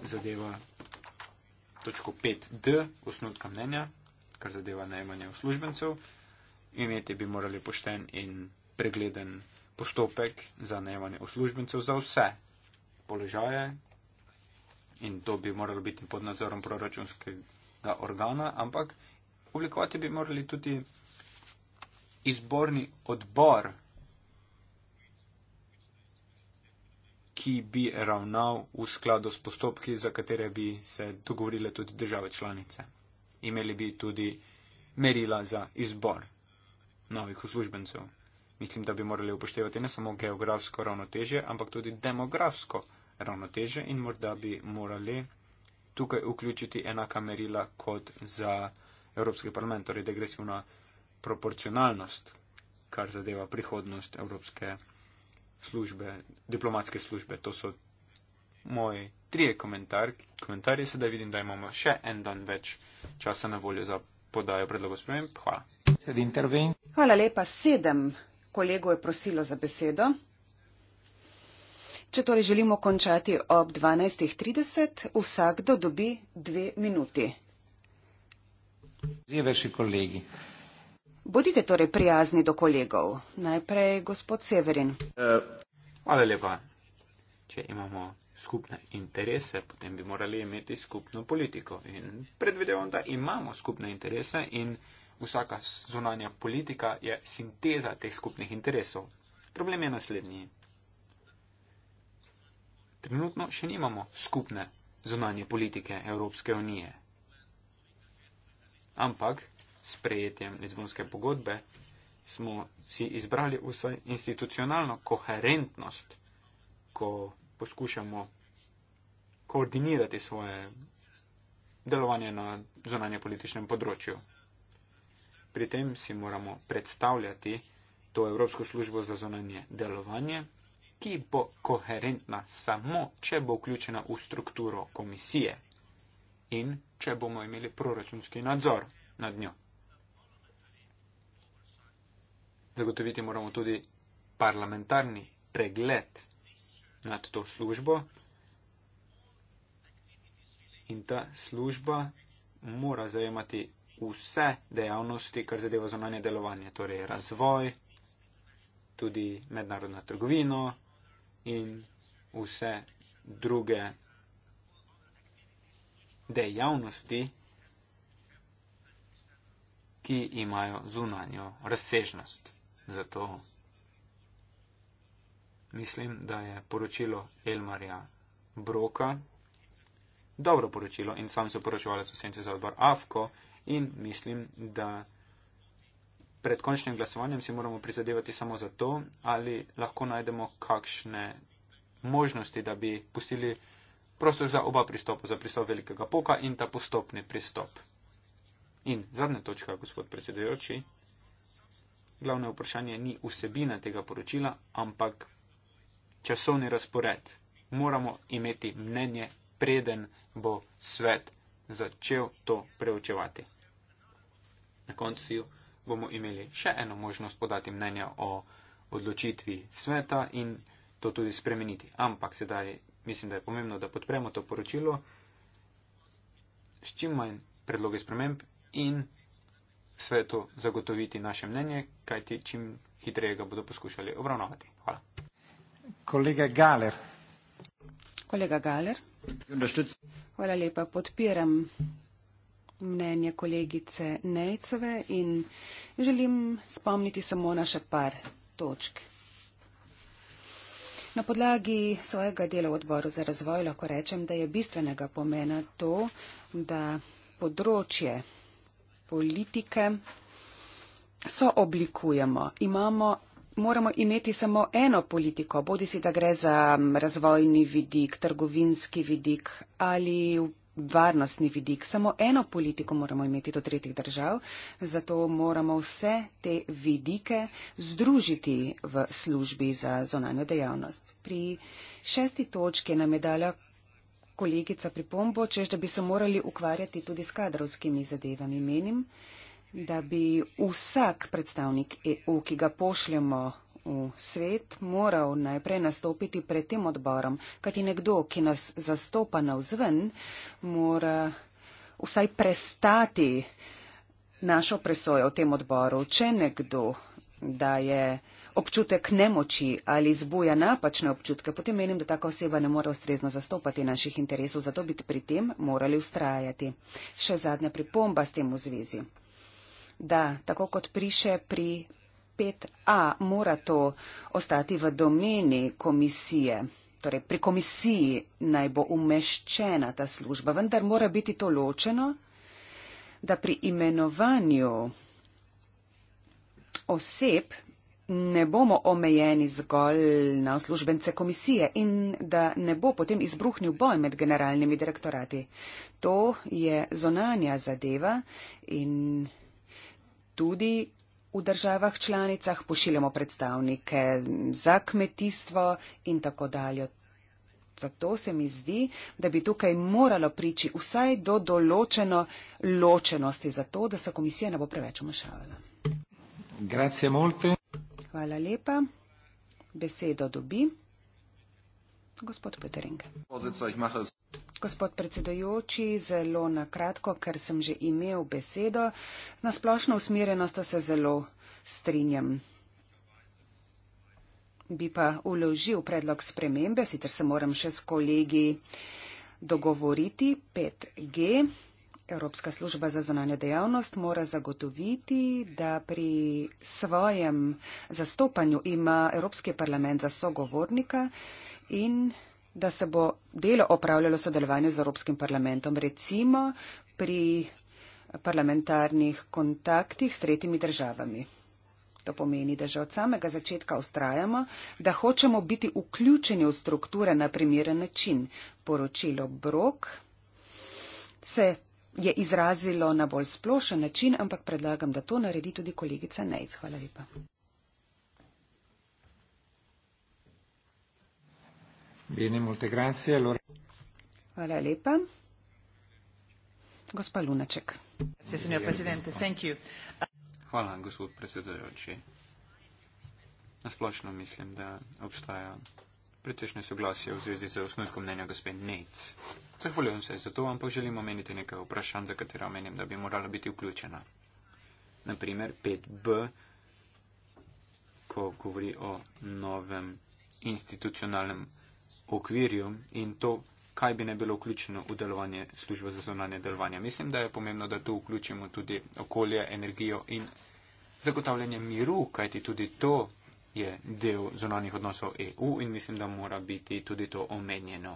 zadeva točko 5D, osnutka mnenja, kar zadeva najmanje uslužbencev. Imeti bi morali pošten in pregleden postopek za najmanje uslužbencev za vse položaje in to bi moralo biti pod nadzorom proračunskega organa, ampak oblikovati bi morali tudi izborni odbor, ki bi ravnal v skladu s postopki, za katere bi se dogovorile tudi države članice imeli bi tudi merila za izbor novih uslužbencev. Mislim, da bi morali upoštevati ne samo geografsko ravnotežje, ampak tudi demografsko ravnotežje in morda bi morali tukaj vključiti enaka merila kot za Evropski parlament, torej degresivna proporcionalnost, kar zadeva prihodnost Evropske službe, diplomatske službe. To so moje trije komentar, komentarje, sedaj vidim, da imamo še en dan več časa na voljo za podajo predlogov sprememb. Hvala. Hvala lepa. Sedem kolegov je prosilo za besedo. Če torej želimo končati ob 12.30, vsakdo dobi dve minuti. Zjeveši kolegi. Bodite torej prijazni do kolegov. Najprej gospod Severin. Hvala lepa. Če imamo skupne interese, potem bi morali imeti skupno politiko. In predvidevam, da imamo skupne interese in vsaka zunanja politika je sinteza teh skupnih interesov. Problem je naslednji. Trenutno še nimamo skupne zunanje politike Evropske unije. Ampak s prejetjem Lizbonske pogodbe smo si izbrali vsaj institucionalno koherentnost, ko poskušamo koordinirati svoje delovanje na zunanje političnem področju. Pri tem si moramo predstavljati to Evropsko službo za zunanje delovanje, ki bo koherentna samo, če bo vključena v strukturo komisije in če bomo imeli proračunski nadzor nad njo. Zagotoviti moramo tudi parlamentarni pregled nad to službo. In ta služba mora zajemati vse dejavnosti, kar zadeva zunanje delovanje, torej razvoj, tudi mednarodno trgovino in vse druge dejavnosti, ki imajo zunanjo razsežnost. Zato mislim, da je poročilo Elmarja Broka dobro poročilo in sam se poročevalec v senci za odbor AFKO in mislim, da pred končnim glasovanjem si moramo prizadevati samo za to, ali lahko najdemo kakšne možnosti, da bi pustili prostor za oba pristopa, za pristop velikega poka in ta postopni pristop. In zadnja točka, gospod predsedujoči. Glavno vprašanje ni vsebina tega poročila, ampak časovni razpored. Moramo imeti mnenje, preden bo svet začel to preučevati. Na koncu bomo imeli še eno možnost podati mnenje o odločitvi sveta in to tudi spremeniti. Ampak sedaj mislim, da je pomembno, da podpremo to poročilo s čim manj predloge sprememb in svetu zagotoviti naše mnenje, kajti čim hitreje ga bodo poskušali obravnavati. Hvala. Kolega Galer. Hvala lepa. Podpiram mnenje kolegice Nejcove in želim spomniti samo na še par točk. Na podlagi svojega dela v odboru za razvoj lahko rečem, da je bistvenega pomena to, da področje politike so oblikujemo. Imamo moramo imeti samo eno politiko, bodi si da gre za razvojni vidik, trgovinski vidik ali varnostni vidik. Samo eno politiko moramo imeti do tretjih držav, zato moramo vse te vidike združiti v službi za zonanjo dejavnost. Pri šesti točki je nam je dala kolegica pripombo, čež da bi se morali ukvarjati tudi s kadrovskimi zadevami, menim da bi vsak predstavnik EU, ki ga pošljemo v svet, moral najprej nastopiti pred tem odborom, kajti nekdo, ki nas zastopa na vzven, mora vsaj prestati našo presojo v tem odboru. Če nekdo daje občutek nemoči ali zbuja napačne občutke, potem menim, da taka oseba ne more ustrezno zastopati naših interesov, zato bi pri tem morali ustrajati. Še zadnja pripomba s tem v zvezi da tako kot priše pri 5a, mora to ostati v domeni komisije. Torej, pri komisiji naj bo umeščena ta služba, vendar mora biti to ločeno, da pri imenovanju oseb ne bomo omejeni zgolj na službence komisije in da ne bo potem izbruhnil boj med generalnimi direktorati. To je zonanja zadeva in tudi v državah članicah, pošiljamo predstavnike za kmetijstvo in tako dalje. Zato se mi zdi, da bi tukaj moralo priči vsaj do določeno ločenosti, zato da se komisija ne bo preveč umašavala. Hvala lepa. Besedo dobi gospod Petering. Gospod predsedujoči, zelo na kratko, ker sem že imel besedo, na splošno usmerjenost se zelo strinjam. Bi pa uložil predlog spremembe, sicer se moram še s kolegi dogovoriti. 5G, Evropska služba za zonanje dejavnost, mora zagotoviti, da pri svojem zastopanju ima Evropski parlament za sogovornika in da se bo delo opravljalo sodelovanje z Evropskim parlamentom, recimo pri parlamentarnih kontaktih s tretjimi državami. To pomeni, da že od samega začetka ustrajamo, da hočemo biti vključeni v strukture na primeren način. Poročilo Brok se je izrazilo na bolj splošen način, ampak predlagam, da to naredi tudi kolegica Nejc. Hvala lepa. Bene, molte grazie. Allora... Hvala lepa. Gospa Lunaček. Grazie, signor Presidente. Thank you. Hvala, gospod predsedujoči. Na splošno mislim, da obstaja pretešnje soglasje v zvezi z osnutkom mnenja gospe Nates. Zahvaljujem se za to, ampak želim omeniti nekaj vprašanj, za katera omenim, da bi morala biti vključena. Naprimer, 5b, ko govori o novem institucionalnem vprašanju okvirju in to, kaj bi ne bilo vključeno v delovanje službe za zunanje delovanje. Mislim, da je pomembno, da tu vključimo tudi okolje, energijo in zagotavljanje miru, kajti tudi to je del zunanih odnosov EU in mislim, da mora biti tudi to omenjeno.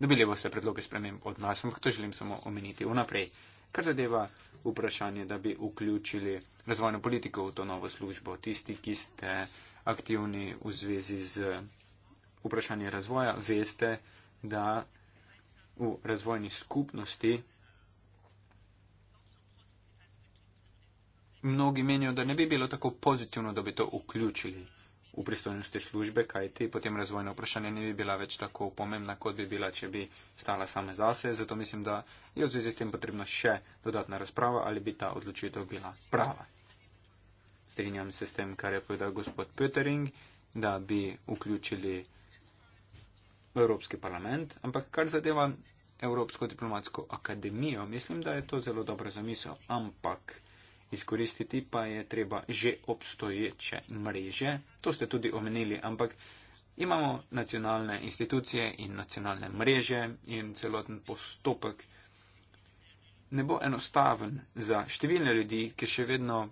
Dobili boste predloge sprememb od nas, ampak to želim samo omeniti vnaprej. Kar zadeva vprašanje, da bi vključili razvojno politiko v to novo službo, tisti, ki ste aktivni v zvezi z vprašanje razvoja, veste, da v razvojni skupnosti mnogi menijo, da ne bi bilo tako pozitivno, da bi to vključili v pristojnosti službe, kaj ti potem razvojna vprašanja ne bi bila več tako pomembna, kot bi bila, če bi stala same zase. Zato mislim, da je v zvezi s tem potrebna še dodatna razprava, ali bi ta odločitev bila prava. Strinjam se s tem, kar je povedal gospod Pötering, da bi vključili Evropski parlament, ampak kar zadeva Evropsko diplomatsko akademijo, mislim, da je to zelo dobro zamisel, ampak izkoristiti pa je treba že obstoječe mreže, to ste tudi omenili, ampak imamo nacionalne institucije in nacionalne mreže in celoten postopek ne bo enostaven za številne ljudi, ki še vedno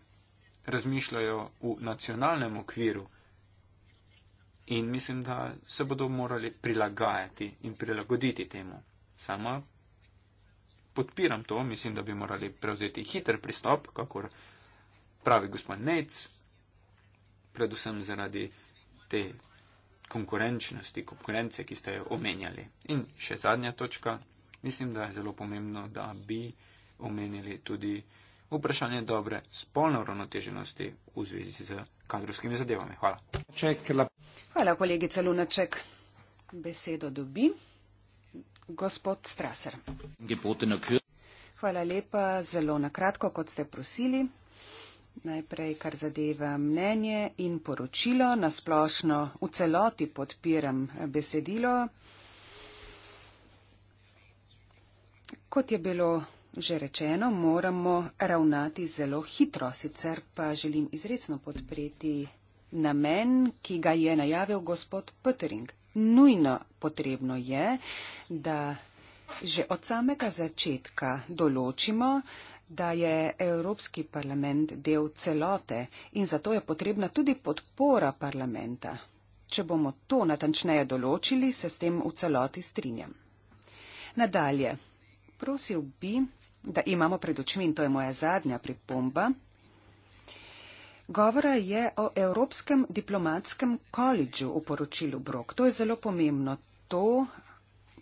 razmišljajo v nacionalnem okviru. In mislim, da se bodo morali prilagajati in prilagoditi temu. Sama podpiram to, mislim, da bi morali prevzeti hiter pristop, kakor pravi gospod Nec, predvsem zaradi te konkurenčnosti, konkurence, ki ste jo omenjali. In še zadnja točka, mislim, da je zelo pomembno, da bi omenili tudi vprašanje dobre spolne ravnoteženosti v zvezi z kadrovskimi zadevami. Hvala. Hvala, kolegica Lunaček. Besedo dobi gospod Straser. Hvala lepa, zelo nakratko, kot ste prosili. Najprej, kar zadeva mnenje in poročilo, nasplošno v celoti podpiram besedilo. Kot je bilo že rečeno, moramo ravnati zelo hitro, sicer pa želim izredno podpreti namen, ki ga je najavil gospod Pöttering. Nujno potrebno je, da že od samega začetka določimo, da je Evropski parlament del celote in zato je potrebna tudi podpora parlamenta. Če bomo to natančneje določili, se s tem v celoti strinjam. Nadalje, prosil bi, da imamo pred očmi, in to je moja zadnja pripomba, govora je o Evropskem diplomatskem koledžu v poročilu Brok. To je zelo pomembno. To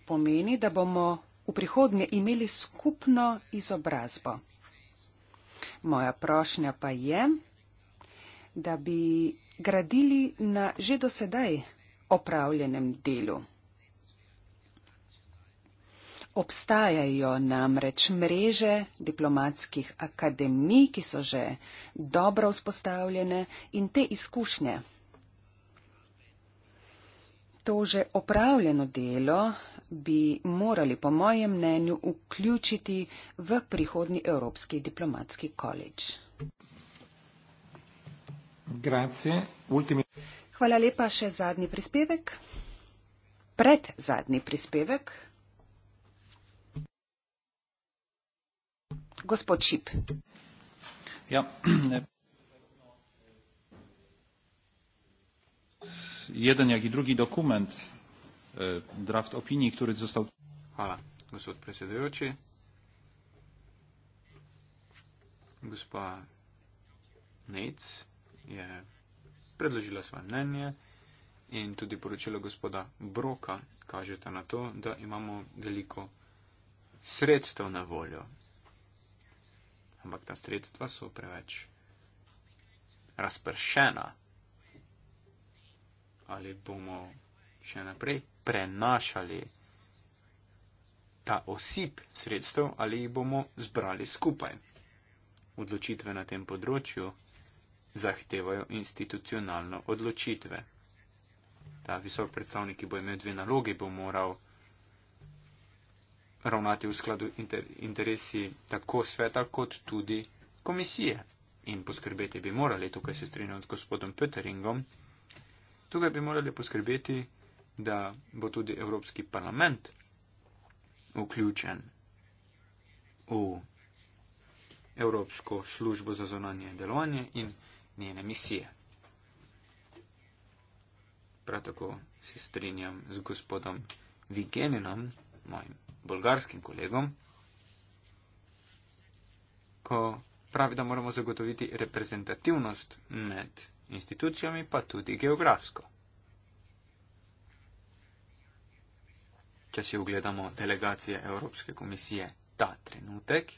pomeni, da bomo v prihodnje imeli skupno izobrazbo. Moja prošnja pa je, da bi gradili na že dosedaj opravljenem delu. Obstajajo namreč mreže diplomatskih akademij, ki so že dobro vzpostavljene in te izkušnje. To že opravljeno delo bi morali po mojem mnenju vključiti v prihodni Evropski diplomatski koleč. Hvala lepa, še zadnji prispevek. Pred zadnji prispevek. gospod Šip. Ja, jeden, jak i drugi dokument, e, draft opinii, który został. Hvala, gospod predsedujoči. Gospa Nec je predložila svoje mnenje in tudi poročilo gospoda Broka kažete na to, da imamo veliko sredstev na voljo ampak ta sredstva so preveč razpršena. Ali bomo še naprej prenašali ta osip sredstev ali jih bomo zbrali skupaj. Odločitve na tem področju zahtevajo institucionalno odločitve. Ta visok predstavnik, ki bo imel dve nalogi, bo moral ravnati v skladu inter, interesi tako sveta kot tudi komisije. In poskrbeti bi morali, tukaj se strinjam s gospodom Petteringom, tukaj bi morali poskrbeti, da bo tudi Evropski parlament vključen v Evropsko službo za zonanje delovanje in njene misije. Prav tako se strinjam z gospodom Vigeninom, mojim bolgarskim kolegom, ko pravi, da moramo zagotoviti reprezentativnost med institucijami, pa tudi geografsko. Če si ogledamo delegacije Evropske komisije ta trenutek,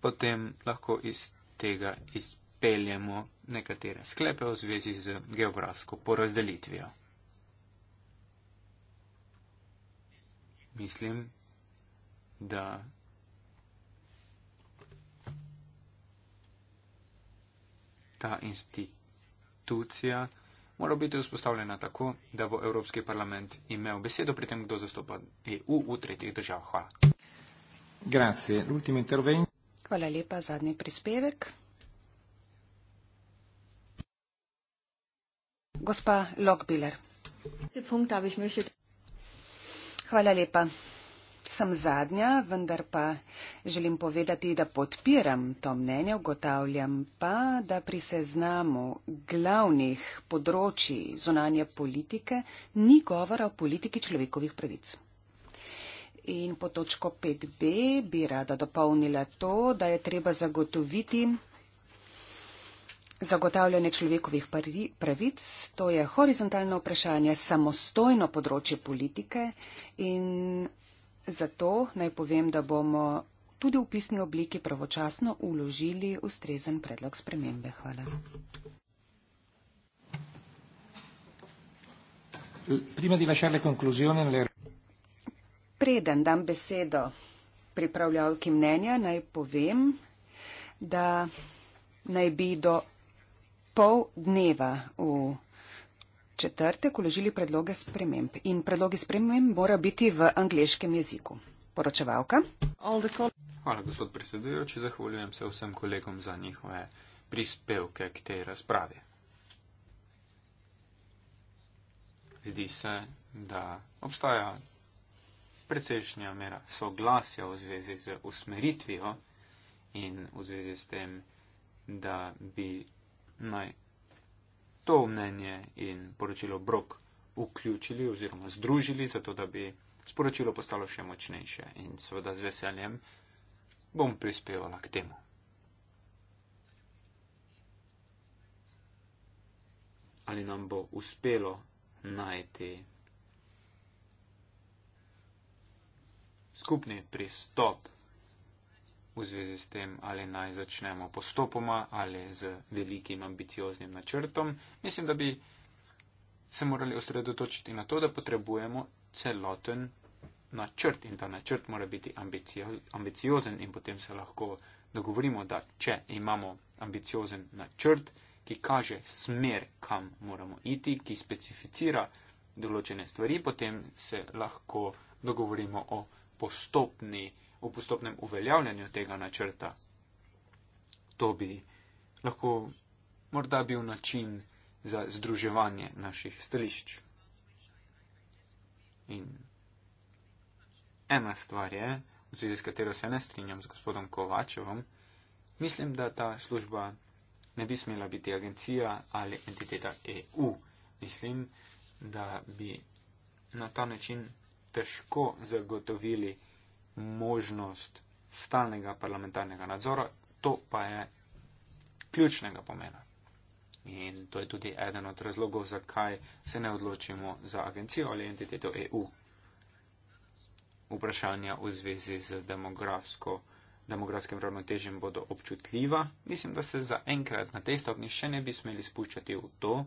potem lahko iz tega izpeljemo nekatere sklepe v zvezi z geografsko porazdelitvijo. mislim, da ta institucija mora biti vzpostavljena tako, da bo Evropski parlament imel besedo pri tem, kdo zastopa EU v tretjih državah. Hvala. Hvala lepa, zadnji prispevek. Gospa Lokbiler. Hvala lepa. Sem zadnja, vendar pa želim povedati, da podpiram to mnenje, ugotavljam pa, da pri seznamu glavnih področji zunanje politike ni govora o politiki človekovih pravic. In po točko 5b bi rada dopolnila to, da je treba zagotoviti Zagotavljanje človekovih pravic, to je horizontalno vprašanje, samostojno področje politike in zato naj povem, da bomo tudi v pisni obliki pravočasno uložili ustrezen predlog spremembe. Hvala. Preden dam besedo pripravljalki mnenja, naj povem, da naj bi do pol dneva v četrtek uložili predloge sprememb in predloge sprememb morajo biti v angliškem jeziku. Poročevalka. Hvala, gospod predsedujoči, zahvaljujem se vsem kolegom za njihove prispevke k tej razpravi. Zdi se, da obstaja precejšnja mera soglasja v zvezi z usmeritvijo in v zvezi s tem, da bi naj to mnenje in poročilo Brok vključili oziroma združili, zato da bi sporočilo postalo še močnejše. In seveda z veseljem bom prispevala k temu. Ali nam bo uspelo najti skupni pristop v zvezi s tem, ali naj začnemo postopoma ali z velikim ambicioznim načrtom, mislim, da bi se morali osredotočiti na to, da potrebujemo celoten načrt in ta načrt mora biti ambiciozen in potem se lahko dogovorimo, da če imamo ambiciozen načrt, ki kaže smer, kam moramo iti, ki specificira določene stvari, potem se lahko dogovorimo o postopni načrti v postopnem uveljavljanju tega načrta. To bi lahko morda bil način za združevanje naših stališč. In ena stvar je, v zvezi s katero se ne strinjam z gospodom Kovačevom, mislim, da ta služba ne bi smela biti agencija ali entiteta EU. Mislim, da bi na ta način težko zagotovili možnost stalnega parlamentarnega nadzora, to pa je ključnega pomena. In to je tudi eden od razlogov, zakaj se ne odločimo za agencijo ali entiteto EU. Vprašanja v zvezi z demografsko, demografskim ravnotežjem bodo občutljiva. Mislim, da se zaenkrat na tej stopni še ne bi smeli spuščati v to.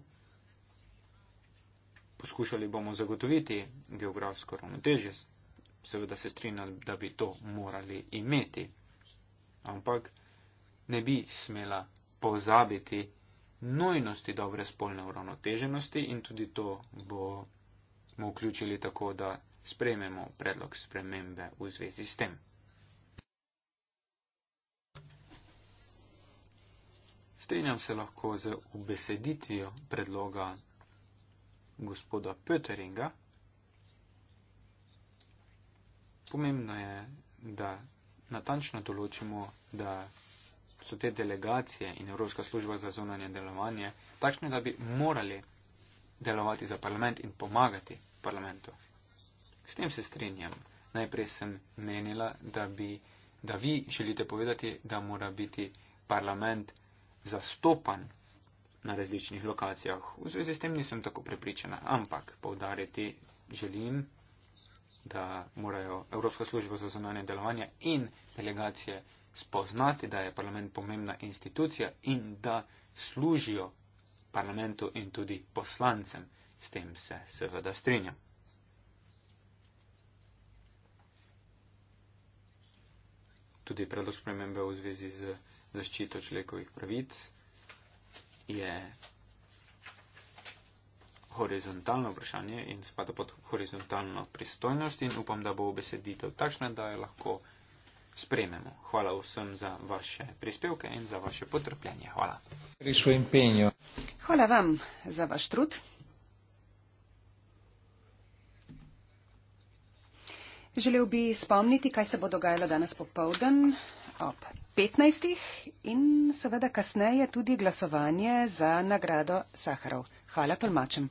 Poskušali bomo zagotoviti geografsko ravnotežje seveda se strinjam, da bi to morali imeti. Ampak ne bi smela pozabiti nujnosti dobre spolne uravnoteženosti in tudi to bomo vključili tako, da sprejmemo predlog spremembe v zvezi s tem. Strenjam se lahko z obeseditvijo predloga gospoda Pöteringa, Pomembno je, da natančno določimo, da so te delegacije in Evropska služba za zunanje delovanje takšne, da bi morali delovati za parlament in pomagati parlamentu. S tem se strinjam. Najprej sem menila, da, bi, da vi želite povedati, da mora biti parlament zastopan na različnih lokacijah. V zvezi s tem nisem tako prepričana, ampak povdariti želim, da morajo Evropska služba za zunanje delovanje in delegacije spoznati, da je parlament pomembna institucija in da služijo parlamentu in tudi poslancem. S tem se seveda strinjam. Tudi predlog spremembe v zvezi z zaščito človekovih pravic je horizontalno vprašanje in spada pod horizontalno pristojnost in upam, da bo beseditev takšna, da jo lahko sprememo. Hvala vsem za vaše prispevke in za vaše potrpljenje. Hvala. Hvala vam za vaš trud. Želel bi spomniti, kaj se bo dogajalo danes popovdan ob 15. in seveda kasneje tudi glasovanje za nagrado Saharov. Hvala, tolmačem.